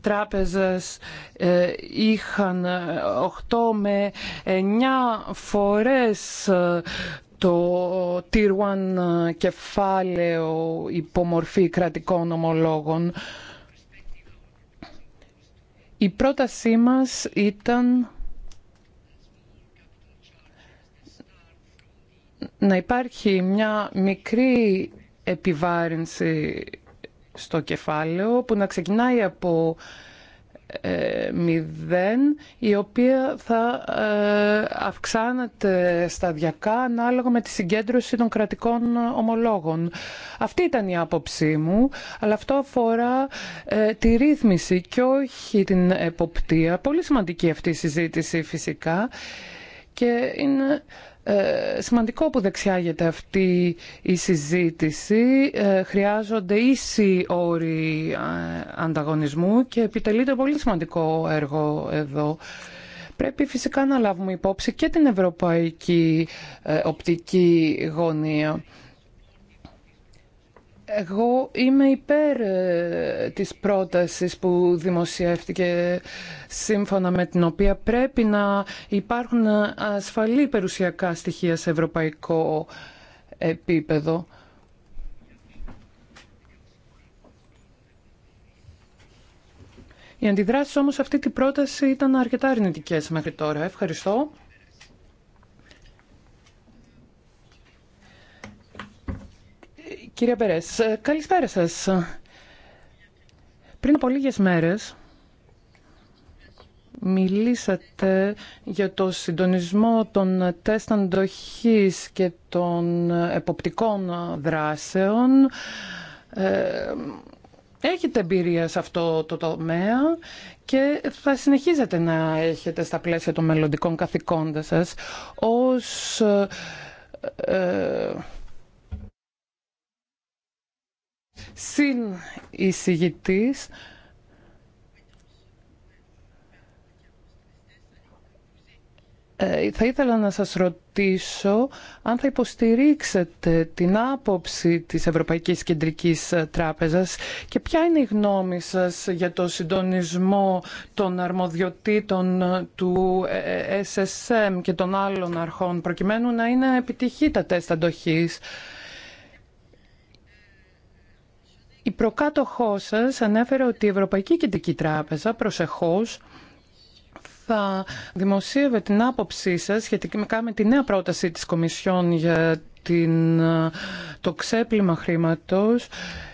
τράπεζες ε, είχαν 8 ε, με 9 φορές το Tier 1 κεφάλαιο υπομορφή κρατικών ομολόγων. Η πρότασή μας ήταν να υπάρχει μια μικρή επιβάρυνση στο κεφάλαιο που να ξεκινάει από η οποία θα ε, αυξάνεται σταδιακά ανάλογα με τη συγκέντρωση των κρατικών ομολόγων. Αυτή ήταν η άποψή μου, αλλά αυτό αφορά ε, τη ρύθμιση και όχι την εποπτεία. Πολύ σημαντική αυτή η συζήτηση φυσικά και είναι ε, σημαντικό που δεξιάγεται αυτή η συζήτηση. Ε, χρειάζονται ίσοι όροι ε, ανταγωνισμού και επιτελείται πολύ σημαντικό έργο εδώ. Πρέπει φυσικά να λάβουμε υπόψη και την ευρωπαϊκή οπτική γωνία. Εγώ είμαι υπέρ ε, της πρότασης που δημοσιεύτηκε σύμφωνα με την οποία πρέπει να υπάρχουν ε, ασφαλή περιουσιακά στοιχεία σε ευρωπαϊκό επίπεδο. Οι αντιδράσεις όμως σε αυτή την πρόταση ήταν αρκετά αρνητικές μέχρι τώρα. Ευχαριστώ. Κύριε Περές, ε, καλησπέρα σας. Πριν από λίγες μέρες μιλήσατε για το συντονισμό των τεστ αντοχής και των εποπτικών δράσεων. Ε, έχετε εμπειρία σε αυτό το τομέα και θα συνεχίζετε να έχετε στα πλαίσια των μελλοντικών καθηκόντων σας ως ε, Συν εισηγητής, ε, θα ήθελα να σας ρωτήσω αν θα υποστηρίξετε την άποψη της Ευρωπαϊκής Κεντρικής Τράπεζας και ποια είναι η γνώμη σας για το συντονισμό των αρμοδιοτήτων του ε, ε, SSM και των άλλων αρχών προκειμένου να είναι επιτυχή τα τεστ αντοχής. Η προκάτοχό σας ανέφερε ότι η Ευρωπαϊκή Κεντρική Τράπεζα προσεχώς θα δημοσίευε την άποψή σας σχετικά με τη νέα πρόταση της Κομισιόν για την, το ξέπλυμα χρήματος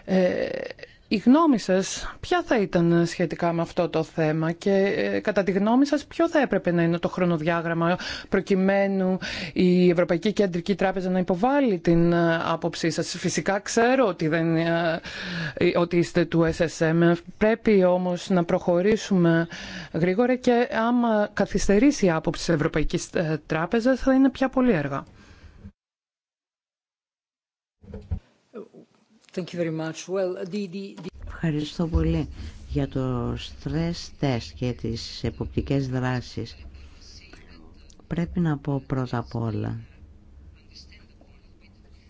ε, η γνώμη σα, ποια θα ήταν σχετικά με αυτό το θέμα και ε, κατά τη γνώμη σα, ποιο θα έπρεπε να είναι το χρονοδιάγραμμα προκειμένου η Ευρωπαϊκή Κεντρική Τράπεζα να υποβάλει την ε, άποψή σα. Φυσικά ξέρω ότι, δεν, ε, ότι είστε του SSM, πρέπει όμως να προχωρήσουμε γρήγορα και άμα καθυστερήσει η άποψη τη Ευρωπαϊκή Τράπεζα, θα είναι πια πολύ αργά. Ευχαριστώ πολύ για το stress test και τις εποπτικές δράσεις. Πρέπει να πω πρώτα απ' όλα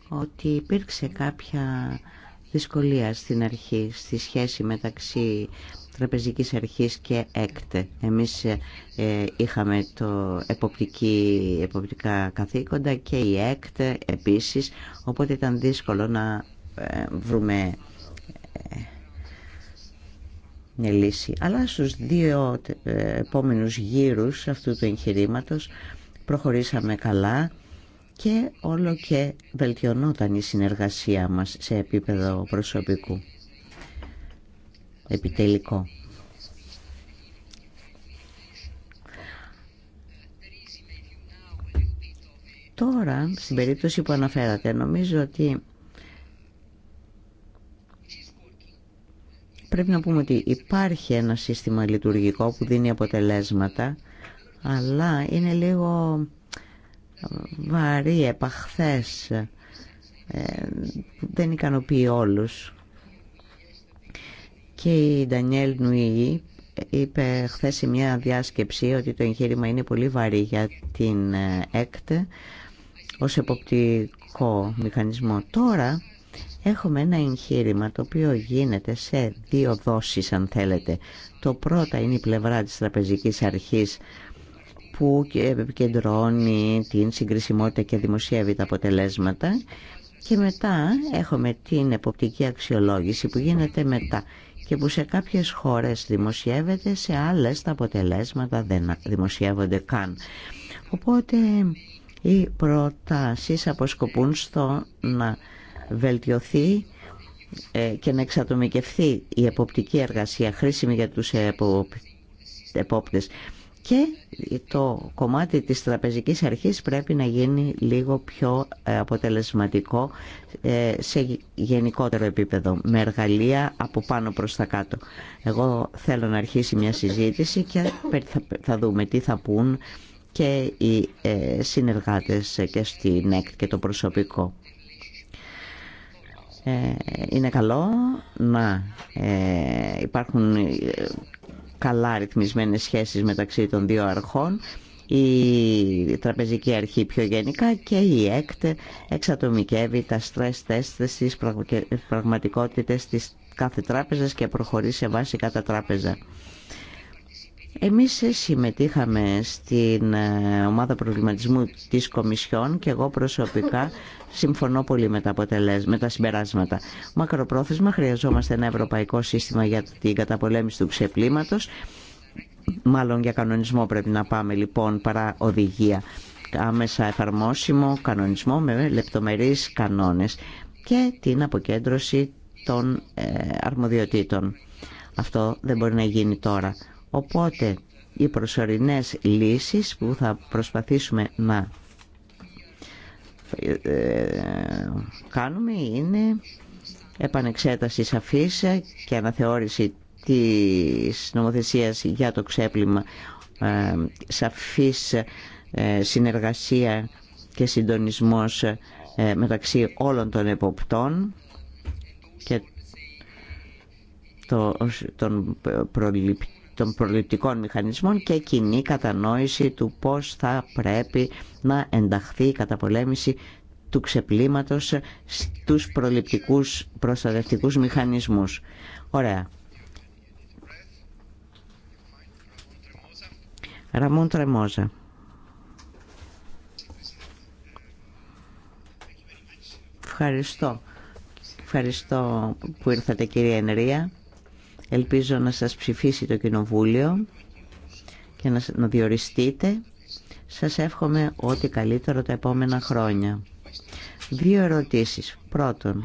ότι υπήρξε κάποια δυσκολία στην αρχή στη σχέση μεταξύ τραπεζικής αρχής και ΕΚΤΕ. Εμείς ε, είχαμε το εποπτική, εποπτικά καθήκοντα και η ΕΚΤΕ επίσης, οπότε ήταν δύσκολο να ε, βρούμε ε, μια λύση. Αλλά στους δύο ε, επόμενους γύρους αυτού του εγχειρήματο προχωρήσαμε καλά και όλο και βελτιωνόταν η συνεργασία μας σε επίπεδο προσωπικού. Επιτελικό. Τώρα, στην περίπτωση που αναφέρατε, νομίζω ότι Πρέπει να πούμε ότι υπάρχει ένα σύστημα λειτουργικό που δίνει αποτελέσματα, αλλά είναι λίγο ε, βαρύ, επαχθές, ε, δεν ικανοποιεί όλους. Και η Ντανιέλ Νουίγη είπε χθε σε μια διάσκεψη ότι το εγχείρημα είναι πολύ βαρύ για την ε, ΕΚΤ ως εποπτικό μηχανισμό. Τώρα Έχουμε ένα εγχείρημα το οποίο γίνεται σε δύο δόσεις αν θέλετε. Το πρώτο είναι η πλευρά της τραπεζικής αρχής που επικεντρώνει την συγκρισιμότητα και δημοσιεύει τα αποτελέσματα και μετά έχουμε την εποπτική αξιολόγηση που γίνεται μετά και που σε κάποιες χώρες δημοσιεύεται, σε άλλες τα αποτελέσματα δεν δημοσιεύονται καν. Οπότε οι προτάσεις αποσκοπούν στο να βελτιωθεί ε, και να εξατομικευθεί η εποπτική εργασία χρήσιμη για τους επόπτες και το κομμάτι της τραπεζικής αρχής πρέπει να γίνει λίγο πιο ε, αποτελεσματικό ε, σε γενικότερο επίπεδο με εργαλεία από πάνω προς τα κάτω. Εγώ θέλω να αρχίσει μια συζήτηση και θα δούμε τι θα πούν και οι συνεργάτες και στην ΕΚΤ και το προσωπικό. Ε, είναι καλό να ε, υπάρχουν ε, καλά ρυθμισμένες σχέσεις μεταξύ των δύο αρχών η τραπεζική αρχή πιο γενικά και η εκτέ εξατομικεύει τα στρες test στις πραγματικότητες της κάθε τράπεζας και προχωρεί σε βάση κατά τράπεζα. Εμείς συμμετείχαμε στην ε, ομάδα προβληματισμού της Κομισιόν και εγώ προσωπικά συμφωνώ πολύ με τα, συμπεράσματα. Μακροπρόθεσμα χρειαζόμαστε ένα ευρωπαϊκό σύστημα για την καταπολέμηση του ξεπλήματος. Μάλλον για κανονισμό πρέπει να πάμε λοιπόν παρά οδηγία άμεσα εφαρμόσιμο κανονισμό με λεπτομερείς κανόνες και την αποκέντρωση των ε, αρμοδιοτήτων. Αυτό δεν μπορεί να γίνει τώρα. Οπότε οι προσωρινές λύσεις που θα προσπαθήσουμε να ε, ε, κάνουμε είναι επανεξέταση σαφής και αναθεώρηση της νομοθεσίας για το ξέπλυμα ε, σαφής συνεργασία και συντονισμός μεταξύ όλων των εποπτών και των προληπτών των προληπτικών μηχανισμών και κοινή κατανόηση του πώς θα πρέπει να ενταχθεί η καταπολέμηση του ξεπλήματος στους προληπτικούς προστατευτικούς μηχανισμούς. Ωραία. Ραμόν Τρεμόζα. Ευχαριστώ. Ευχαριστώ που ήρθατε κύριε Ενρία. Ελπίζω να σας ψηφίσει το Κοινοβούλιο και να διοριστείτε. Σας εύχομαι ό,τι καλύτερο τα επόμενα χρόνια. Δύο ερωτήσεις. Πρώτον,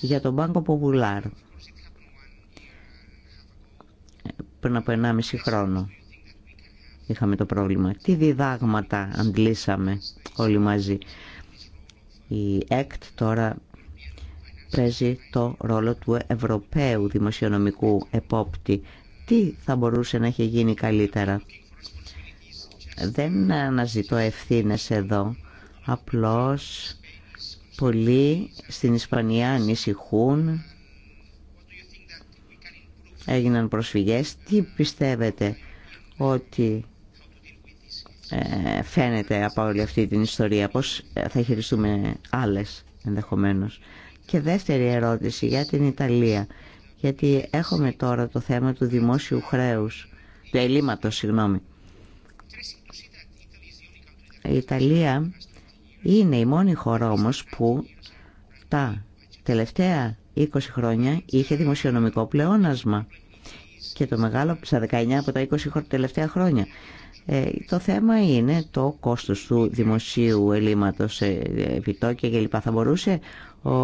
για τον Banco Ποβουλάρ. πριν από 1,5 χρόνο είχαμε το πρόβλημα. Τι διδάγματα αντλήσαμε όλοι μαζί. Η ΕΚΤ τώρα παίζει το ρόλο του Ευρωπαίου δημοσιονομικού επόπτη. Τι θα μπορούσε να έχει γίνει καλύτερα. Δεν αναζητώ ευθύνες εδώ, απλώς πολλοί στην Ισπανία ανησυχούν, έγιναν προσφυγές. Τι πιστεύετε ότι ε, φαίνεται από όλη αυτή την ιστορία, πώς θα χειριστούμε άλλες ενδεχομένως. Και δεύτερη ερώτηση για την Ιταλία. Γιατί έχουμε τώρα το θέμα του δημόσιου χρέους, του ελλείμματος, συγγνώμη. Η Ιταλία είναι η μόνη χώρα όμως που τα τελευταία 20 χρόνια είχε δημοσιονομικό πλεόνασμα και το μεγάλο στα 19 από τα 20 τελευταία χρόνια. Ε, το θέμα είναι το κόστος του δημοσίου ελλείμματος, ε, ε, επιτόκια κλπ. Θα μπορούσε ο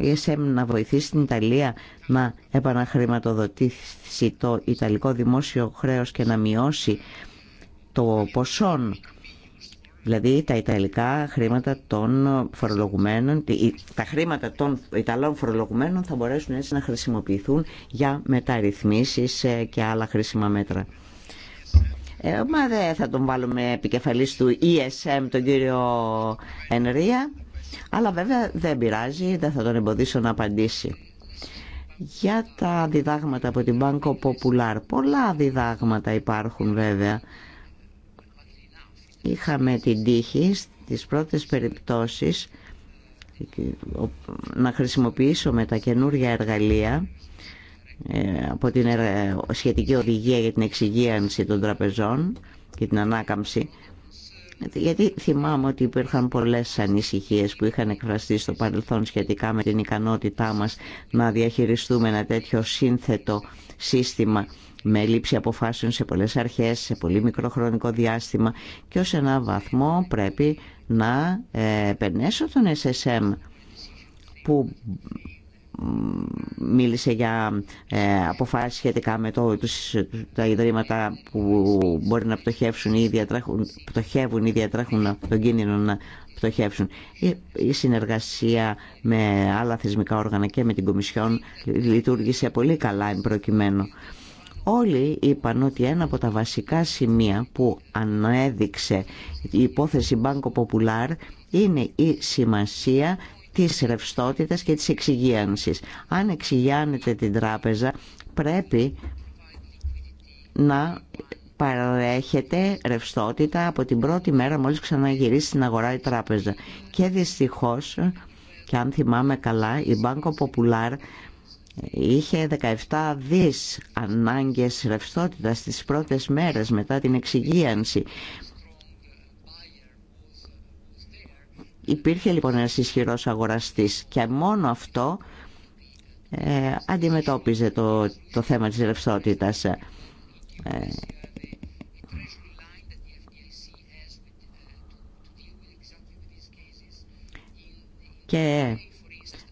ESM να βοηθήσει την Ιταλία να επαναχρηματοδοτήσει το Ιταλικό δημόσιο χρέος και να μειώσει το ποσό δηλαδή τα Ιταλικά χρήματα των φορολογουμένων, τα χρήματα των Ιταλών φορολογουμένων θα μπορέσουν έτσι να χρησιμοποιηθούν για μεταρρυθμίσεις ε, και άλλα χρήσιμα μέτρα. Ε, μα δεν θα τον βάλουμε επικεφαλής του ESM τον κύριο Ενρία. Αλλά βέβαια δεν πειράζει, δεν θα τον εμποδίσω να απαντήσει. Για τα διδάγματα από την Banco Popular, πολλά διδάγματα υπάρχουν βέβαια. Είχαμε την τύχη στις πρώτες περιπτώσεις να χρησιμοποιήσουμε τα καινούργια εργαλεία ε, από την σχετική οδηγία για την εξυγίανση των τραπεζών και την ανάκαμψη γιατί θυμάμαι ότι υπήρχαν πολλές ανησυχίες που είχαν εκφραστεί στο παρελθόν σχετικά με την ικανότητά μας να διαχειριστούμε ένα τέτοιο σύνθετο σύστημα με λήψη αποφάσεων σε πολλές αρχές, σε πολύ μικρό χρονικό διάστημα και ως ένα βαθμό πρέπει να ε, τον SSM που μίλησε για ε, αποφάσεις σχετικά με τους, τα ιδρύματα που μπορεί να πτωχεύσουν ή διατρέχουν, πτωχεύουν ή διατρέχουν τον κίνδυνο να πτωχεύσουν. Η, συνεργασία με άλλα θεσμικά όργανα και με την Κομισιόν λειτουργήσε πολύ καλά προκειμένου. Όλοι είπαν ότι ένα από τα βασικά σημεία που ανέδειξε η υπόθεση Banco Popular είναι η σημασία της ρευστότητα και της εξυγίανσης. Αν εξυγιάνεται την τράπεζα πρέπει να παρέχεται ρευστότητα από την πρώτη μέρα μόλις ξαναγυρίσει στην αγορά η τράπεζα. Και δυστυχώς, και αν θυμάμαι καλά, η Banco Popular είχε 17 δις ανάγκες ρευστότητα στις πρώτες μέρες μετά την εξυγίανση Υπήρχε λοιπόν ένας ισχυρός αγοραστής και μόνο αυτό ε, αντιμετώπιζε το, το θέμα της ρευστότητας. Ε, και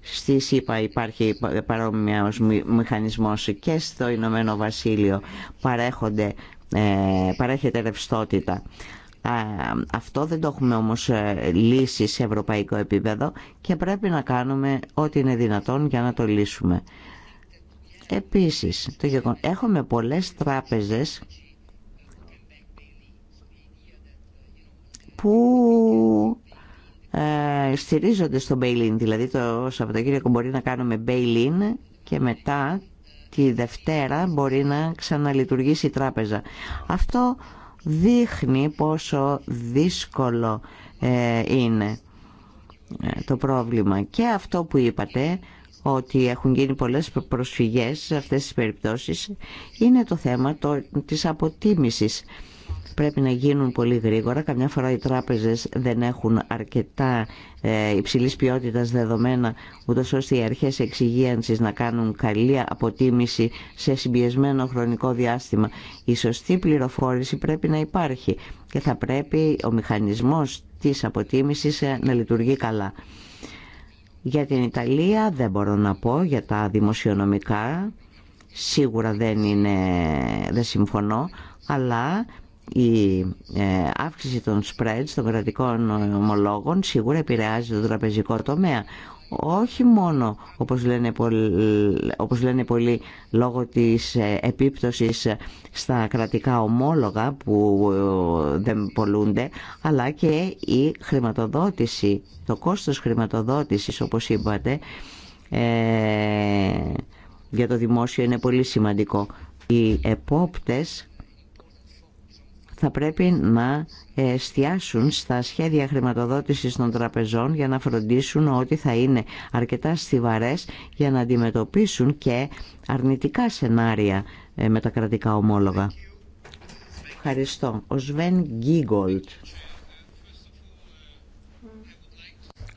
στη ΣΥΠΑ υπάρχει παρόμοιος μηχανισμός και στο Ηνωμένο Βασίλειο παρέχονται, ε, παρέχεται ρευστότητα. Ε, αυτό δεν το έχουμε όμως ε, λύσει σε ευρωπαϊκό επίπεδο και πρέπει να κάνουμε ό,τι είναι δυνατόν για να το λύσουμε. Επίσης, το γεγον... έχουμε πολλές τράπεζες που ε, στηρίζονται στο bail-in. Δηλαδή το Σαββατοκύριακο μπορεί να κάνουμε bail-in και μετά τη Δευτέρα μπορεί να ξαναλειτουργήσει η τράπεζα. Αυτό δείχνει πόσο δύσκολο ε, είναι ε, το πρόβλημα. Και αυτό που είπατε, ότι έχουν γίνει πολλές προσφυγές σε αυτές τις περιπτώσεις, είναι το θέμα το, της αποτίμησης πρέπει να γίνουν πολύ γρήγορα. Καμιά φορά οι τράπεζες δεν έχουν αρκετά ε, υψηλής ποιότητας δεδομένα, ούτως ώστε οι αρχές εξυγίανση να κάνουν καλή αποτίμηση σε συμπιεσμένο χρονικό διάστημα. Η σωστή πληροφόρηση πρέπει να υπάρχει και θα πρέπει ο μηχανισμός της αποτίμησης ε, να λειτουργεί καλά. Για την Ιταλία δεν μπορώ να πω για τα δημοσιονομικά, σίγουρα δεν, είναι, δεν συμφωνώ, αλλά η ε, αύξηση των spreads των κρατικών ομολόγων σίγουρα επηρεάζει το τραπεζικό τομέα. Όχι μόνο, όπως λένε, πολλοί, όπως λένε πολλοί, λόγω της ε, επίπτωσης στα κρατικά ομόλογα που ε, δεν πολλούνται, αλλά και η χρηματοδότηση, το κόστος χρηματοδότησης, όπως είπατε, για το δημόσιο είναι πολύ σημαντικό. Οι επόπτες θα πρέπει να εστιάσουν στα σχέδια χρηματοδότησης των τραπεζών για να φροντίσουν ότι θα είναι αρκετά στιβαρές για να αντιμετωπίσουν και αρνητικά σενάρια ε, με τα κρατικά ομόλογα. Ευχαριστώ. Ο Σβέν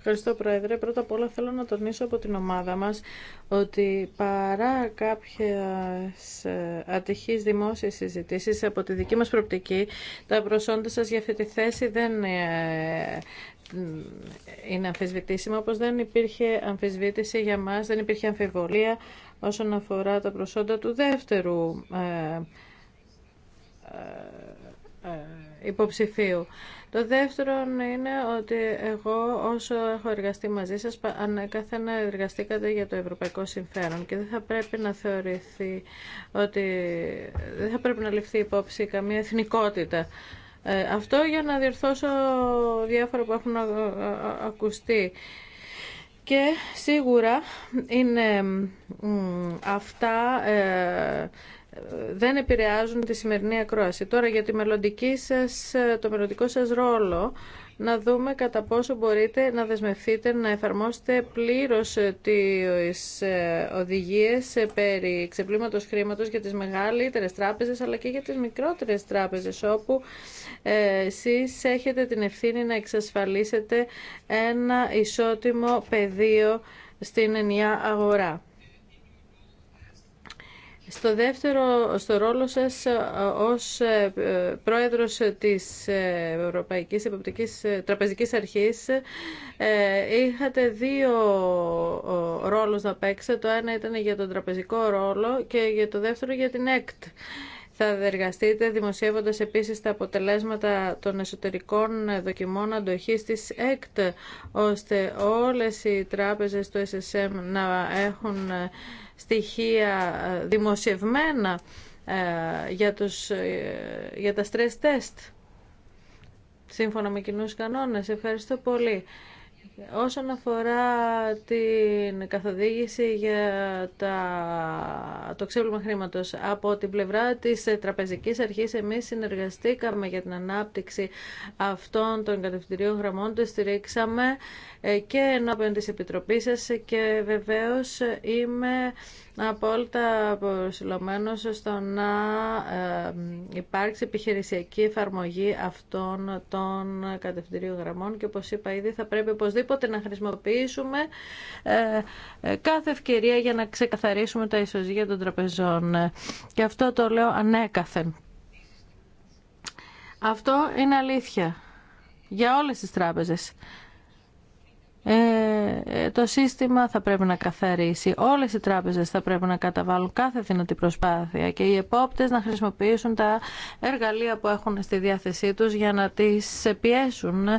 Ευχαριστώ Πρόεδρε. Πρώτα απ' όλα θέλω να τονίσω από την ομάδα μας ότι παρά κάποιες ε, ατυχείς δημόσιες συζητήσεις από τη δική μας προπτική τα προσόντα σας για αυτή τη θέση δεν ε, ε, είναι αμφισβητήσιμα όπως δεν υπήρχε αμφισβήτηση για μας, δεν υπήρχε αμφιβολία όσον αφορά τα προσόντα του δεύτερου υποψηφίου. Το δεύτερο είναι ότι εγώ όσο έχω εργαστεί μαζί σας, ανέκαθεν εργαστήκατε για το ευρωπαϊκό συμφέρον και δεν θα πρέπει να θεωρηθεί ότι δεν θα πρέπει να ληφθεί υπόψη καμία εθνικότητα. Ε, αυτό για να διορθώσω διάφορα που έχουν ακουστεί. Και σίγουρα είναι αυτά ε, δεν επηρεάζουν τη σημερινή ακρόαση. Τώρα για τη σας, το μελλοντικό σας ρόλο να δούμε κατά πόσο μπορείτε να δεσμευτείτε να εφαρμόσετε πλήρως τις ε, οδηγίες ε, περί ξεπλήματος χρήματος για τις μεγαλύτερες τράπεζες αλλά και για τις μικρότερες τράπεζες όπου ε, εσείς έχετε την ευθύνη να εξασφαλίσετε ένα ισότιμο πεδίο στην ενιαία αγορά. Στο δεύτερο, στο ρόλο σας ε, ως ε, πρόεδρος της ε, Ευρωπαϊκής Εποπτικής Τραπεζικής Αρχής είχατε δύο ρόλους να παίξετε. Το ένα ήταν για τον τραπεζικό ρόλο και για το δεύτερο για την ΕΚΤ θα εργαστείτε δημοσιεύοντας επίσης τα αποτελέσματα των εσωτερικών δοκιμών αντοχής της ΕΚΤ, ώστε όλες οι τράπεζες του SSM να έχουν ε, στοιχεία ε, δημοσιευμένα ε, για, τους, για τα stress test, σύμφωνα με κοινούς κανόνες. Ευχαριστώ πολύ. Όσον αφορά την καθοδήγηση για τα... το ξέπλυμα χρήματος, από την πλευρά της Τραπεζικής Αρχής εμείς συνεργαστήκαμε για την ανάπτυξη αυτών των κατευθυντηρίων γραμμών, το στηρίξαμε ε, και ενώπιον της Επιτροπής σας και βεβαίως είμαι απόλυτα προσιλωμένο στο να υπάρξει επιχειρησιακή εφαρμογή αυτών των κατευθυντηρίων γραμμών και όπως είπα ήδη θα πρέπει οπωσδήποτε να χρησιμοποιήσουμε ε, ε, κάθε ευκαιρία για να ξεκαθαρίσουμε τα ισοζύγια των τραπεζών. Και αυτό το λέω ανέκαθεν. Αυτό είναι αλήθεια για όλες τις τράπεζες. Ε, ε, το σύστημα θα πρέπει να καθαρίσει. Όλες οι τράπεζες θα πρέπει να καταβάλουν κάθε δυνατή προσπάθεια και οι επόπτες να χρησιμοποιήσουν τα εργαλεία που έχουν στη διάθεσή τους για να τις πιέσουν ε,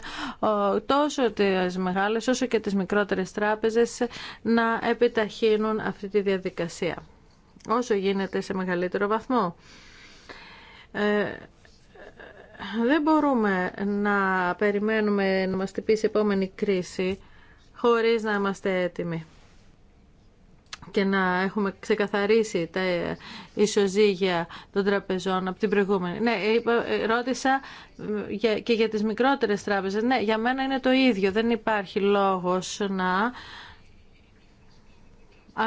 τόσο τις μεγάλες όσο και τις μικρότερες τράπεζες να επιταχύνουν αυτή τη διαδικασία όσο γίνεται σε μεγαλύτερο βαθμό. Δεν μπορούμε να περιμένουμε να μας τυπήσει επόμενη κρίση χωρίς να είμαστε έτοιμοι και να έχουμε ξεκαθαρίσει τα ισοζύγια των τραπεζών από την προηγούμενη. Ναι, ρώτησα και για τις μικρότερες τράπεζες. Ναι, για μένα είναι το ίδιο. Δεν υπάρχει λόγος να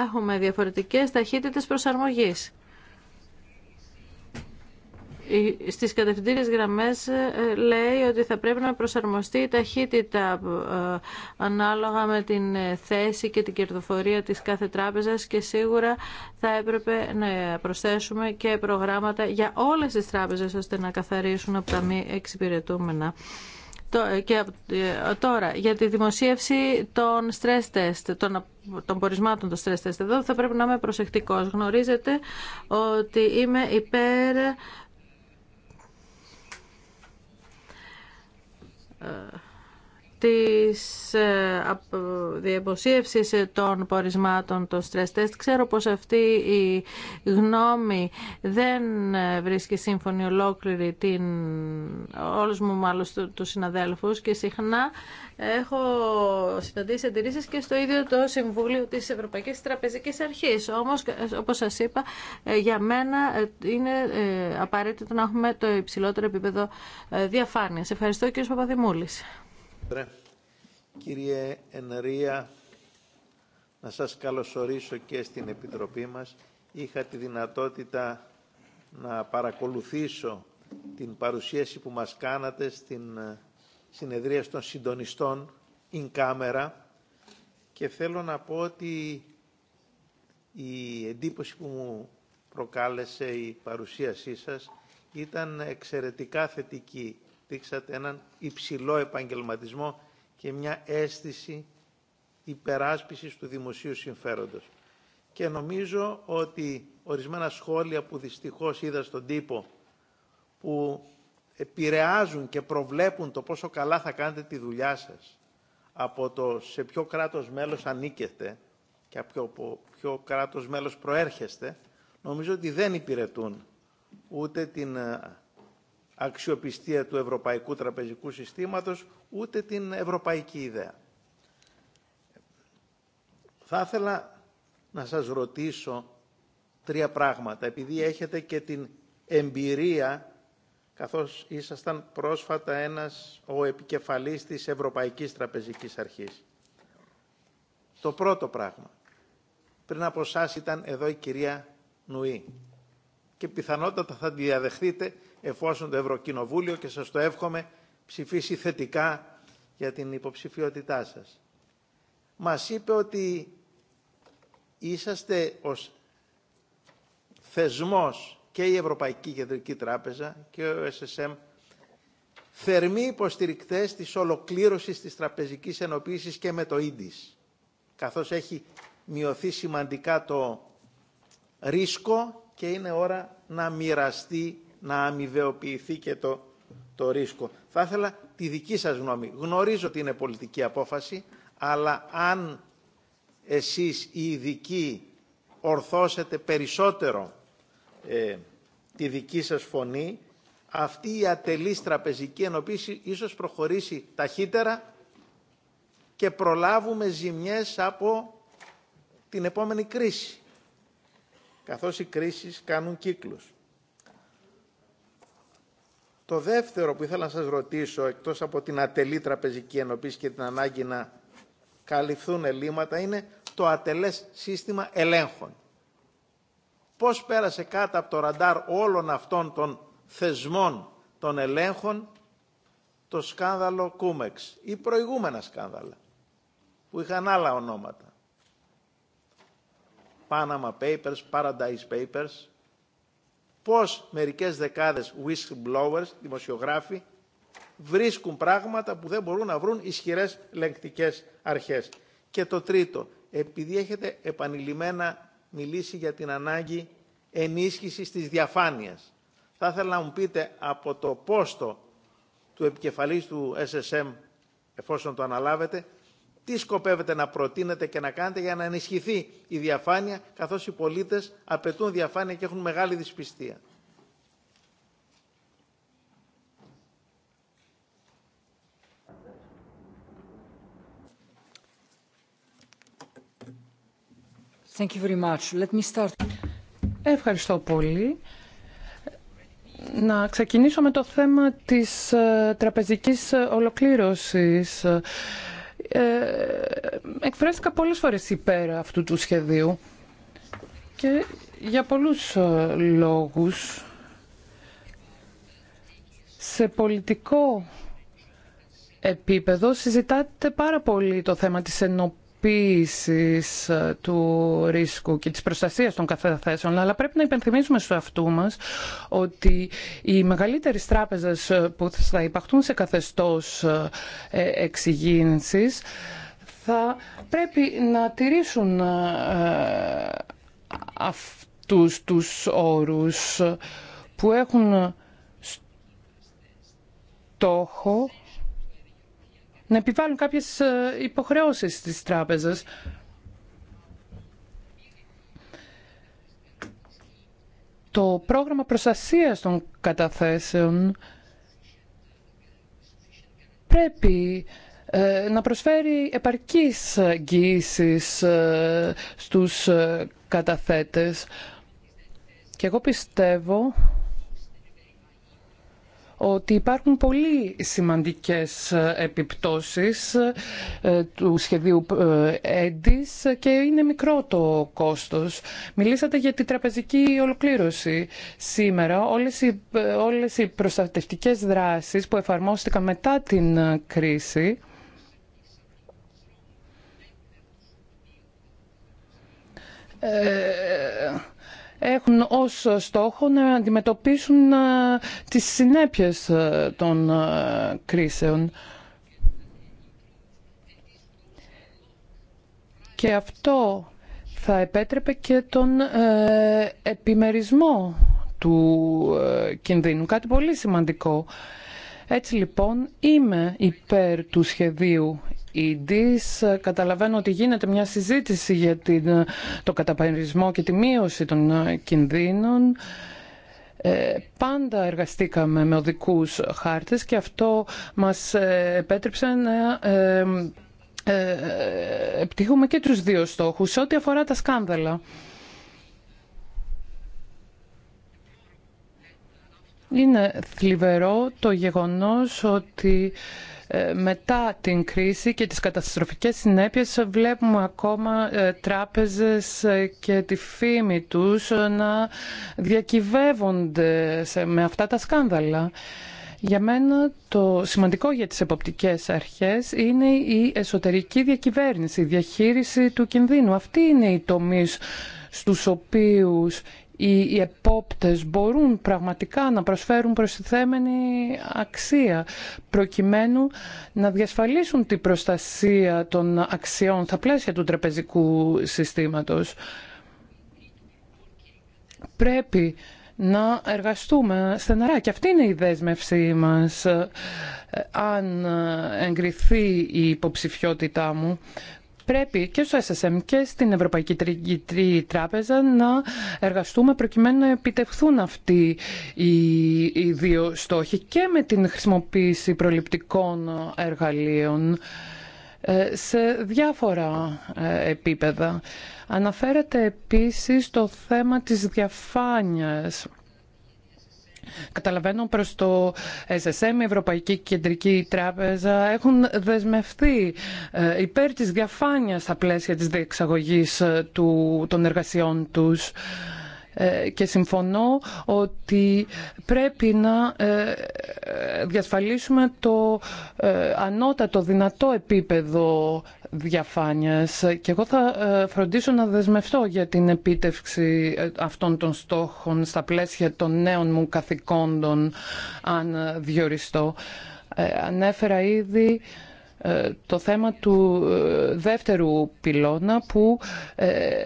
έχουμε διαφορετικές ταχύτητες προσαρμογής στις κατευθυντήριες γραμμές ε, λέει ότι θα πρέπει να προσαρμοστεί η ταχύτητα ε, ανάλογα με την ε, θέση και την κερδοφορία της κάθε τράπεζας και σίγουρα θα έπρεπε να προσθέσουμε και προγράμματα για όλες τις τράπεζες ώστε να καθαρίσουν από τα μη εξυπηρετούμενα. Και τώρα, για τη δημοσίευση των stress test, των, των πορισμάτων των stress test, εδώ θα πρέπει να είμαι προσεκτικός. Γνωρίζετε ότι είμαι υπέρ ε, της ε, διεμποσίευσης των πορισμάτων των stress test. Ξέρω πως αυτή η γνώμη δεν ε, βρίσκει σύμφωνη ολόκληρη την, όλους μου μάλλον τους συναδέλφους και συχνά έχω συναντήσει αντιρρήσεις και στο ίδιο το Συμβούλιο της Ευρωπαϊκής Τραπεζικής Αρχής. Όμως, ε, όπως σας είπα, για μένα είναι απαραίτητο να έχουμε το υψηλότερο επίπεδο διαφάνειας. Ευχαριστώ κύριος Παπαδημούλης. Κύριε Ενρία, να σας καλωσορίσω και στην Επιτροπή μας. Είχα τη δυνατότητα να παρακολουθήσω την παρουσίαση που μας κάνατε στην ε, συνεδρία των συντονιστών in camera και θέλω να πω ότι η εντύπωση που μου προκάλεσε η παρουσίασή σας ήταν εξαιρετικά θετική δείξατε έναν υψηλό επαγγελματισμό και μια αίσθηση υπεράσπισης του δημοσίου συμφέροντος. Και νομίζω ότι ορισμένα σχόλια που δυστυχώς είδα στον τύπο που επηρεάζουν και προβλέπουν το πόσο καλά θα κάνετε τη δουλειά σας από το σε ποιο κράτος μέλος ανήκετε και από ποιο κράτος μέλος προέρχεστε, νομίζω ότι δεν υπηρετούν ούτε την ε, αξιοπιστία του ευρωπαϊκού τραπεζικού συστήματος, ούτε την ευρωπαϊκή ιδέα. Θα ήθελα να σας ρωτήσω τρία πράγματα, επειδή έχετε και την εμπειρία, καθώς ήσασταν πρόσφατα ένας ο επικεφαλής της Ευρωπαϊκής Τραπεζικής Αρχής. Το πρώτο πράγμα, πριν από εσά ήταν εδώ η κυρία Νουή και πιθανότατα θα τη διαδεχτείτε εφόσον το Ευρωκοινοβούλιο, και σας το εύχομαι, ψηφίσει θετικά για την υποψηφιότητά σας. Μας είπε ότι είσαστε ως θεσμός και η Ευρωπαϊκή Κεντρική Τράπεζα και ο SSM θερμοί υποστηρικτές της ολοκλήρωσης της τραπεζικής ενοποίησης και με το ίντις, καθώς έχει μειωθεί σημαντικά το ρίσκο και είναι ώρα να μοιραστεί να αμοιβεοποιηθεί και το, το ρίσκο. Θα ήθελα τη δική σας γνώμη. Γνωρίζω ότι είναι πολιτική απόφαση, αλλά αν εσείς οι ειδικοί ορθώσετε περισσότερο ε, τη δική σας φωνή, αυτή η ατελής τραπεζική ενοποίηση ίσως προχωρήσει ταχύτερα και προλάβουμε ζημιές από την επόμενη κρίση, καθώς οι κρίσεις κάνουν κύκλους. Το δεύτερο που ήθελα να σας ρωτήσω, εκτός από την ατελή τραπεζική ενοποίηση και την ανάγκη να καλυφθούν ελλείμματα, είναι το ατελές σύστημα ελέγχων. Πώς πέρασε κάτω από το ραντάρ όλων αυτών των θεσμών των ελέγχων το σκάνδαλο Κούμεξ ή προηγούμενα σκάνδαλα που είχαν άλλα ονόματα. Panama Papers, Paradise Papers, πώς μερικές δεκάδες whistleblowers, δημοσιογράφοι, βρίσκουν πράγματα που δεν μπορούν να βρουν ισχυρές λεγκτικές αρχές. Και το τρίτο, επειδή έχετε επανειλημμένα μιλήσει για την ανάγκη ενίσχυσης της διαφάνειας, θα ήθελα να μου πείτε από το πόστο του επικεφαλής του SSM, εφόσον το αναλάβετε, τι σκοπεύετε να προτείνετε και να κάνετε για να ενισχυθεί η διαφάνεια, καθώς οι πολίτες απαιτούν διαφάνεια και έχουν μεγάλη δυσπιστία. Thank you very much. Let me start. Ευχαριστώ πολύ. Να ξεκινήσω με το θέμα της ε, τραπεζικής ε, ολοκλήρωσης. Ε, εκφράστηκα πολλές φορές υπέρ αυτού του σχεδίου και για πολλούς ε, λόγους σε πολιτικό επίπεδο συζητάτε πάρα πολύ το θέμα της ενοποίησης ε, του ρίσκου και της προστασίας των καταθέσεων, αλλά πρέπει να υπενθυμίσουμε στο αυτού μας ότι οι μεγαλύτερες τράπεζες ε, που θα υπαχτούν σε καθεστώς ε, εξυγίνησης θα πρέπει να τηρήσουν αυτούς τους όρους που έχουν στόχο να επιβάλλουν κάποιες ε, υποχρεώσεις στις τράπεζες. Το πρόγραμμα προστασίας των καταθέσεων πρέπει ε, να προσφέρει επαρκείς εγγύησεις ε, στους καταθέτες. Και εγώ πιστεύω ότι υπάρχουν πολύ σημαντικές ε, επιπτώσεις ε, του σχεδίου ε, έντις και είναι μικρό το κόστος. Μιλήσατε για τη τραπεζική ολοκλήρωση. Σήμερα όλες οι, όλες οι προστατευτικές δράσεις που εφαρμόστηκαν μετά την κρίση έχουν ως στόχο να αντιμετωπίσουν ε, τις συνέπειες ε, των ε, κρίσεων. Και αυτό θα επέτρεπε και τον επιμερισμό του κινδύνου. Κάτι πολύ σημαντικό. Έτσι λοιπόν είμαι υπέρ του σχεδίου Καταλαβαίνω ότι γίνεται μια συζήτηση για την, το καταπαρισμό και τη μείωση των κινδύνων. Ε, πάντα εργαστήκαμε με οδικούς χάρτες και αυτό μας ε, επέτρεψε να ε, ε, επιτύχουμε και τους δύο στόχους σε ό,τι αφορά τα σκάνδαλα. Είναι θλιβερό το γεγονός ότι ε, μετά την κρίση και τις καταστροφικές συνέπειες βλέπουμε ακόμα ε, τράπεζες ε, και τη φήμη τους να διακυβεύονται με αυτά τα σκάνδαλα. Για μένα το σημαντικό για τις εποπτικές αρχές είναι η εσωτερική διακυβέρνηση, η διαχείριση του κινδύνου. Αυτή είναι η τομής στους οποίους οι επόπτες μπορούν πραγματικά να προσφέρουν προστιθέμενη αξία προκειμένου να διασφαλίσουν την προστασία των αξιών στα πλαίσια του τραπεζικού συστήματος. Πρέπει να εργαστούμε στεναρά και αυτή είναι η δέσμευσή μας. Ε, αν εγκριθεί η υποψηφιότητά μου, πρέπει και στο SSM και στην Ευρωπαϊκή Τράπεζα να εργαστούμε προκειμένου να επιτευχθούν αυτοί οι, δύο στόχοι και με την χρησιμοποίηση προληπτικών εργαλείων ε, σε διάφορα ε, επίπεδα. Αναφέρεται επίσης το θέμα της διαφάνειας καταλαβαίνω προς το SSM, η Ευρωπαϊκή Κεντρική Τράπεζα έχουν δεσμευτεί ε, υπέρ της διαφάνειας στα πλαίσια της διεξαγωγής ε, του, των εργασιών τους ε, και συμφωνώ ότι πρέπει να διασφαλίσουμε το ανώτατο δυνατό επίπεδο διαφάνειας και εγώ θα ε, φροντίσω να δεσμευτώ για την επίτευξη ε, αυτών των στόχων στα πλαίσια των νέων μου καθηκόντων αν διοριστώ. Ε, ανέφερα ήδη το θέμα του δεύτερου πυλώνα που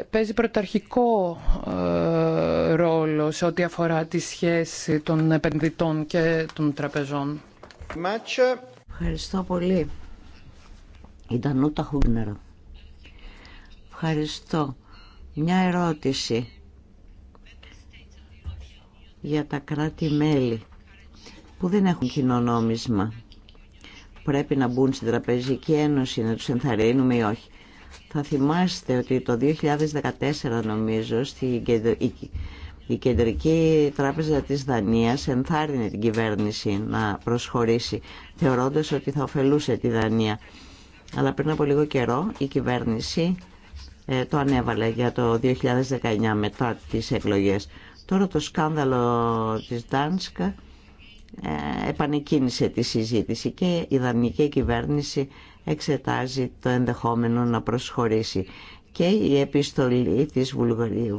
παίζει πρωταρχικό ρόλο σε ό,τι αφορά τη σχέση των επενδυτών και των τραπεζών. Ευχαριστώ πολύ. Η Ντανούτα Χούμπνερ. Ευχαριστώ. Μια ερώτηση για τα κράτη-μέλη που δεν έχουν κοινό νόμισμα. Πρέπει να μπουν στην Τραπεζική Ένωση, να τους ενθαρρύνουμε ή όχι. Θα θυμάστε ότι το 2014 νομίζω η Κεντρική Τράπεζα της Δανίας ενθάρρυνε την κυβέρνηση να προσχωρήσει θεωρώντας ότι θα ωφελούσε τη Δανία αλλά πριν από λίγο καιρό η κυβέρνηση ε, το ανέβαλε για το 2019 μετά τις εκλογές. Τώρα το σκάνδαλο της Ντάνσκα ε, επανεκκίνησε τη συζήτηση και η δανεική κυβέρνηση εξετάζει το ενδεχόμενο να προσχωρήσει. Και η επιστολή της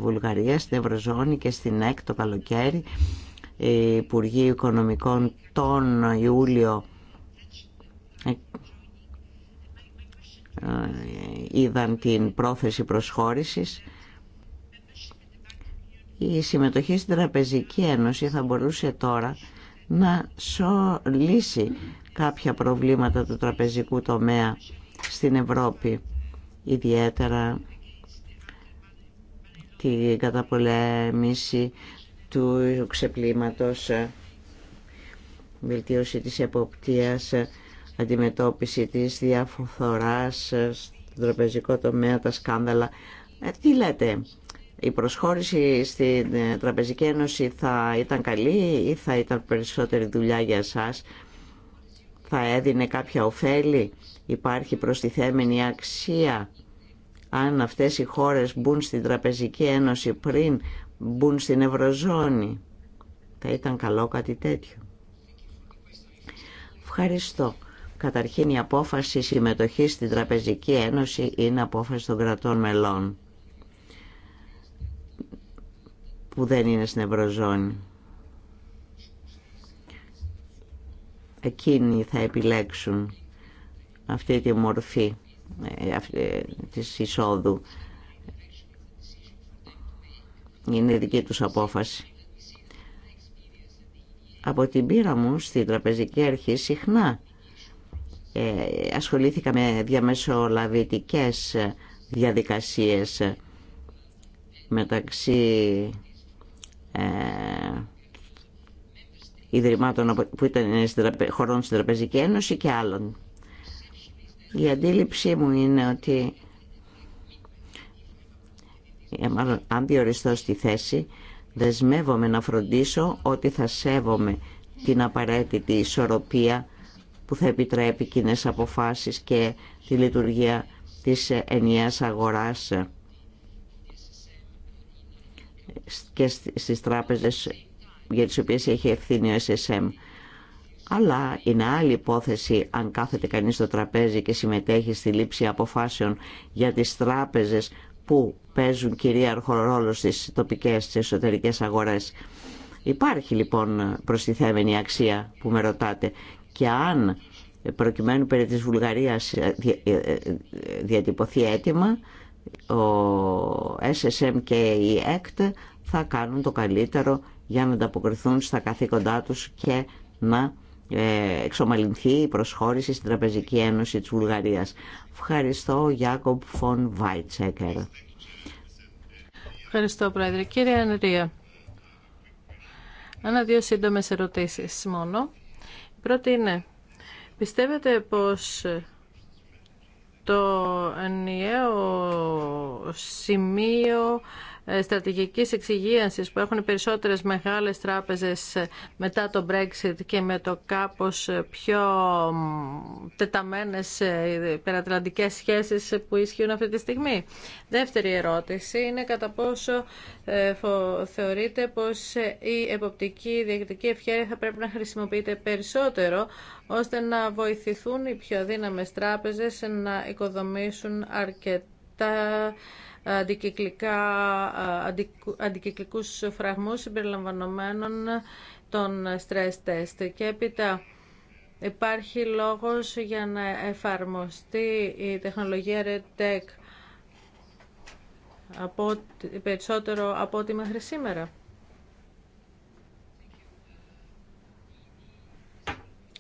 Βουλγαρίας στην Ευρωζώνη και στην ΕΚ το καλοκαίρι, οι ε, Υπουργοί Οικονομικών τον Ιούλιο Ε, είδαν την πρόθεση προσχώρησης. Η συμμετοχή στην Τραπεζική Ένωση θα μπορούσε τώρα να λύσει κάποια προβλήματα του τραπεζικού τομέα στην Ευρώπη, ιδιαίτερα την καταπολέμηση του ξεπλήματος, βελτίωση της εποπτείας, αντιμετώπιση της διαφθοράς ε, στον τραπεζικό τομέα, τα σκάνδαλα. Ε, τι λέτε, η προσχώρηση στην ε, Τραπεζική Ένωση θα ήταν καλή ή θα ήταν περισσότερη δουλειά για σας, θα έδινε κάποια ωφέλη, υπάρχει προστιθέμενη αξία αν αυτές οι χώρες μπουν στην Τραπεζική Ένωση πριν μπουν στην Ευρωζώνη. Θα ήταν καλό κάτι τέτοιο. Ευχαριστώ. Καταρχήν η απόφαση συμμετοχής στην Τραπεζική Ένωση είναι απόφαση των κρατών μελών που δεν είναι στην Ευρωζώνη. Εκείνοι θα επιλέξουν αυτή τη μορφή ε, ε, της εισόδου. Είναι η δική τους απόφαση. Από την πείρα μου στην τραπεζική αρχή συχνά ε, ασχολήθηκα με διαμεσολαβητικές διαδικασίες μεταξύ ε, ιδρυμάτων που ήταν χωρών στην Τραπεζική Ένωση και άλλων. Η αντίληψή μου είναι ότι ε, μάλλον, αν διοριστώ στη θέση δεσμεύομαι να φροντίσω ότι θα σέβομαι την απαραίτητη ισορροπία που θα επιτρέπει κοινέ αποφάσεις και τη λειτουργία της ενιαίας αγοράς και στις τράπεζες για τις οποίες έχει ευθύνη ο SSM. Αλλά είναι άλλη υπόθεση αν κάθεται κανείς στο τραπέζι και συμμετέχει στη λήψη αποφάσεων για τις τράπεζες που παίζουν κυρίαρχο ρόλο στις τοπικές, και εσωτερικές αγορές. Υπάρχει λοιπόν προστιθέμενη αξία που με ρωτάτε και αν προκειμένου περί της Βουλγαρίας ε, ε, ε, διατυπωθεί αίτημα, ο SSM και η ΕΚΤ e θα κάνουν το καλύτερο για να ανταποκριθούν στα καθήκοντά τους και να εξομαλυνθεί η προσχώρηση στην Τραπεζική Ένωση της Βουλγαρίας. Ευχαριστώ, Γιάκοπ Φον Βάιτσέκερ. Ευχαριστώ, Πρόεδρε. Κύριε Ανρία, ένα-δύο σύντομες ερωτήσεις μόνο. Πρώτη είναι, πιστεύετε πως το ενιαίο σημείο ε, στρατηγικής εξυγίανσης που έχουν οι περισσότερες μεγάλες τράπεζες ε, μετά το Brexit και με το κάπως ε, πιο τεταμένες υπερατλαντικές σχέσεις που ισχύουν αυτή τη στιγμή. Δεύτερη ερώτηση είναι κατά πόσο θεωρείτε πως η εποπτική διακριτική ευχαίρεια θα πρέπει να χρησιμοποιείται περισσότερο ώστε να βοηθηθούν οι πιο δύναμες τράπεζες να οικοδομήσουν αρκετά αντικυκλικά, αντικυκλικούς φραγμούς συμπεριλαμβανομένων των stress test. Και έπειτα υπάρχει λόγος για να εφαρμοστεί η τεχνολογία RedTech από, περισσότερο από ό,τι μέχρι σήμερα.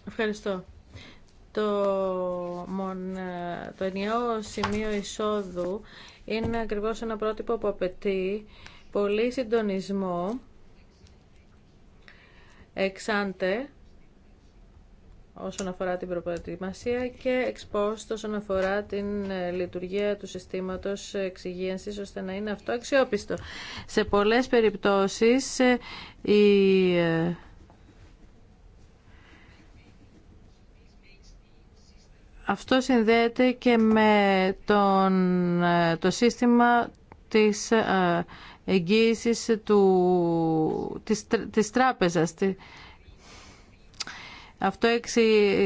Ευχαριστώ. Το, το ενιαίο σημείο εισόδου είναι ακριβώς ένα πρότυπο που απαιτεί πολύ συντονισμό εξάντε όσον αφορά την προετοιμασία και εξπόστο όσον αφορά την ε, λειτουργία του συστήματος εξυγίανσης ώστε να είναι αυτό αξιόπιστο. Σε πολλές περιπτώσεις ε, η ε, Αυτό συνδέεται και με τον, ε, το σύστημα της ε, εγγύησης του, της, της τράπεζας, αυτό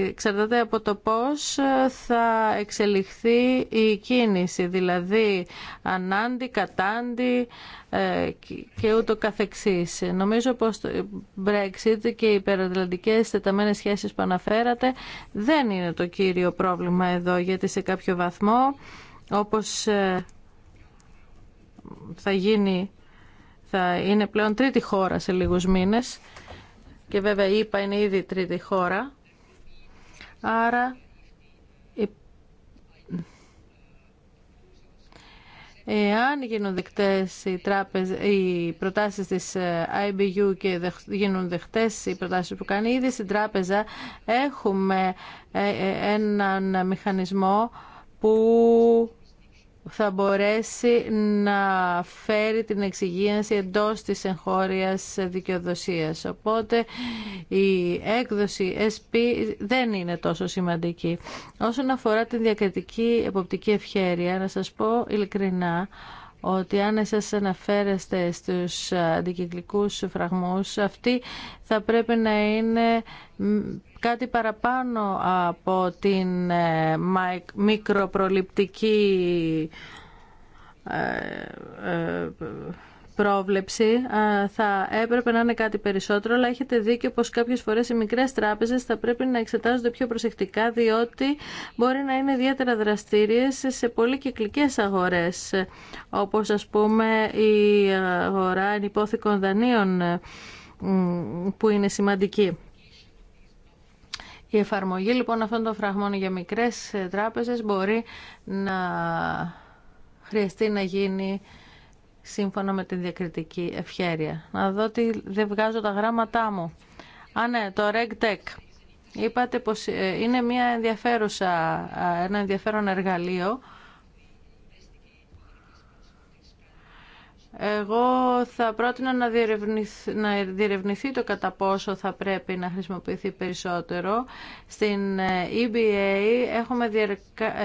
εξαρτάται από το πώς ε, θα εξελιχθεί η κίνηση, δηλαδή ανάντι, κατάντι ε, και ούτω καθεξής. Νομίζω πως το Brexit και οι υπερατλαντικές τεταμένες σχέσεις που αναφέρατε δεν είναι το κύριο πρόβλημα εδώ, γιατί σε κάποιο βαθμό όπως ε, θα γίνει θα είναι πλέον τρίτη χώρα σε λίγους μήνες και βέβαια η ΕΠΑ είναι ήδη τρίτη χώρα. Άρα Εάν γίνουν δεκτές οι, τράπεζες, οι προτάσεις της ε, IBU και γίνουν δεκτές οι προτάσεις που κάνει ήδη στην τράπεζα, έχουμε ε, ε, έναν μηχανισμό που θα μπορέσει να φέρει την εξυγίανση εντός της εγχώριας δικαιοδοσίας. Οπότε η έκδοση SP δεν είναι τόσο σημαντική. Όσον αφορά την διακριτική εποπτική ευχέρεια, να σας πω ειλικρινά ότι αν εσάς αναφέρεστε στους αντικυκλικούς φραγμούς, αυτοί θα πρέπει να είναι κάτι παραπάνω από την ε, μικροπροληπτική ε, ε, πρόβλεψη θα έπρεπε να είναι κάτι περισσότερο, αλλά έχετε δίκιο πως κάποιες φορές οι μικρές τράπεζες θα πρέπει να εξετάζονται πιο προσεκτικά, διότι μπορεί να είναι ιδιαίτερα δραστήριες σε πολύ κυκλικές αγορές, όπως ας πούμε η αγορά ενυπόθηκων δανείων που είναι σημαντική. Η εφαρμογή λοιπόν αυτών των φραγμών για μικρές τράπεζες μπορεί να χρειαστεί να γίνει σύμφωνα με την διακριτική ευχέρεια. Να δω ότι δεν βγάζω τα γράμματά μου. Α, ναι, το RegTech. Είπατε πως ε, είναι μια ενδιαφέρουσα, ένα ενδιαφέρον εργαλείο Εγώ θα πρότεινα να διερευνηθεί, να διερευνηθεί το κατά πόσο θα πρέπει να χρησιμοποιηθεί περισσότερο. Στην ε, EBA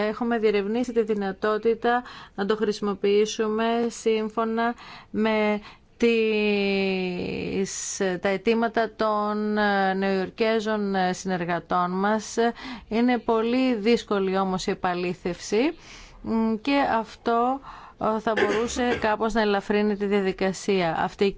έχουμε, διερευνήσει τη δυνατότητα να το χρησιμοποιήσουμε σύμφωνα με τις, τα αιτήματα των ε, νεοϊορκέζων ε, συνεργατών μας. Είναι πολύ δύσκολη όμως η επαλήθευση και αυτό ε, θα μπορούσε κάπως να ελαφρύνει τη διαδικασία. Αυτή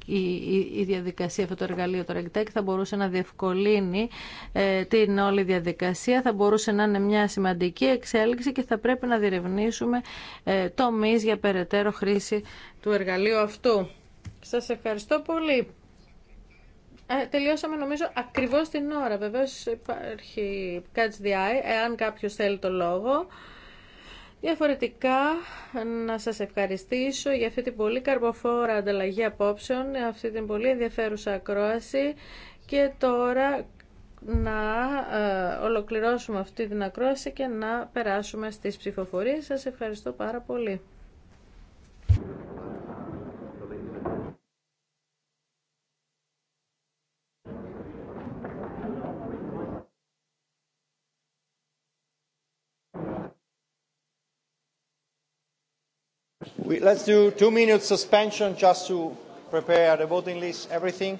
η, διαδικασία, αυτό το εργαλείο, το RegTech, θα μπορούσε να διευκολύνει ε, την όλη διαδικασία, θα μπορούσε να είναι μια σημαντική εξέλιξη και θα πρέπει να διερευνήσουμε το ε, τομείς για περαιτέρω χρήση του εργαλείου αυτού. Σας ευχαριστώ πολύ. τελειώσαμε νομίζω ακριβώς την ώρα. Βεβαίως υπάρχει catch the eye, εάν κάποιος θέλει το λόγο. Διαφορετικά, να σας ευχαριστήσω για αυτή την πολύ καρποφόρα ανταλλαγή απόψεων, αυτή την πολύ ενδιαφέρουσα ακρόαση και τώρα να ε, ολοκληρώσουμε αυτή την ακρόαση και να περάσουμε στις ψηφοφορίες. Σας ευχαριστώ πάρα πολύ. Let's do two minutes suspension just to prepare the voting list, everything.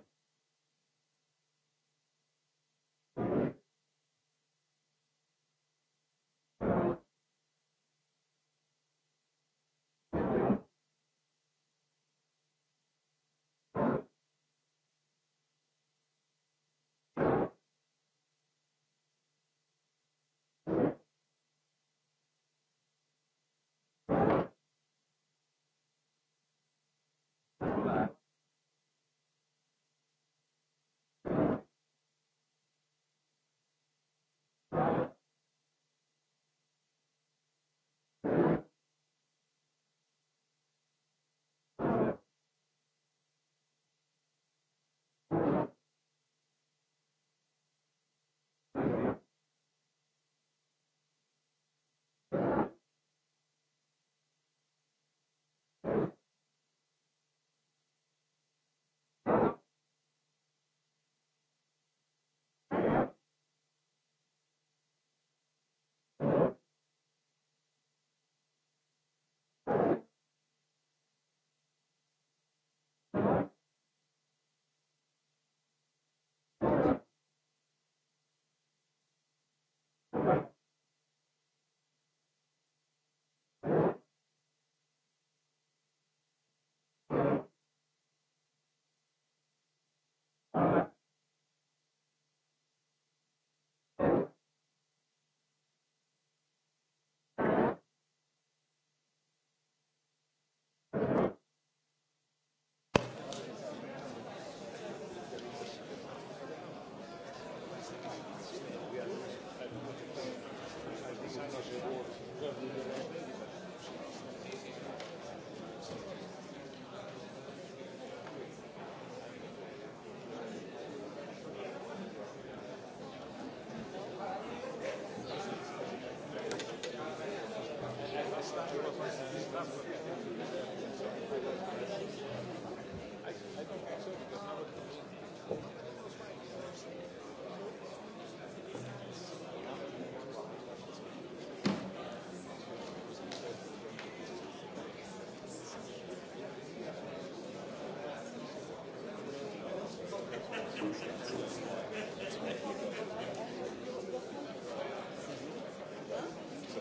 So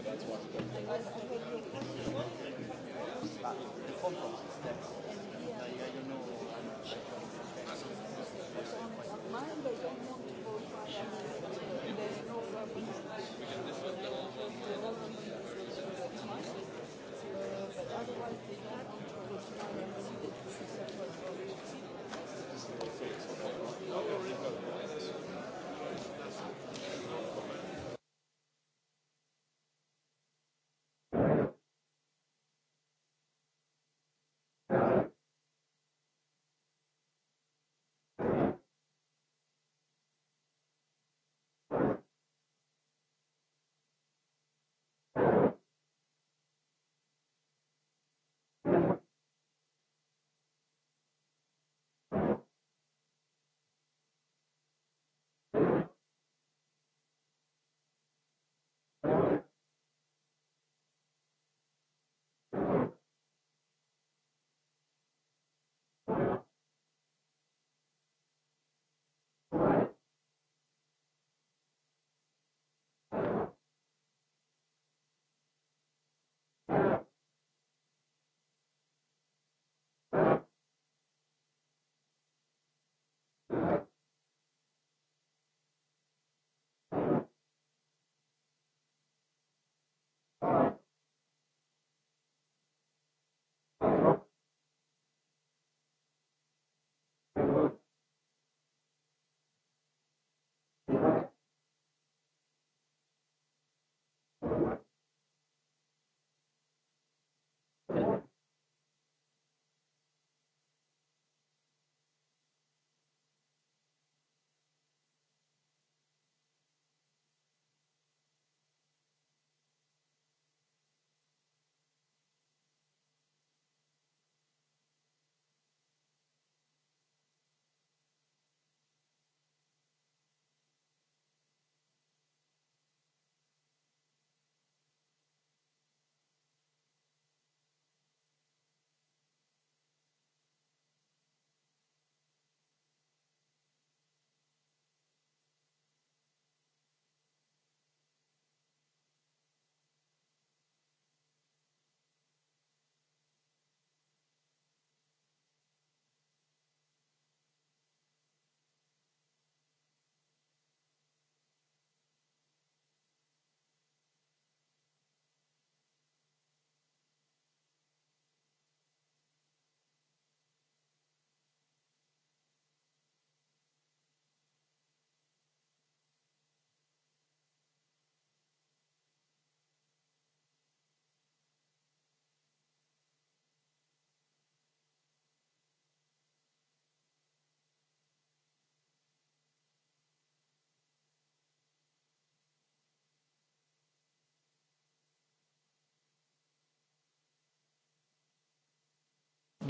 that's what the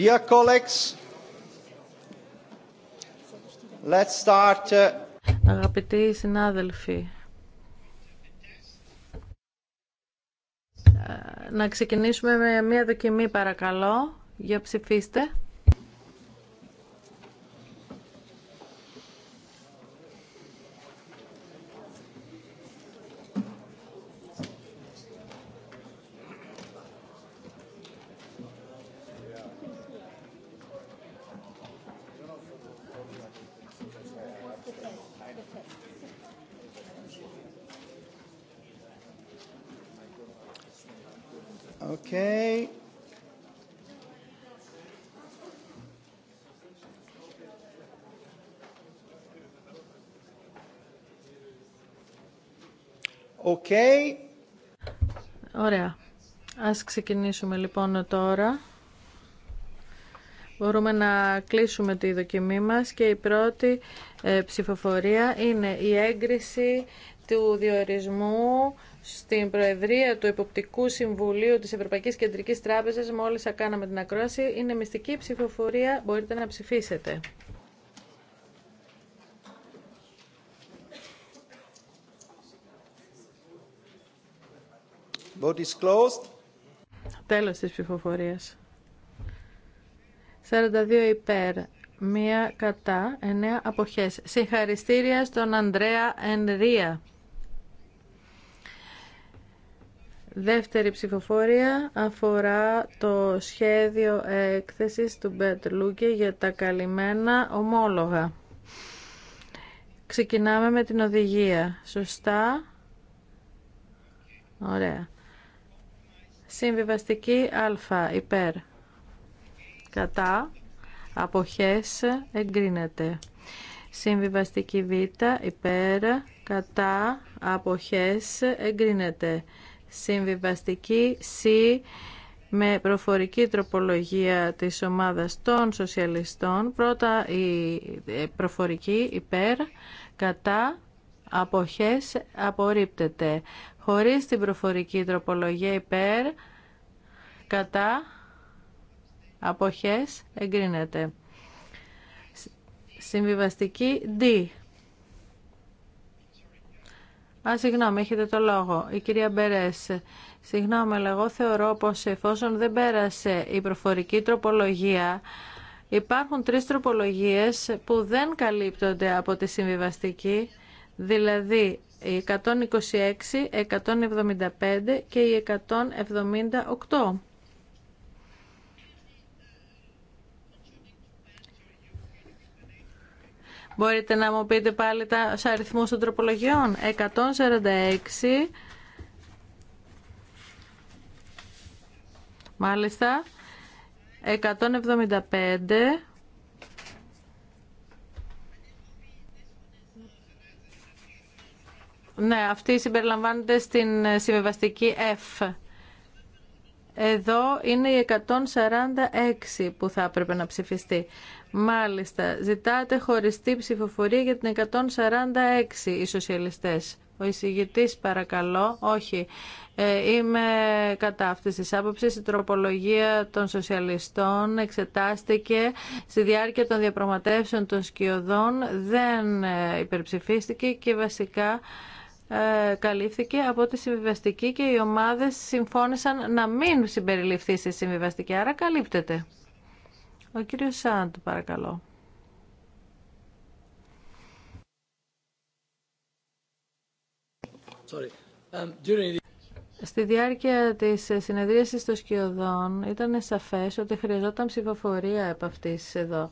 Dear colleagues, let's start. Uh, Αγαπητοί συνάδελφοι, ε, να ξεκινήσουμε με μία δοκιμή παρακαλώ. Για ψηφίστε. ξεκινήσουμε λοιπόν τώρα. Μπορούμε να κλείσουμε τη δοκιμή μας και η πρώτη ε, ψηφοφορία είναι η έγκριση του διορισμού στην Προεδρία του Εποπτικού Συμβουλίου της Ευρωπαϊκής Κεντρικής Τράπεζας. Μόλις ακάναμε την ακρόαση, είναι μυστική ψηφοφορία, μπορείτε να ψηφίσετε. Vote is closed. Τέλος της ψηφοφορίας. 42 υπέρ, μία κατά, 9 αποχές. Συγχαριστήρια στον Ανδρέα Ενρία. Δεύτερη ψηφοφορία αφορά το σχέδιο έκθεσης του Μπέτ Λούκε για τα καλυμμένα ομόλογα. Ξεκινάμε με την οδηγία. Σωστά. Ωραία. Συμβιβαστική α υπέρ κατά αποχές εγκρίνεται. Συμβιβαστική β υπέρ κατά αποχές εγκρίνεται. Συμβιβαστική σ με προφορική τροπολογία της ομάδας των σοσιαλιστών. Πρώτα η ε, προφορική υπέρ κατά Αποχές απορρίπτεται. Χωρίς την προφορική τροπολογία υπέρ, κατά, αποχές εγκρίνεται. Συμβιβαστική D. Α, συγγνώμη, έχετε το λόγο. Η κυρία Μπερές. Συγγνώμη, αλλά εγώ θεωρώ πως εφόσον δεν πέρασε η προφορική τροπολογία, υπάρχουν τρεις τροπολογίες που δεν καλύπτονται από τη συμβιβαστική δηλαδή οι 126, 175 και οι 178. Μπορείτε να μου πείτε πάλι τα αριθμού των τροπολογιών. 146. Μάλιστα. 175. Ναι, αυτοί συμπεριλαμβάνονται στην συμβιβαστική F. Εδώ είναι η 146 που θα έπρεπε να ψηφιστεί. Μάλιστα, ζητάτε χωριστή ψηφοφορία για την 146 οι σοσιαλιστές. Ο εισηγητής παρακαλώ, όχι, ε, είμαι κατά αυτής της άποψης. Η τροπολογία των σοσιαλιστών εξετάστηκε στη διάρκεια των διαπραγματεύσεων των σκιωδών, δεν ε, υπερψηφίστηκε και βασικά ε, καλύφθηκε από τη συμβιβαστική και οι ομάδες συμφώνησαν να μην συμπεριληφθεί στη συμβιβαστική, άρα καλύπτεται. Ο κύριος Σάντ, παρακαλώ. Sorry. Um, στη διάρκεια της συνεδρίασης των σκιωδών ήταν σαφές ότι χρειαζόταν ψηφοφορία από αυτής εδώ.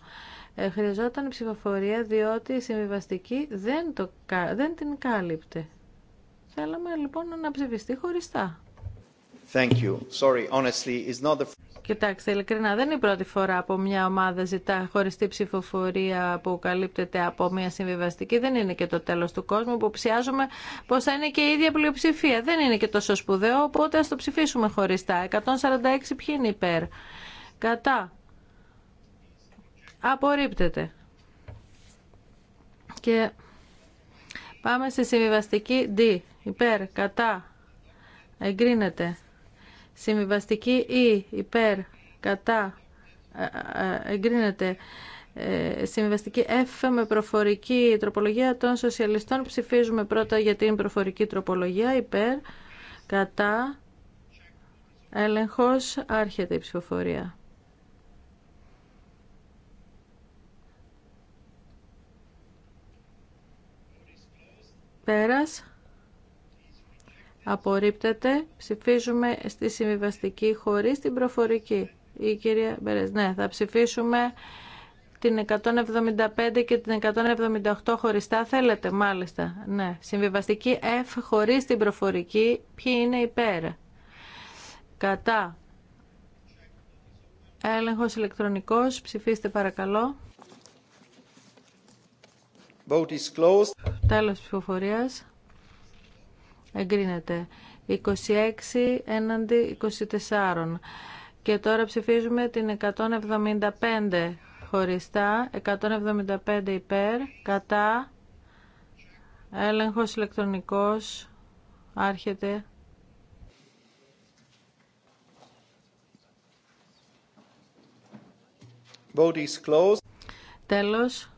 Ε, χρειαζόταν ψηφοφορία διότι η συμβιβαστική δεν, το, δεν την κάλυπτε θέλαμε λοιπόν να ψηφιστεί χωριστά. Thank you. Sorry, honestly, it's not the... Κοιτάξτε, ειλικρινά δεν είναι η πρώτη φορά που μια ομάδα ζητά χωριστή ψηφοφορία που καλύπτεται από μια συμβιβαστική. Δεν είναι και το τέλο του κόσμου που ψιάζουμε πω θα είναι και η ίδια πλειοψηφία. Δεν είναι και τόσο σπουδαίο, οπότε α το ψηφίσουμε χωριστά. 146 ποιοι είναι υπέρ. Κατά. Απορρίπτεται. Και πάμε στη συμβιβαστική D υπέρ, κατά, εγκρίνεται. Συμβιβαστική ή e, υπέρ, κατά, ε, ε, ε, εγκρίνεται. Συμβιβαστική F με προφορική τροπολογία των σοσιαλιστών. Ψηφίζουμε πρώτα για την προφορική τροπολογία, υπέρ, κατά, έλεγχος, άρχεται η ψηφοφορία. πέρας απορρίπτεται. Ψηφίζουμε στη συμβιβαστική χωρίς την προφορική. Η κυρία Μπερές. Ναι, θα ψηφίσουμε την 175 και την 178 χωριστά. Θέλετε, μάλιστα. Ναι, συμβιβαστική F χωρίς την προφορική. Ποιοι είναι υπέρ. Κατά. Έλεγχος ηλεκτρονικός. Ψηφίστε παρακαλώ. Vote is Τέλος ψηφοφορίας εγκρίνεται 26 έναντι 24 και τώρα ψηφίζουμε την 175 χωριστά 175 υπέρ κατά έλεγχος ηλεκτρονικός άρχεται Τέλος.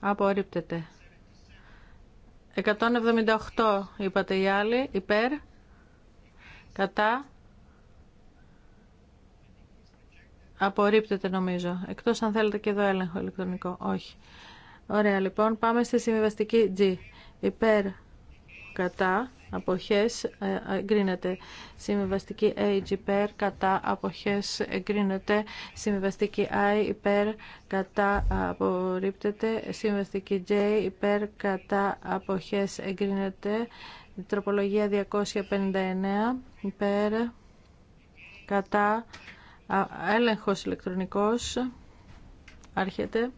Απορρίπτεται. 178 είπατε οι άλλοι, υπέρ, κατά, απορρίπτεται νομίζω, εκτός αν θέλετε και εδώ έλεγχο ηλεκτρονικό, όχι. Ωραία λοιπόν, πάμε στη συμβιβαστική G, υπέρ, κατά, αποχές ε, εγκρίνεται. Συμβιβαστική A υπέρ κατά αποχές εγκρίνεται. Συμβιβαστική I υπέρ κατά απορρίπτεται. Συμβιβαστική J υπέρ κατά αποχές εγκρίνεται. Τροπολογία 259 υπέρ κατά έλεγχος ηλεκτρονικός άρχεται.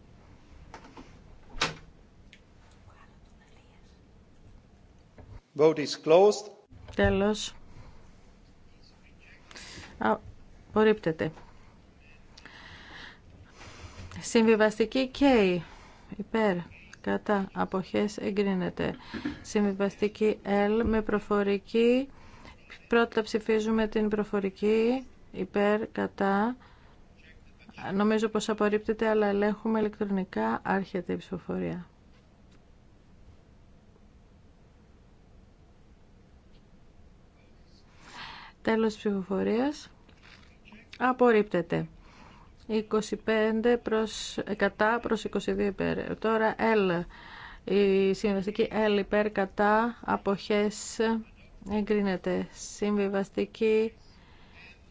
Vote is Τέλος. Απορρίπτεται. Συμβιβαστική K. Υπέρ. Κατά. Αποχές εγκρίνεται. Συμβιβαστική L με προφορική. Πρώτα ψηφίζουμε την προφορική. Υπέρ. Κατά. Νομίζω πως απορρίπτεται, αλλά ελέγχουμε ηλεκτρονικά. Άρχεται η ψηφοφορία. Τέλος της ψηφοφορίας. Απορρίπτεται. 25 προς, 100 προς 22 υπέρ. Τώρα L. Η συμβιβαστική L υπέρ κατά αποχές εγκρίνεται. Συμβιβαστική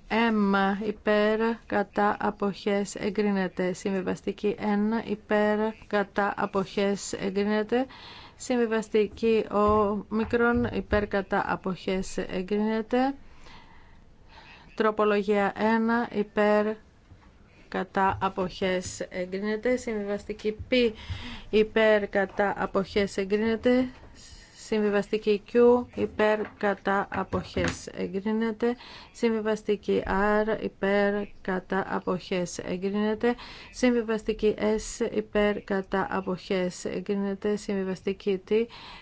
M υπέρ κατά αποχές εγκρίνεται. Συμβιβαστική N υπέρ κατά αποχές εγκρίνεται. Συμβιβαστική ο μικρόν υπέρ κατά αποχές εγκρίνεται. Τροπολογία 1 υπέρ κατά αποχές εγκρίνεται. Συμβιβαστική π υπέρ κατά αποχές εγκρίνεται. Συμβιβαστική Q υπέρ κατά αποχές εγκρίνεται. Συμβιβαστική R υπέρ κατά αποχές εγκρίνεται. Συμβιβαστική S υπέρ κατά αποχές εγκρίνεται. Συμβιβαστική T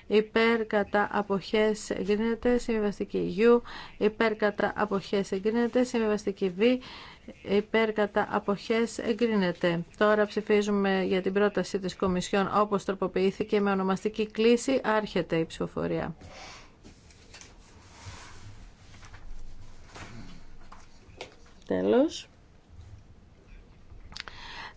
υπέρ κατά αποχές εγκρίνεται. Συμβιβαστική U υπέρ κατά αποχές εγκρίνεται. Συμβιβαστική V υπέρ κατά αποχές εγκρίνεται. Τώρα ψηφίζουμε για την πρόταση της Κομισιόν όπως τροποποιήθηκε με ονομαστική κλίση. Άρχεται η ψηφοφορία. Τέλος.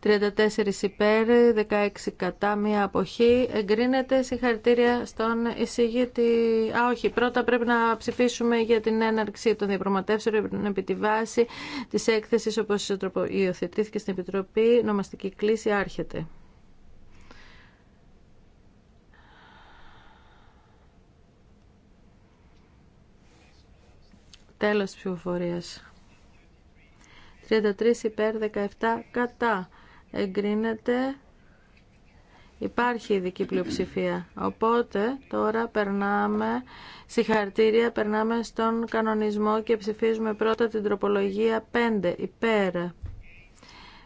34 υπέρ, 16 κατά, μία αποχή. Εγκρίνεται συγχαρητήρια στον εισηγήτη. Α, όχι, πρώτα πρέπει να ψηφίσουμε για την έναρξη των διαπραγματεύσεων επί τη βάση της έκθεσης όπως υιοθετήθηκε στην Επιτροπή. Νομαστική κλίση άρχεται. Τέλος της ψηφοφορίας. 33 υπέρ, 17 κατά εγκρίνεται υπάρχει ειδική πλειοψηφία. Οπότε τώρα περνάμε συγχαρητήρια, περνάμε στον κανονισμό και ψηφίζουμε πρώτα την τροπολογία 5 υπέρ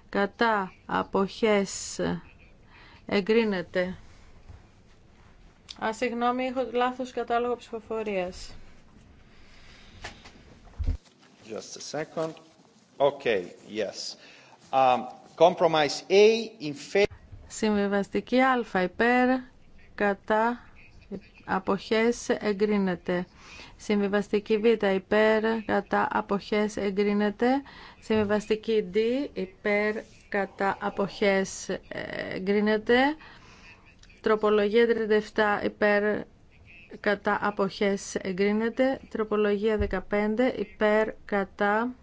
κατά αποχές εγκρίνεται. Α, συγγνώμη, έχω λάθος κατάλογο ψηφοφορίας. Just a second. Okay, yes. Um, Συμβιβαστική α υπέρ κατά αποχές εγκρίνεται. Συμβιβαστική β υπέρ κατά αποχές εγκρίνεται. Συμβιβαστική δ υπέρ κατά αποχές εγκρίνεται. Τροπολογία 37 υπέρ κατά αποχές εγκρίνεται. Τροπολογία 15 υπέρ κατά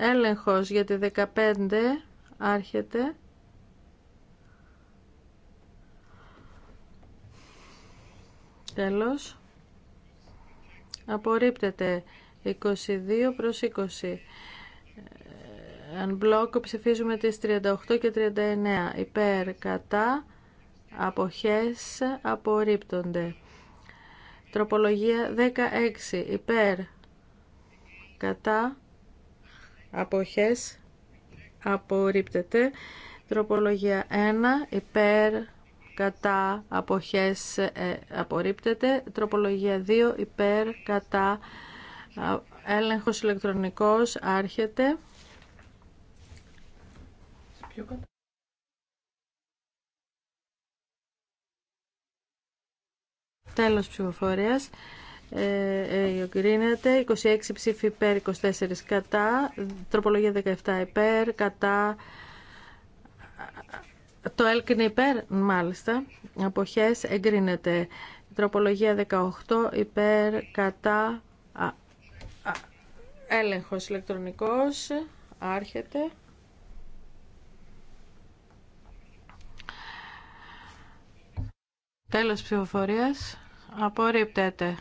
Έλεγχος για τη 15 άρχεται. Τέλος. Απορρίπτεται 22 προς 20. Αν μπλοκ ψηφίζουμε τις 38 και 39. Υπέρ, κατά, αποχές, απορρίπτονται. Τροπολογία 16. Υπέρ, κατά, αποχές απορρίπτεται τροπολογία 1 υπέρ κατά αποχές ε, απορρίπτεται τροπολογία 2 υπέρ κατά έλεγχος ηλεκτρονικός άρχεται τέλος ψηφοφορίας ε, ε, εγκρίνεται 26 ψήφοι υπέρ 24 κατά τροπολογία 17 υπέρ κατά το ΕΛΚ υπέρ μάλιστα αποχές εγκρίνεται τροπολογία 18 υπέρ κατά α, έλεγχος ηλεκτρονικός άρχεται τέλος ψηφοφορίας απορρίπτεται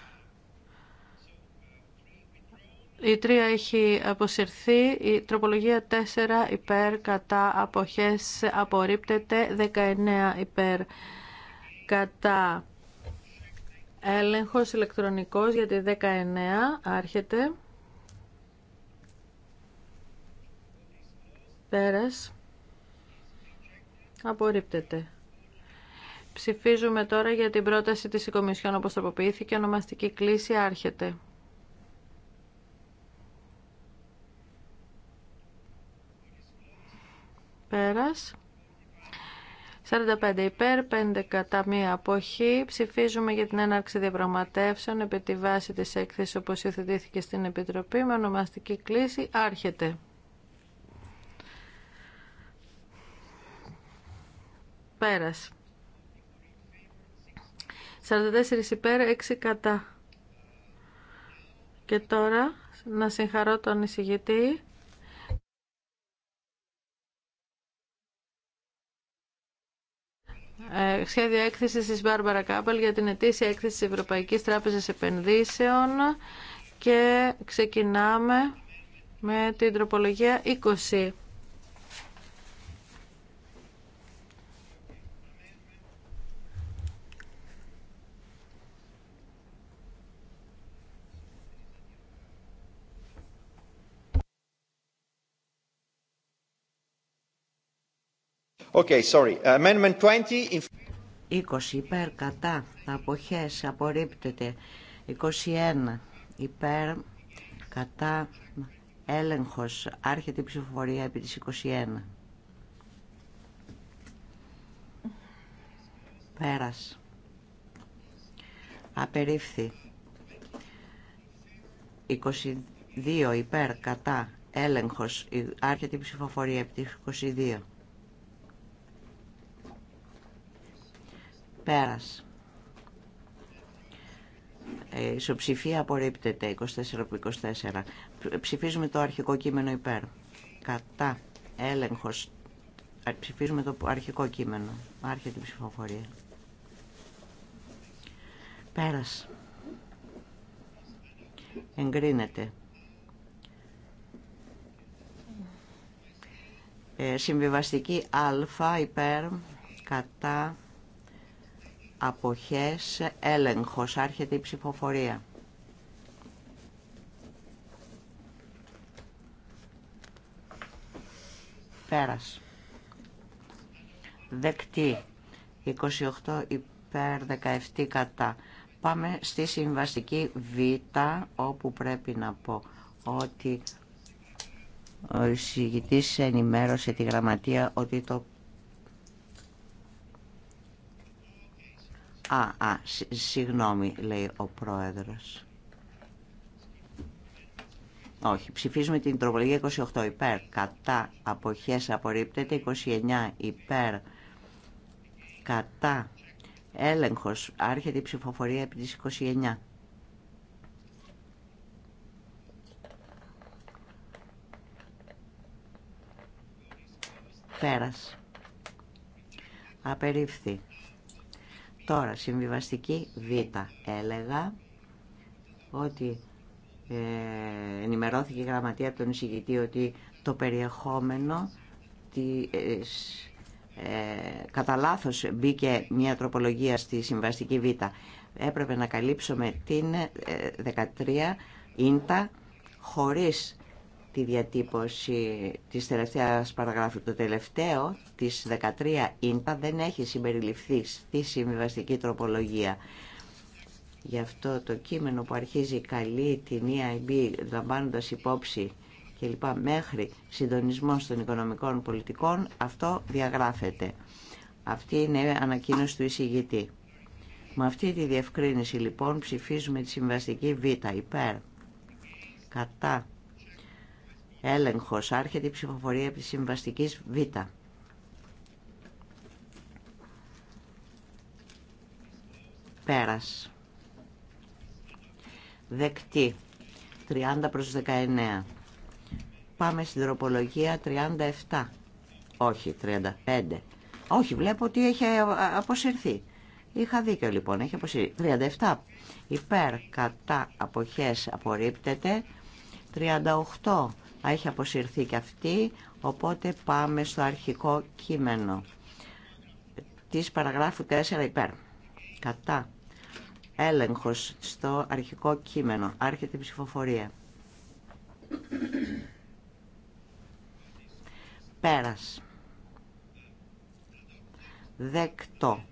η τρία έχει αποσυρθεί. Η τροπολογία 4 υπέρ κατά αποχές απορρίπτεται. 19 υπέρ κατά έλεγχος ηλεκτρονικός για τη 19 άρχεται. Πέρας. Απορρίπτεται. Ψηφίζουμε τώρα για την πρόταση της Οικομισιόν όπως τροποποιήθηκε. Ονομαστική κλίση άρχεται. πέρας. 45 υπέρ, 5 κατά μία αποχή. Ψηφίζουμε για την έναρξη διαπραγματεύσεων επί τη βάση της έκθεσης όπως υιοθετήθηκε στην Επιτροπή με ονομαστική κλίση. Άρχεται. Πέρας. 44 υπέρ, 6 κατά. Και τώρα να συγχαρώ τον εισηγητή Ε, σχέδιο έκθεση της Μπάρμπαρα Κάμπελ για την ετήσια έκθεση τη Ευρωπαϊκής Τράπεζας Επενδύσεων και ξεκινάμε με την τροπολογία 20. Okay, sorry. Amendment 20. 20 υπέρ κατά αποχές απορρίπτεται 21 υπέρ κατά έλεγχος άρχεται η ψηφοφορία επί της 21 πέρας απερίφθη 22 υπέρ κατά έλεγχος άρχεται η ψηφοφορία επί της 22 Πέρας. Ε, ισοψηφία απορρίπτεται 24 από 24. Ψηφίζουμε το αρχικό κείμενο υπέρ. Κατά. Έλεγχος. Ε, ψηφίζουμε το αρχικό κείμενο. Άρχεται την ψηφοφορία. Πέρας. Εγκρίνεται. Ε, συμβιβαστική α υπέρ κατά αποχές έλεγχος άρχεται η ψηφοφορία πέρας δεκτή 28 υπέρ 17 κατά πάμε στη συμβαστική Β όπου πρέπει να πω ότι ο εισηγητής ενημέρωσε τη γραμματεία ότι το Α, α, συγγνώμη, λέει ο πρόεδρος. Όχι, ψηφίζουμε την τροπολογία 28 υπέρ, κατά, αποχές απορρίπτεται, 29 υπέρ, κατά, έλεγχος, άρχεται η ψηφοφορία επί της 29. Πέρας. Απερίφθη. Τώρα, συμβιβαστική Β. Έλεγα ότι ε, ενημερώθηκε η γραμματεία από τον εισηγητή ότι το περιεχόμενο της, ε, κατά λάθο μπήκε μια τροπολογία στη συμβαστική Β. Έπρεπε να καλύψουμε την 13 ε, ίντα χωρίς τη διατύπωση της τελευταίας παραγράφου. Το τελευταίο της 13 ΙΝΠΑ δεν έχει συμπεριληφθεί στη συμβιβαστική τροπολογία. Γι' αυτό το κείμενο που αρχίζει καλή την EIB λαμβάνοντα υπόψη και λοιπά μέχρι συντονισμό των οικονομικών πολιτικών, αυτό διαγράφεται. Αυτή είναι η ανακοίνωση του εισηγητή. Με αυτή τη διευκρίνηση λοιπόν ψηφίζουμε τη συμβαστική Β υπέρ κατά έλεγχος. Άρχεται η ψηφοφορία τη συμβαστικής Β. Πέρας. Δεκτή. 30 προς 19. Πάμε στην τροπολογία 37. Όχι, 35. Όχι, βλέπω ότι έχει ε, αποσυρθεί. Είχα δίκιο λοιπόν, έχει αποσυρθεί. 37. Υπέρ, κατά, αποχές, απορρίπτεται. 38 έχει αποσυρθεί και αυτή, οπότε πάμε στο αρχικό κείμενο. Της παραγράφου 4 υπέρ. Κατά. Έλεγχος στο αρχικό κείμενο. Άρχεται η ψηφοφορία. Πέρας. Δεκτό.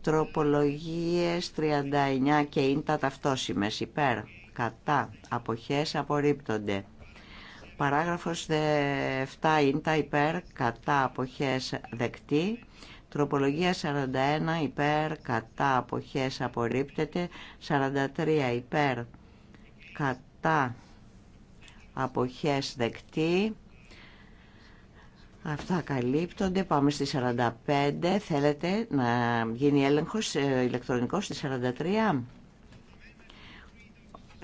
Τροπολογίες 39 και είναι τα ταυτόσημες υπέρ. Κατά. Αποχές απορρίπτονται. Παράγραφος 7 τα υπέρ κατά αποχές δεκτή. Τροπολογία 41 υπέρ κατά αποχές απορρίπτεται. 43 υπέρ κατά αποχές δεκτή. Αυτά καλύπτονται. Πάμε στη 45. Θέλετε να γίνει έλεγχος ε, ηλεκτρονικός στη 43.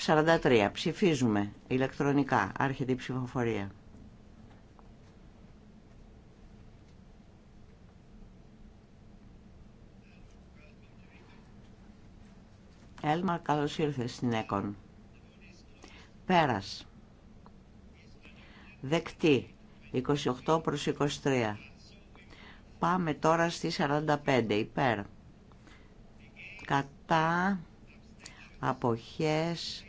43. Ψηφίζουμε ηλεκτρονικά. Άρχεται η ψηφοφορία. Έλμαρ, καλώς ήρθες στην ΕΚΟΝ. Πέρας. Δεκτή. 28 προς 23. Πάμε τώρα στη 45. Υπέρ. Κατά αποχές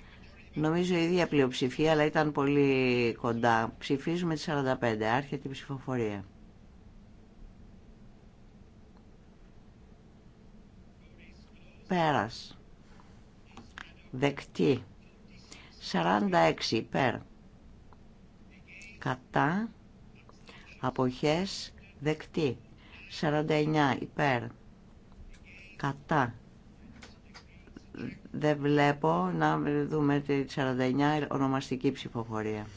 Νομίζω η ίδια πλειοψηφία, αλλά ήταν πολύ κοντά. Ψηφίζουμε τη 45. Άρχεται η ψηφοφορία. Πέρας. Δεκτή. 46 υπέρ. Κατά. Αποχές. Δεκτή. 49 υπέρ. Κατά. Δεν βλέπω να δούμε τη 49 ονομαστική ψηφοφορία.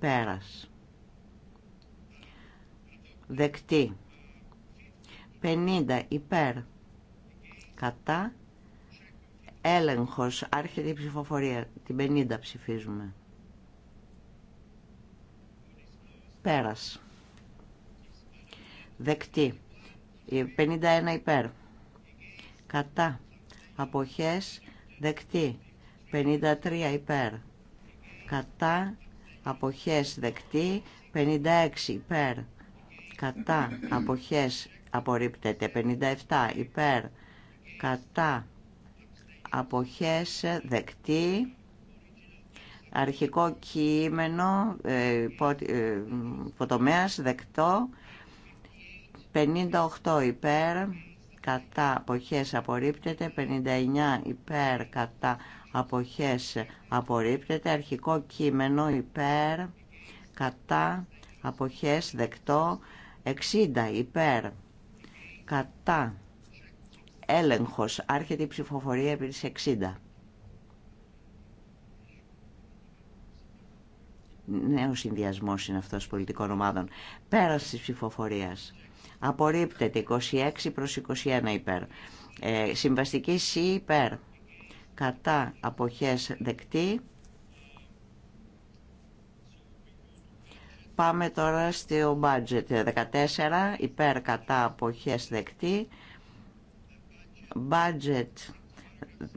Πέρας. Δεκτή. 50 υπέρ. Κατά. Έλεγχος. Άρχεται η ψηφοφορία. Την 50 ψηφίζουμε. Πέρας δεκτή 51 υπέρ κατά αποχές δεκτή 53 υπέρ κατά αποχές δεκτή 56 υπέρ κατά αποχές απορρίπτεται 57 υπέρ κατά αποχές δεκτή αρχικό κείμενο ε, υποτομέας ε, δεκτό 58 υπέρ κατά αποχές απορρίπτεται 59 υπέρ κατά αποχές απορρίπτεται αρχικό κείμενο υπέρ κατά αποχές δεκτό 60 υπέρ κατά έλεγχος άρχεται η ψηφοφορία επί της 60 νέος συνδυασμός είναι αυτός πολιτικών ομάδων πέρας της ψηφοφορίας Απορρίπτεται 26 προς 21 υπέρ. Ε, συμβαστική C υπέρ. Κατά αποχές δεκτή. Πάμε τώρα στο budget 14 υπέρ κατά αποχές δεκτή. Budget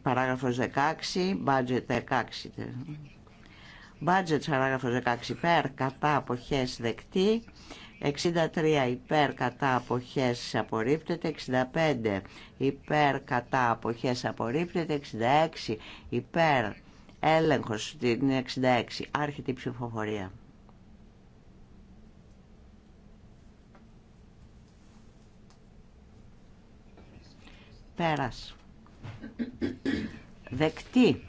παράγραφος 16, budget 16. Budget παράγραφος 16 υπέρ κατά αποχές δεκτή. 63 υπέρ κατά αποχές απορρίπτεται, 65 υπέρ κατά αποχές απορρίπτεται, 66 υπέρ έλεγχος στην 66, άρχεται η ψηφοφορία. Πέρας. Δεκτή.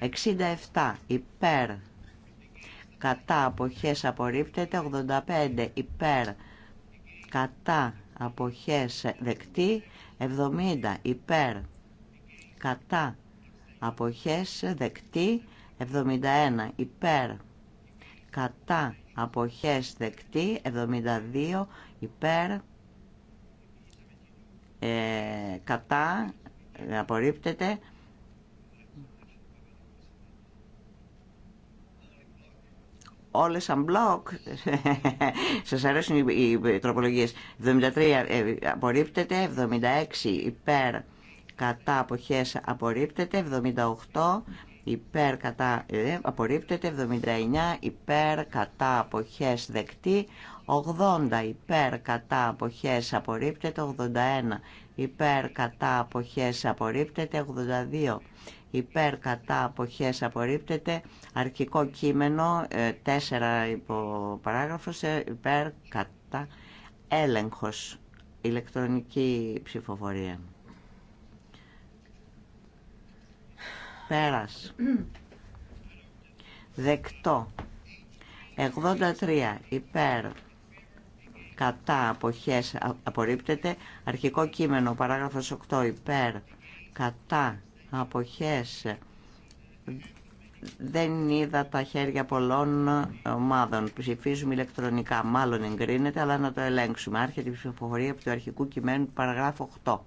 67 υπέρ κατά αποχές απορρίπτεται 85 υπέρ κατά αποχές δεκτή 70 υπέρ κατά αποχές δεκτή 71 υπέρ κατά αποχές δεκτή 72 υπέρ ε, κατά απορρίπτεται όλε σαν μπλοκ. Σα αρέσουν οι τροπολογίε. 73 ε, απορρίπτεται, 76 υπέρ κατά αποχέ απορρίπτεται, 78 υπέρ κατά ε, απορρίπτεται, 79 υπέρ κατά αποχές δεκτή, 80 υπέρ κατά αποχές απορρίπτεται, 81 υπέρ κατά αποχές απορρίπτεται, 82 υπέρ κατά αποχές απορρίπτεται αρχικό κείμενο ε, Τέσσερα υποπαράγραφος ε, υπέρ κατά έλεγχος ηλεκτρονική ψηφοφορία πέρας δεκτό 83 υπέρ κατά αποχές απορρίπτεται αρχικό κείμενο παράγραφος 8 υπέρ κατά αποχές δεν είδα τα χέρια πολλών ομάδων. Ψηφίζουμε ηλεκτρονικά. Μάλλον εγκρίνεται, αλλά να το ελέγξουμε. Άρχεται η ψηφοφορία από το αρχικού κειμένου του παραγράφου 8.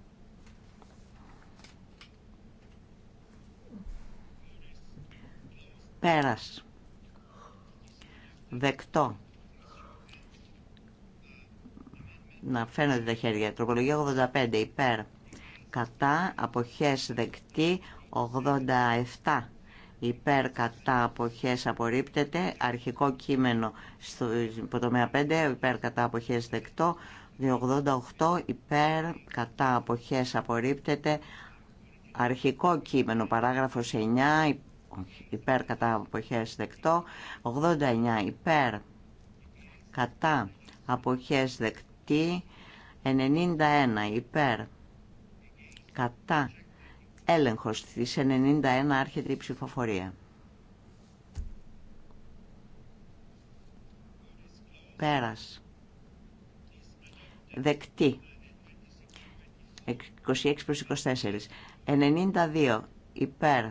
Πέρας. Δεκτό. Να φαίνονται τα χέρια. Τροπολογία 85. Υπέρ κατά αποχές δεκτή 87 υπέρ κατά αποχές απορρίπτεται αρχικό κείμενο στο υποτομέα 5 υπέρ κατά αποχές δεκτό 88 υπέρ κατά αποχές απορρίπτεται αρχικό κείμενο παράγραφος 9 υπέρ κατά αποχές δεκτό 89 υπέρ κατά αποχές δεκτή 91 υπέρ κατά έλεγχος της 91 άρχεται η ψηφοφορία. Πέρας. Δεκτή. 26 προς 24. 92 υπέρ.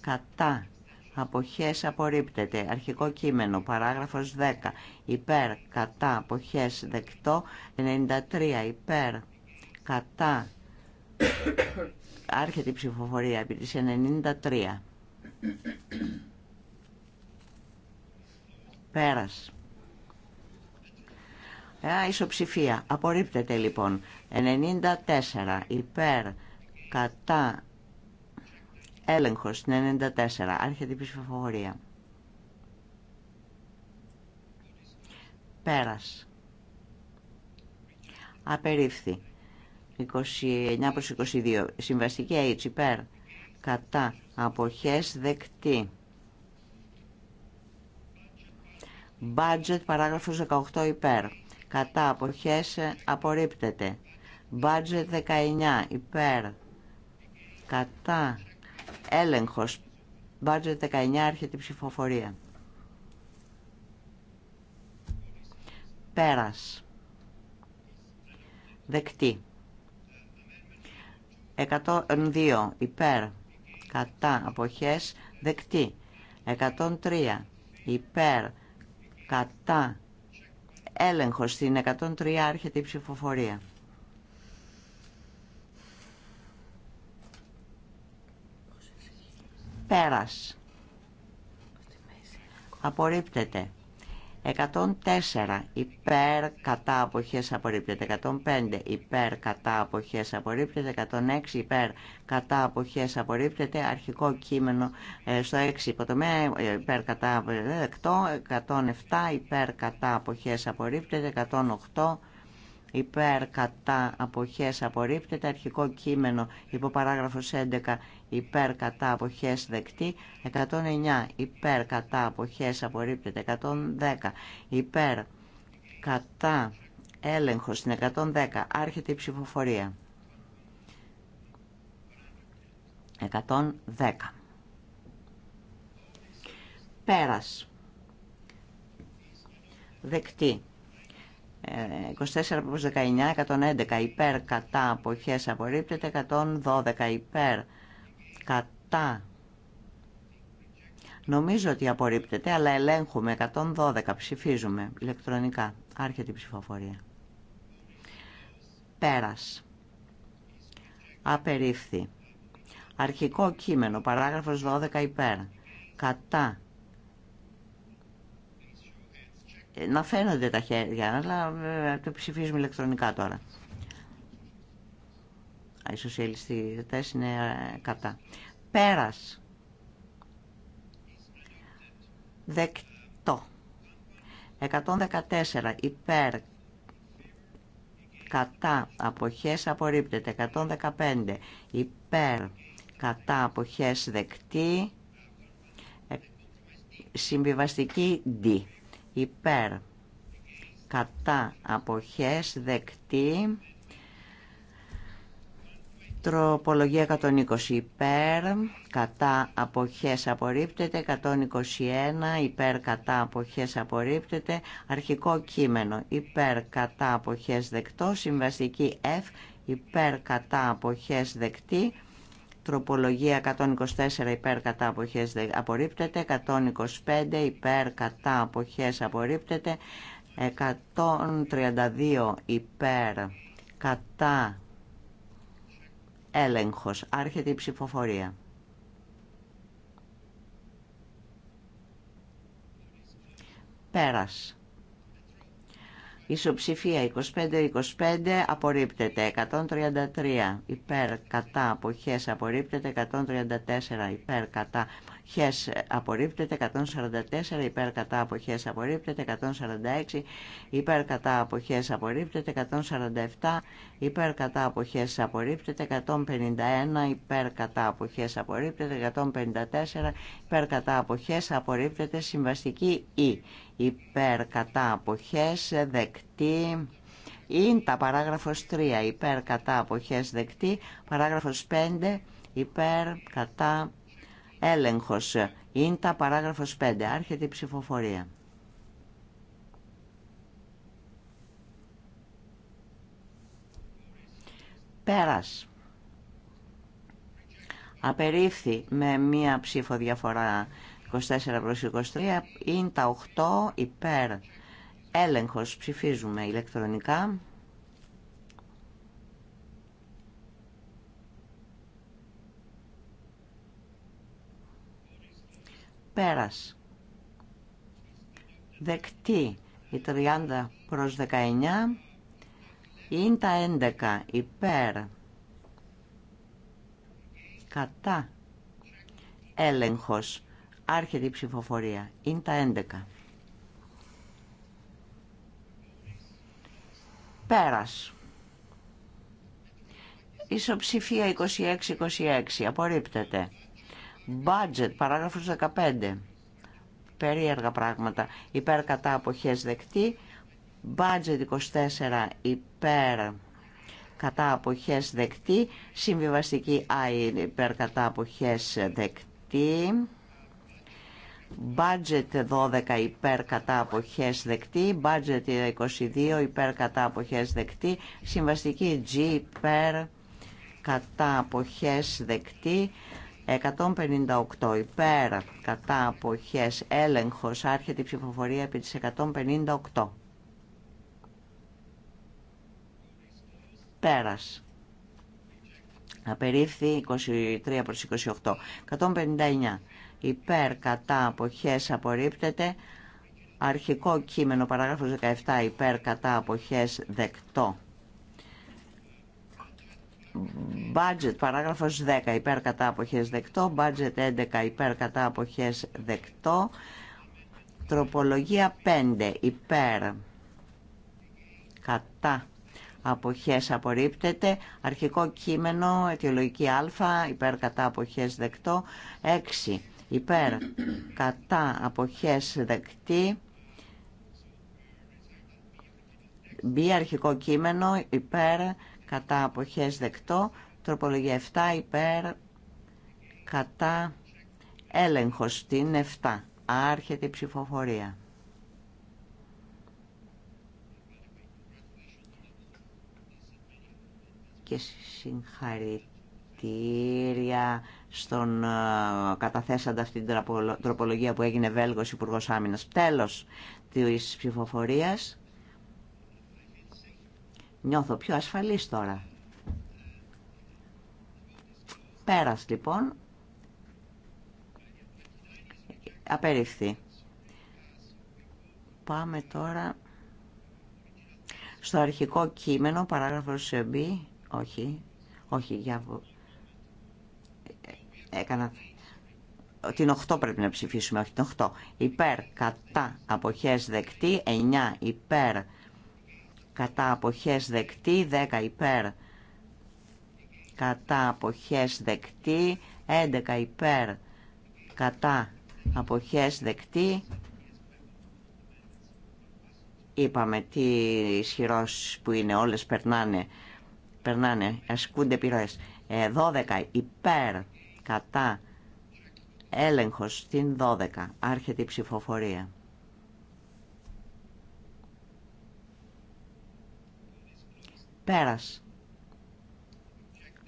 Κατά. Αποχές απορρίπτεται. Αρχικό κείμενο. Παράγραφος 10. Υπέρ. Κατά. Αποχές δεκτό. 93 υπέρ. Κατά Άρχεται η ψηφοφορία επί της 93. Πέρας. Ε, ισοψηφία. Απορρίπτεται λοιπόν. 94 υπέρ κατά έλεγχος στην 94. Άρχεται η ψηφοφορία. Πέρας. Απερίφθη. 29 προς 22. Συμβαστική H υπέρ κατά αποχές δεκτή. Budget παράγραφος 18 υπέρ. Κατά αποχές απορρίπτεται. Budget 19 υπέρ. Κατά έλεγχος. Budget 19 έρχεται η ψηφοφορία. Πέρας. Δεκτή. 102 υπέρ κατά αποχές δεκτή 103 υπέρ κατά έλεγχος στην 103 άρχεται η ψηφοφορία πέρας απορρίπτεται 104 υπέρ κατά αποχές απορρίπτεται 105 υπέρ κατά αποχές απορρίπτεται 106 υπέρ κατά αποχές απορρίπτεται αρχικό κείμενο ε, στο 6 υποτομέα ε, υπέρ κατά 107 ε, υπέρ κατά αποχές απορρίπτεται 108 υπέρ κατά αποχές απορρίπτεται αρχικό κείμενο υπό παράγραφος 11 υπέρ κατά αποχές δεκτή 109 υπέρ κατά αποχές απορρίπτεται 110 υπέρ κατά έλεγχο στην 110 άρχεται η ψηφοφορία 110 πέρας δεκτή 24 προς 19, 111 υπέρ κατά αποχές απορρίπτεται, 112 υπέρ κατά. Νομίζω ότι απορρίπτεται, αλλά ελέγχουμε 112, ψηφίζουμε ηλεκτρονικά. Άρχεται η ψηφοφορία. Πέρας. Απερίφθη. Αρχικό κείμενο, παράγραφος 12 υπέρ. Κατά να φαίνονται τα χέρια, αλλά το ψηφίζουμε ηλεκτρονικά τώρα. Οι σοσιαλιστές είναι ε, κατά. Πέρας. Δεκτό. 114 υπέρ κατά αποχές απορρίπτεται. 115 υπέρ κατά αποχές δεκτή. Ε, συμβιβαστική D υπέρ κατά αποχές δεκτή τροπολογία 120 υπέρ κατά αποχές απορρίπτεται 121 υπέρ κατά αποχές απορρίπτεται αρχικό κείμενο υπέρ κατά αποχές δεκτό συμβαστική F υπέρ κατά αποχές δεκτή Τροπολογία 124 υπέρ κατά αποχές απορρίπτεται, 125 υπέρ κατά αποχές απορρίπτεται, 132 υπέρ κατά έλεγχος. Άρχεται η ψηφοφορία. Πέρας. Ισοψηφία 25-25 απορρίπτεται. 133 υπέρ κατά αποχές απορρίπτεται. 134 υπέρ κατά αποχές απορρίπτεται. 144 υπέρ κατά αποχές απορρίπτεται. 146 υπέρ κατά αποχές απορρίπτεται. 147 υπέρ κατά αποχές απορρίπτεται. 151 υπέρ κατά αποχές απορρίπτεται. 154 υπέρ κατά αποχές απορρίπτεται. Συμβαστική Ή. E, υπέρ κατά αποχές δεκτή είναι τα παράγραφος 3 υπέρ κατά αποχές δεκτή παράγραφος 5 υπέρ κατά έλεγχος είναι τα παράγραφος 5 άρχεται η ψηφοφορία πέρας απερίφθη με μία ψήφο διαφορά 24 προς 23 είναι τα 8 υπέρ έλεγχος ψηφίζουμε ηλεκτρονικά πέρας δεκτή η 30 προς 19 είναι τα 11 υπέρ κατά έλεγχος Άρχεται η ψηφοφορία. Είναι τα 11. Πέρας. Ισοψηφία 26-26. Απορρίπτεται. Budget, παράγραφος 15. Περίεργα πράγματα. Υπέρ κατά αποχές δεκτή. Budget 24 υπέρ κατά αποχές δεκτή. Συμβιβαστική I υπέρ κατά αποχές δεκτή. Budget 12 υπέρ κατά αποχές δεκτή, budget 22 υπέρ κατά αποχές δεκτή, συμβαστική G υπέρ κατά αποχές δεκτή, 158 υπέρ κατά αποχές έλεγχος, άρχεται η ψηφοφορία επί της 158. Πέρας. Απερίφθη 23 προς 28. 159 υπέρ κατά αποχές απορρίπτεται αρχικό κείμενο παράγραφος 17 υπέρ κατά αποχές δεκτό budget παράγραφος 10 υπέρ κατά αποχές δεκτό budget 11 υπέρ κατά αποχές δεκτό τροπολογία 5 υπέρ κατά αποχές απορρίπτεται αρχικό κείμενο αιτιολογική α υπέρ κατά αποχές δεκτό 6 υπέρ κατά αποχές δεκτή μπει αρχικό κείμενο υπέρ κατά αποχές δεκτό τροπολογία 7 υπέρ κατά έλεγχο στην 7 άρχεται η ψηφοφορία και συγχαρητήρια στον καταθέσαντα αυτή την τροπολογία που έγινε Βέλγος Υπουργός Άμυνας. Τέλος της ψηφοφορίας. Νιώθω πιο ασφαλής τώρα. Πέρας λοιπόν. Απερίφθη. Πάμε τώρα στο αρχικό κείμενο, παράγραφος B, όχι, όχι, για έκανα την 8 πρέπει να ψηφίσουμε, όχι την 8. Υπέρ, κατά, αποχές δεκτή, 9 υπέρ, κατά, αποχές δεκτή, 10 υπέρ, κατά, αποχές δεκτή, 11 υπέρ, κατά, αποχές δεκτή. Είπαμε τι ισχυρός που είναι, όλες περνάνε, περνάνε, ασκούνται πυροές. 12 ε, υπέρ, κατά έλεγχος στην 12 άρχεται η ψηφοφορία πέρας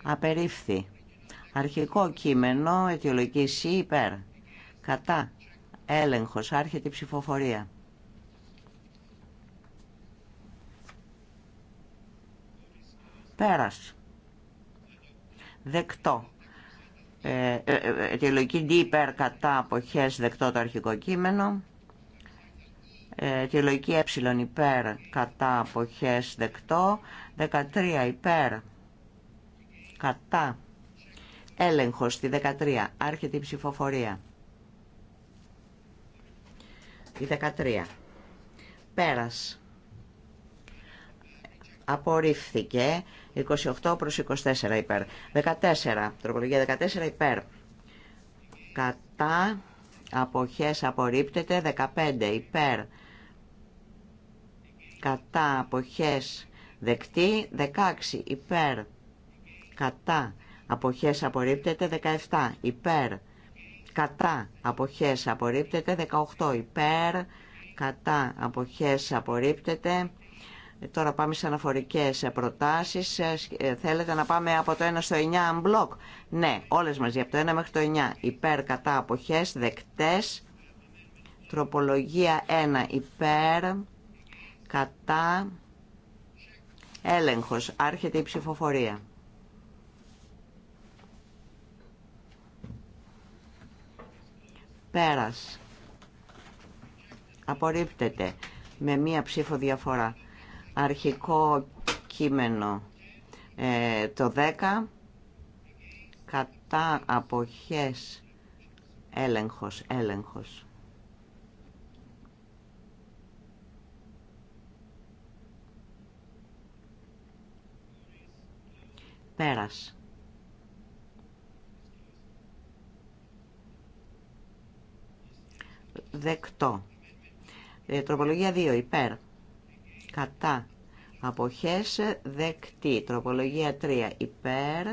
απερίφθη αρχικό κείμενο αιτιολογική υπέρ κατά έλεγχος άρχεται η ψηφοφορία πέρας δεκτό ε, ε, ε λογική D υπέρ κατά αποχές δεκτό το αρχικό κείμενο ε, αιτιολογική ε υπέρ κατά αποχές δεκτό 13 υπέρ κατά έλεγχο στη 13 άρχεται η ψηφοφορία η 13 πέρας απορρίφθηκε 28 προς 24 υπέρ. 14, τροπολογία 14 υπέρ. Κατά αποχές απορρίπτεται 15 υπέρ. Κατά αποχές δεκτή 16 υπέρ. Κατά αποχές απορρίπτεται 17 υπέρ. Κατά αποχές απορρίπτεται 18 υπέρ. Κατά αποχές απορρίπτεται ε, τώρα πάμε σε αναφορικές ε, προτάσεις. Ε, θέλετε να πάμε από το 1 στο 9 μπλοκ. Ναι, όλες μαζί, από το 1 μέχρι το 9. Υπέρ, κατά, αποχές, δεκτές. Τροπολογία 1, υπέρ, κατά, έλεγχος. Άρχεται η ψηφοφορία. Πέρας. Απορρίπτεται με μία ψήφο διαφορά αρχικό κείμενο ε, το 10 κατά αποχές έλεγχος έλεγχος πέρας δεκτό ε, τροπολογία 2 υπέρ κατά αποχές δεκτή τροπολογία 3 υπέρ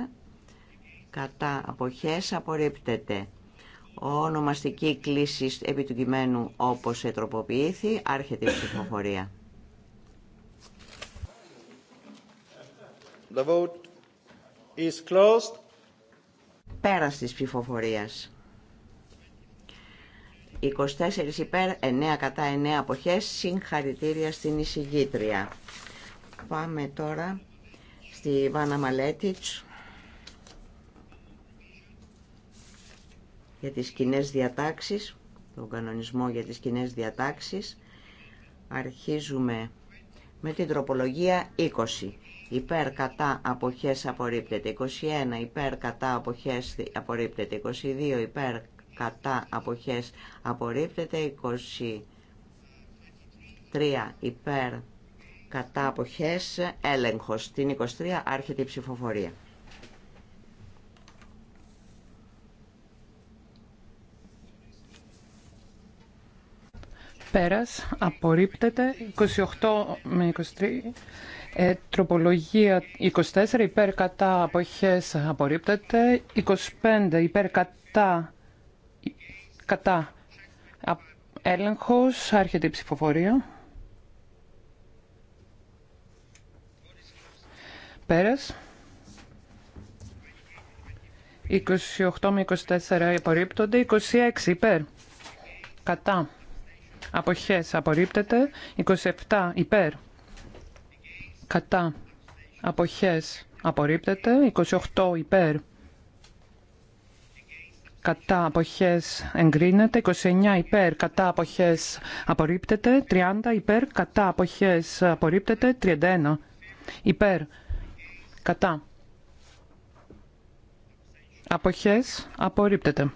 κατά αποχές απορρίπτεται ονομαστική κλίση επί του κειμένου όπως ετροποποιήθη άρχεται η ψηφοφορία The vote is closed. Πέρας της ψηφοφορίας. 24 υπέρ, 9 κατά 9 αποχές, συγχαρητήρια στην εισηγήτρια. Πάμε τώρα στη Βάνα Μαλέτιτς για τις κοινέ διατάξεις, τον κανονισμό για τις κοινέ διατάξεις. Αρχίζουμε με την τροπολογία 20. Υπέρ κατά αποχές απορρίπτεται 21, υπέρ κατά αποχές απορρίπτεται 22, υπέρ κατά αποχές απορρίπτεται 23 υπέρ κατά αποχές έλεγχος την 23 άρχεται η ψηφοφορία Πέρας απορρίπτεται 28 με 23 ε, τροπολογία 24 υπέρ κατά αποχές απορρίπτεται 25 υπέρ κατά Κατά. Έλεγχος. Άρχεται η ψηφοφορία. Πέρας. 28 με 24 απορρίπτονται. 26 υπέρ. Κατά. Αποχές απορρίπτεται. 27 υπέρ. Κατά. Αποχές απορρίπτεται. 28 υπέρ κατά αποχές εγκρίνεται, 29 υπέρ κατά αποχές απορρίπτεται, 30 υπέρ κατά αποχές απορρίπτεται, 31 υπέρ κατά αποχές απορρίπτεται,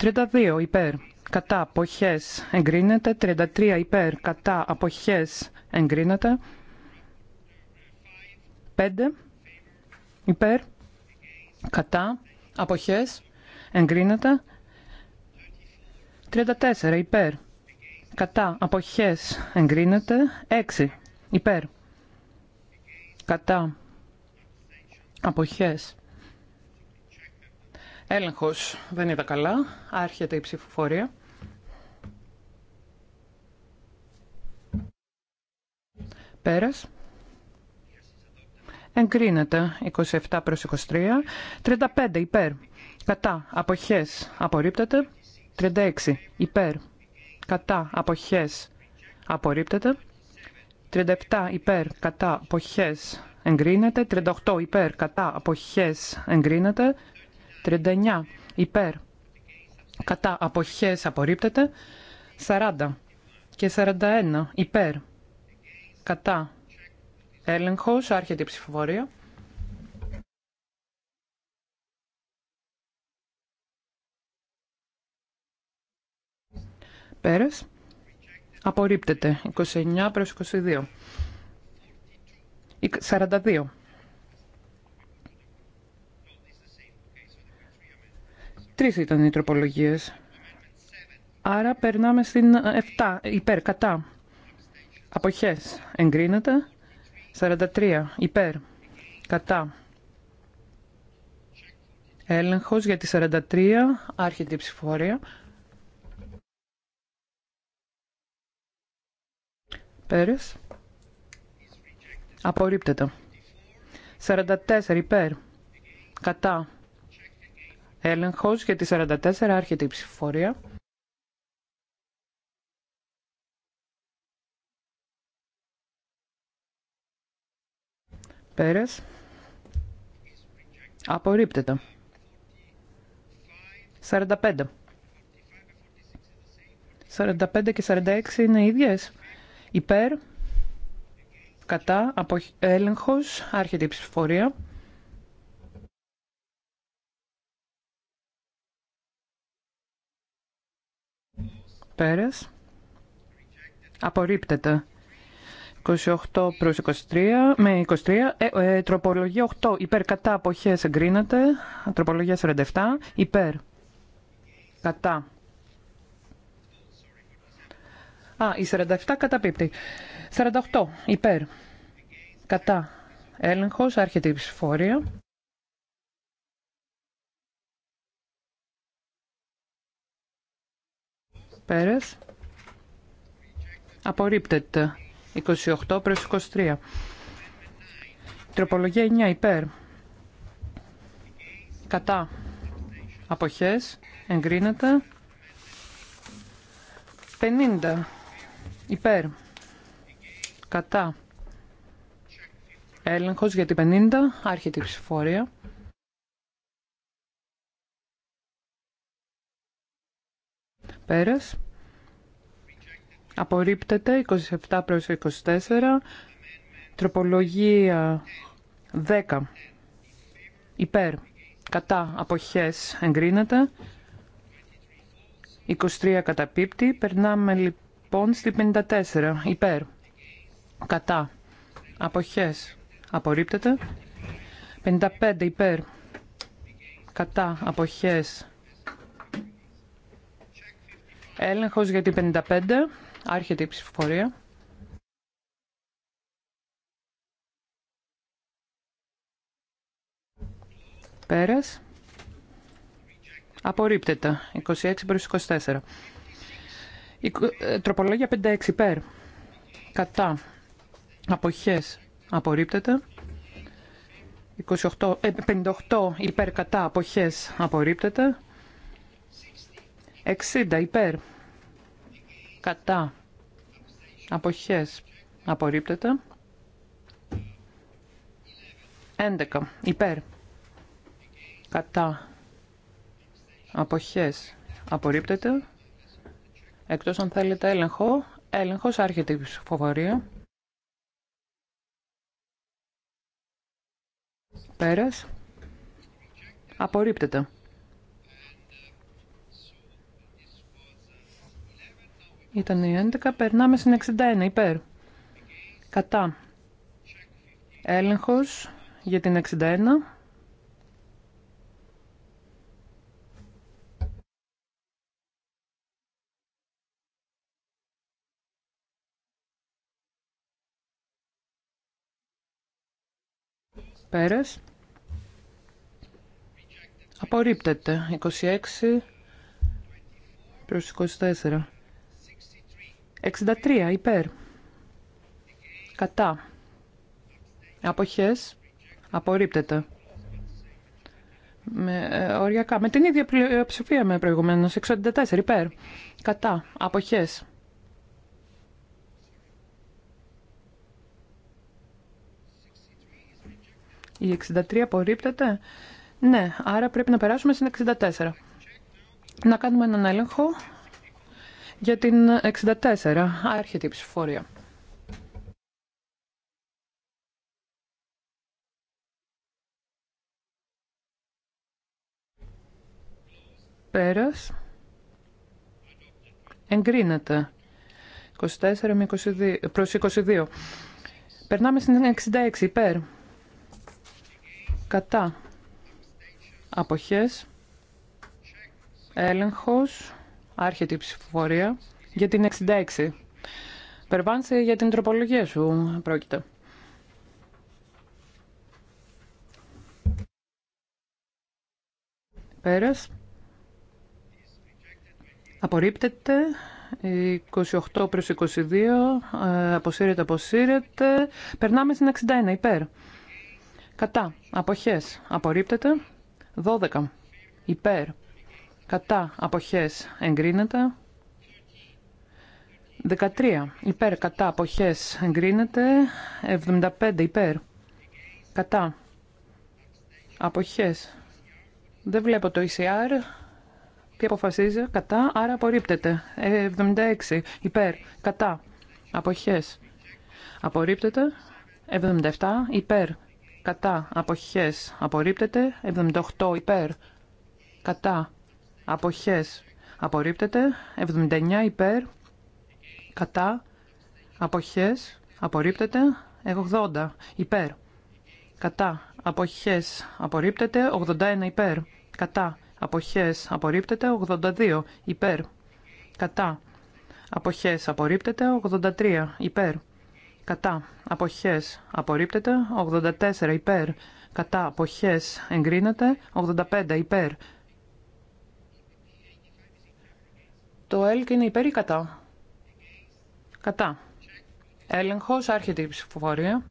32 υπέρ κατά αποχές εγκρίνεται, 33 υπέρ κατά αποχές εγκρίνεται, 5 υπέρ κατά αποχές εγκρίνεται. 34 υπέρ. Κατά αποχές εγκρίνεται. 6 υπέρ. Κατά αποχές. Έλεγχος δεν είδα καλά. Άρχεται η ψηφοφορία. Πέρας. Εγκρίνεται 27 προς 23. 35 υπέρ. Κατά. Αποχές. Απορρίπτεται. 36. Υπέρ. Κατά. Αποχές. Απορρίπτεται. 37. Υπέρ. Κατά. Αποχές. Εγκρίνεται. 38. Υπέρ. Κατά. Αποχές. Εγκρίνεται. 39. Υπέρ. Κατά. Αποχές. Απορρίπτεται. 40. Και 41. Υπέρ. Κατά. Έλεγχος. Άρχεται η ψηφοφορία. Πέρες; Απορρίπτεται. 29 προς 22. 42. Τρει ήταν οι τροπολογίε. Άρα περνάμε στην 7. Ε, Υπέρ, κατά. Αποχές. Εγκρίνεται. 43. Υπέρ. Κατά. Έλέγχο για τη 43. Άρχεται η ψηφορία. Πέρες. Απορρίπτεται. 44 υπέρ. Κατά. Έλεγχος για τη 44 άρχεται η ψηφοφορία. Πέρες. Απορρίπτεται. 45. 45 και 46 είναι ίδιες. Υπέρ. Κατά. Απο... Έλεγχος. Άρχεται η ψηφοφορία. Πέρας. Απορρίπτεται. 28 προς 23, με 23, ε, ε, τροπολογία 8, υπέρ κατά αποχές εγκρίνεται, τροπολογία 47, υπέρ κατά Α, η 47 καταπίπτει. 48 υπέρ. Κατά. Έλεγχος. Άρχεται η ψηφορία. Πέρες. Απορρίπτεται. 28 προς 23. Τροπολογία 9 υπέρ. Κατά. Αποχές. Εγκρίνεται. 50 Υπέρ. Κατά. Έλεγχος για την 50. Άρχεται η ψηφορία. Πέρας. Απορρίπτεται 27 προς 24. Τροπολογία 10. Υπέρ. Κατά. Αποχές εγκρίνεται. 23 καταπίπτει. Περνάμε λοιπόν λοιπόν στη 54. Υπέρ. Κατά. Αποχές. Απορρίπτεται. 55. Υπέρ. Κατά. Αποχές. Έλεγχος για την 55. Άρχεται η ψηφοφορία. Πέρας. Απορρίπτεται. 26 προς 24. Ε, Τροπολόγια 56 υπέρ. Κατά. Αποχές. Απορρίπτεται. 28, 58 ε, υπέρ κατά αποχές απορρίπτεται. 60 υπέρ κατά αποχές απορρίπτεται. 11 υπέρ κατά αποχές απορρίπτεται. Εκτός αν θέλετε έλεγχο, έλεγχος άρχεται η ψηφοφορία. Πέρας. Απορρίπτεται. Ήταν η 11, περνάμε στην 61, υπέρ. Κατά. Έλεγχος για την 61. Πέρες. Απορρίπτεται. 26 προς 24. 63 υπέρ. Κατά. Αποχές. Απορρίπτεται. Με, ε, οριακά. Με την ίδια ε, ψηφία με προηγουμένως. 64 υπέρ. Κατά. Αποχές. Η 63 απορρίπτεται. Ναι, άρα πρέπει να περάσουμε στην 64. Να κάνουμε έναν έλεγχο για την 64. Άρχεται η ψηφοφορία. Πέρας. Εγκρίνεται. 24 22, προς 22. Περνάμε στην 66 υπέρ κατά αποχές έλεγχος άρχεται η ψηφοφορία για την 66 Περβάνσε για την τροπολογία σου πρόκειται πέρας απορρίπτεται 28 προς 22 ε, αποσύρεται αποσύρεται περνάμε στην 61 υπέρ Κατά. Αποχές. Απορρίπτεται. 12. Υπέρ. Κατά. Αποχές. Εγκρίνεται. 13. Υπέρ. Κατά. Αποχές. Εγκρίνεται. 75. Υπέρ. Κατά. Αποχές. Δεν βλέπω το ECR. Τι αποφασίζει. Κατά. Άρα απορρίπτεται. 76. Υπέρ. Κατά. Αποχές. Απορρίπτεται. 77. Υπέρ κατά αποχές απορρίπτεται 78 υπέρ κατά αποχές απορρίπτεται 79 υπέρ κατά αποχές απορρίπτεται 80 υπέρ κατά αποχές απορρίπτεται 81 υπέρ κατά αποχές απορρίπτεται 82 υπέρ κατά αποχές απορρίπτεται 83 υπέρ κατά αποχές απορρίπτεται, 84 υπέρ κατά αποχές εγκρίνεται, 85 υπέρ. Το ΕΛΚ είναι υπέρ ή κατά. Κατά. Έλεγχος, άρχεται η ψηφοφορία.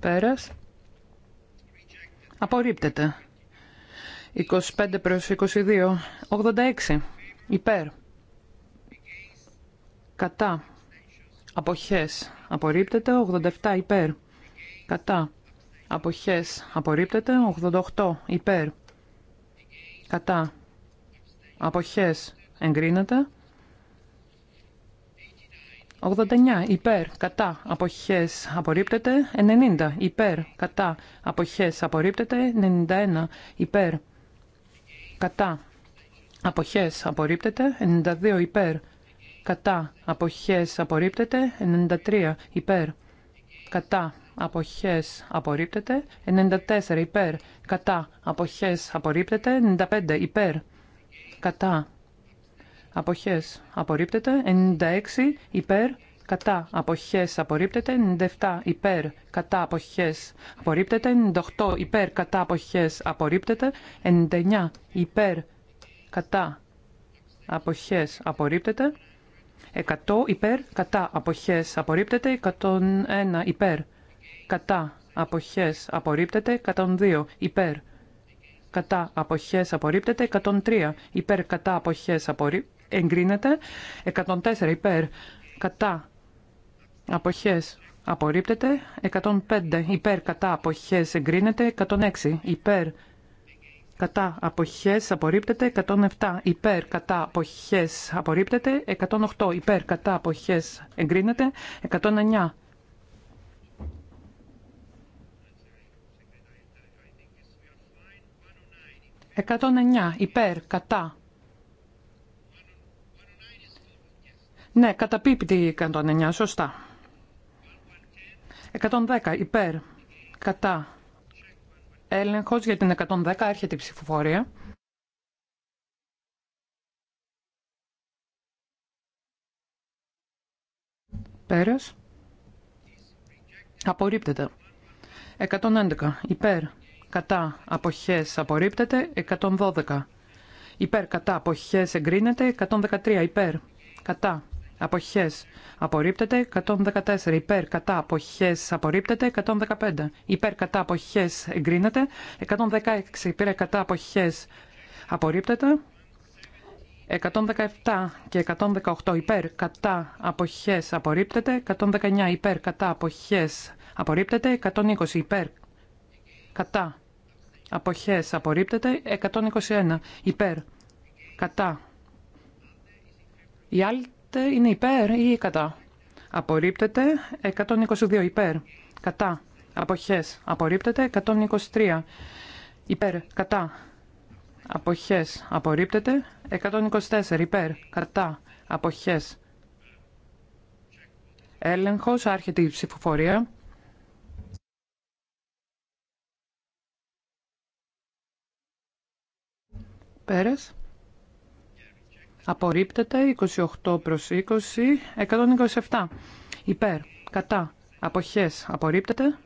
Πέρας. Απορρίπτεται. 25 προς 22. 86. Υπέρ. Κατά. Αποχές. Απορρίπτεται. 87. Υπέρ. Κατά. Αποχές. Απορρίπτεται. 88. Υπέρ. Κατά. Αποχές. Εγκρίνεται. 89. Υπέρ. Κατά. Αποχές. Απορρίπτεται. 90. Υπέρ. Κατά. Αποχές. Απορρίπτεται. 91. Υπέρ κατά αποχές απορρίπτεται 92 υπέρ κατά αποχές απορρίπτεται 93 υπέρ κατά αποχές απορρίπτεται 94 υπέρ κατά αποχές απορρίπτεται 95 υπέρ κατά αποχές απορρίπτεται 96 υπέρ κατά αποχές απορρίπτεται, 97 υπέρ κατά αποχές απορρίπτεται, 98 υπέρ κατά αποχές απορρίπτεται, 99 υπέρ κατά αποχές απορρίπτεται, 100 υπέρ κατά αποχές απορρίπτεται, 101 υπέρ κατά αποχές απορρίπτεται, 102 υπέρ κατά αποχές απορρίπτεται, 103 υπέρ κατά αποχές απορρίπτεται, εγκρίνεται, 104 υπέρ κατά αποχές απορρίπτεται, 105 υπέρ κατά αποχές εγκρίνεται, 106 υπέρ κατά αποχές απορρίπτεται, 107 υπέρ κατά αποχές απορρίπτεται, 108 υπέρ κατά αποχές εγκρίνεται, 109 109 υπέρ κατά ναι, καταπίπτει η 109, σωστά. 110 υπέρ κατά έλεγχος για την 110 έρχεται η ψηφοφορία. Πέρας. Απορρίπτεται. 111 υπέρ κατά αποχές απορρίπτεται. 112 υπέρ κατά αποχές εγκρίνεται. 113 υπέρ κατά αποχές απορρίπτεται 114 υπέρ κατά αποχές απορρίπτεται 115 υπέρ κατά αποχές εγκρίνεται 116 υπέρ κατά αποχές απορρίπτεται 117 και 118 υπέρ κατά αποχές απορρίπτεται 119 υπέρ κατά αποχές απορρίπτεται 120 υπέρ κατά αποχές απορρίπτεται 121 υπέρ κατά άλλη είναι υπέρ ή κατά. Απορρίπτεται 122 υπέρ. Κατά. Αποχές. Απορρίπτεται 123 υπέρ. Κατά. Αποχές. Απορρίπτεται 124 υπέρ. Κατά. Αποχές. Έλεγχος. Άρχεται η ψηφοφορία. Πέρας. Απορρίπτεται 28 προς 20, 127. Υπέρ, κατά, αποχές, απορρίπτεται.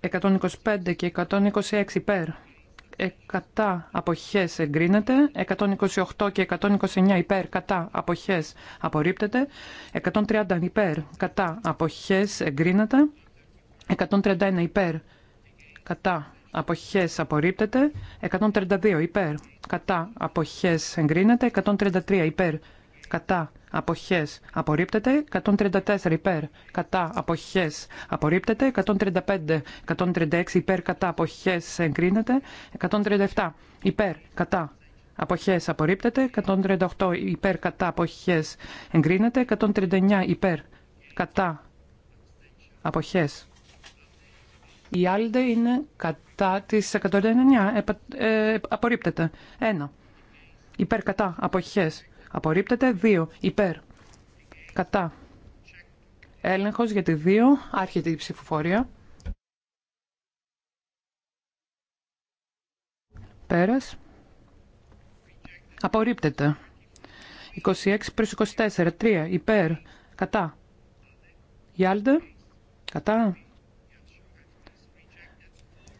125 και 126 ε, υπέρ, κατά, αποχές, εγκρίνεται. 128 και 129 υπέρ, κατά, αποχές, απορρίπτεται. 130 υπέρ, κατά, αποχές, εγκρίνεται. 131 υπέρ, κατά, αποχές απορρίπτεται, 132 υπέρ, κατά αποχές εγκρίνεται, 133 υπέρ, κατά αποχές απορρίπτεται, 134 υπέρ, κατά αποχές απορρίπτεται, 135, 136 υπέρ, κατά αποχές εγκρίνεται, 137 υπέρ, κατά αποχές απορρίπτεται, 138 υπέρ, κατά αποχές εγκρίνεται, 139 υπέρ, κατά αποχές η Άλντε είναι κατά τη 199. Ε, απορρίπτεται. 1. Υπέρ κατά. Αποχέ. Απορρίπτεται. 2. Υπέρ. Κατά. Έλεγχος για τη 2. Άρχεται η ψηφοφορία. Πέρας. Απορρίπτεται. 26 προς 24. 3. Υπέρ. Κατά. Γιάλντε. Κατά.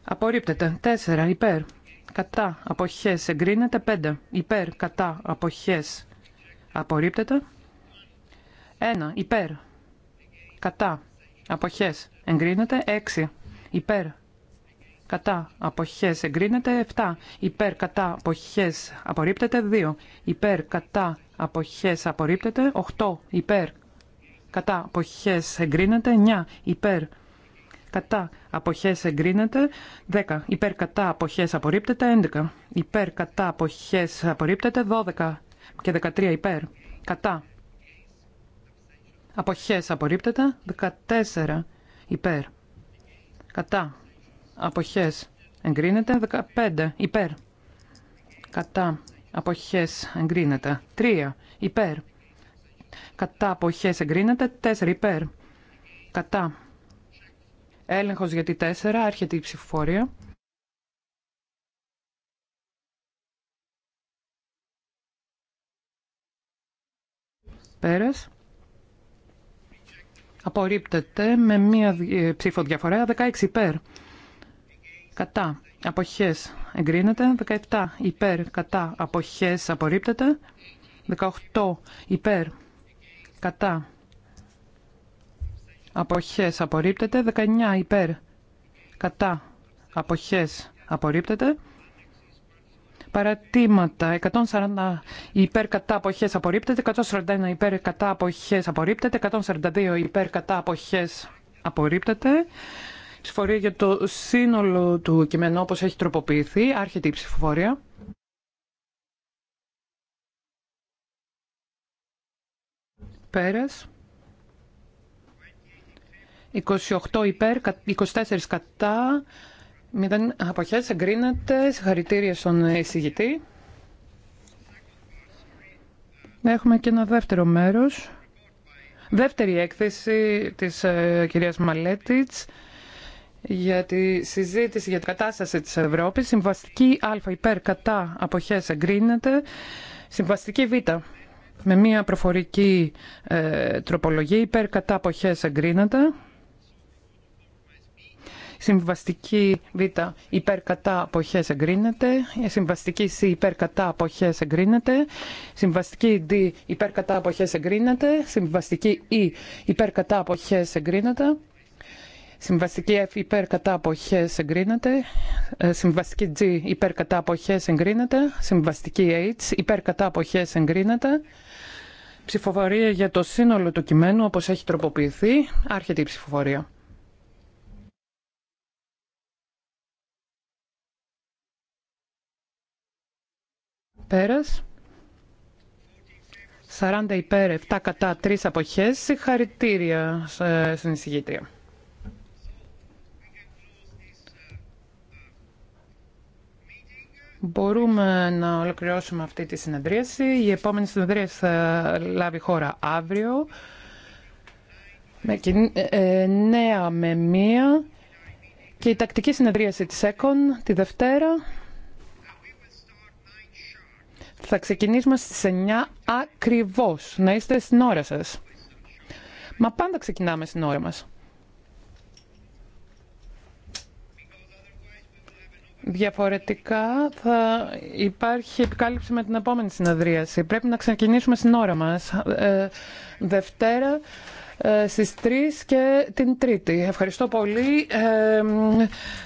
Απορρίπτεται. 4. Υπέρ. Κατά. Αποχέ. Εγκρίνεται. 5. Υπέρ. Κατά. Αποχέ. Απορρίπτεται. 1. Υπέρ. Κατά. Αποχέ. Εγκρίνεται. 6. Υπέρ. Κατά. Αποχέ. Εγκρίνεται. 7. Υπέρ. Κατά. Αποχέ. Απορρίπτεται. 2. Υπέρ. Κατά. Αποχέ. Απορρίπτεται. 8. Υπέρ. Κατά. Αποχέ. Εγκρίνεται. 9. Υπέρ κατά αποχές εγκρίνεται, 10 υπέρ κατά αποχές απορρίπτεται, 11 υπέρ κατά αποχές απορρίπτεται, 12 και 13 υπέρ κατά αποχές απορρίπτεται, 14 υπέρ κατά αποχές εγκρίνεται, 15 υπέρ κατά αποχές εγκρίνεται, 3 υπέρ κατά αποχές εγκρίνεται, 4 υπέρ κατά Έλεγχος γιατί τη 4, άρχεται η ψηφοφορία. Πέρας. Απορρίπτεται με μία ε, ψήφο διαφορά 16 υπέρ. Κατά. Αποχές εγκρίνεται. 17 υπέρ. Κατά. Αποχές απορρίπτεται. 18 υπέρ. Κατά αποχές απορρίπτεται. 19 υπέρ κατά αποχές απορρίπτεται. Παρατήματα 140 υπέρ κατά αποχές απορρίπτεται, 141 υπέρ κατά αποχές απορρίπτεται, 142 υπέρ κατά αποχές απορρίπτεται. Ψηφορία για το σύνολο του κειμένου όπως έχει τροποποιηθεί. Άρχεται η ψηφοφορία. Πέρας. 28 υπέρ, 24 κατά, 0 αποχές, εγκρίνεται, συγχαρητήρια στον εισηγητή. Έχουμε και ένα δεύτερο μέρος. Δεύτερη έκθεση της ε, κυρίας Μαλέτιτς για τη συζήτηση για την κατάσταση της Ευρώπης. Συμβαστική Α υπέρ κατά αποχές εγκρίνεται. Συμβαστική Β με μια προφορική ε, τροπολογία υπέρ κατά αποχές εγκρίνεται. Συμβαστική Β υπερκατά αποχές εγκρίνεται. Συμβαστική Σ υπερκατά αποχές εγκρίνεται. Συμβαστική Δ υπερκατά αποχές εγκρίνεται. Συμβαστική Ε υπερκατά αποχές εγκρίνεται. Συμβαστική F υπέρ κατά αποχές εγκρίνεται. Ε, συμβαστική G υπέρ κατά αποχές εγκρίνεται. Συμβαστική H υπέρ κατά αποχές εγκρίνεται. Ψηφοφορία για το σύνολο του κειμένου όπως έχει τροποποιηθεί. Άρχεται η ψηφοφορία. Πέρας. 40 υπέρ, 7 κατά, 3 αποχές. Συγχαρητήρια ε, στην εισηγήτρια. Μπορούμε να ολοκληρώσουμε αυτή τη συνεδρίαση. Η επόμενη συνεδρίαση θα λάβει χώρα αύριο. Με ε, ε, νέα με 1 και η τακτική συνεδρίαση της ΕΚΟΝ τη Δευτέρα θα ξεκινήσουμε στις 9 ακριβώς, να είστε στην ώρα σας. Μα πάντα ξεκινάμε στην ώρα μας. Διαφορετικά θα υπάρχει επικάλυψη με την επόμενη συνεδρίαση. Πρέπει να ξεκινήσουμε στην ώρα μας. Ε, Δευτέρα ε, στις 3 και την Τρίτη. Ευχαριστώ πολύ. Ε,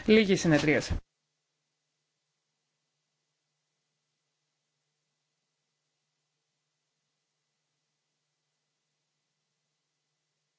λίγη συνεδρίαση.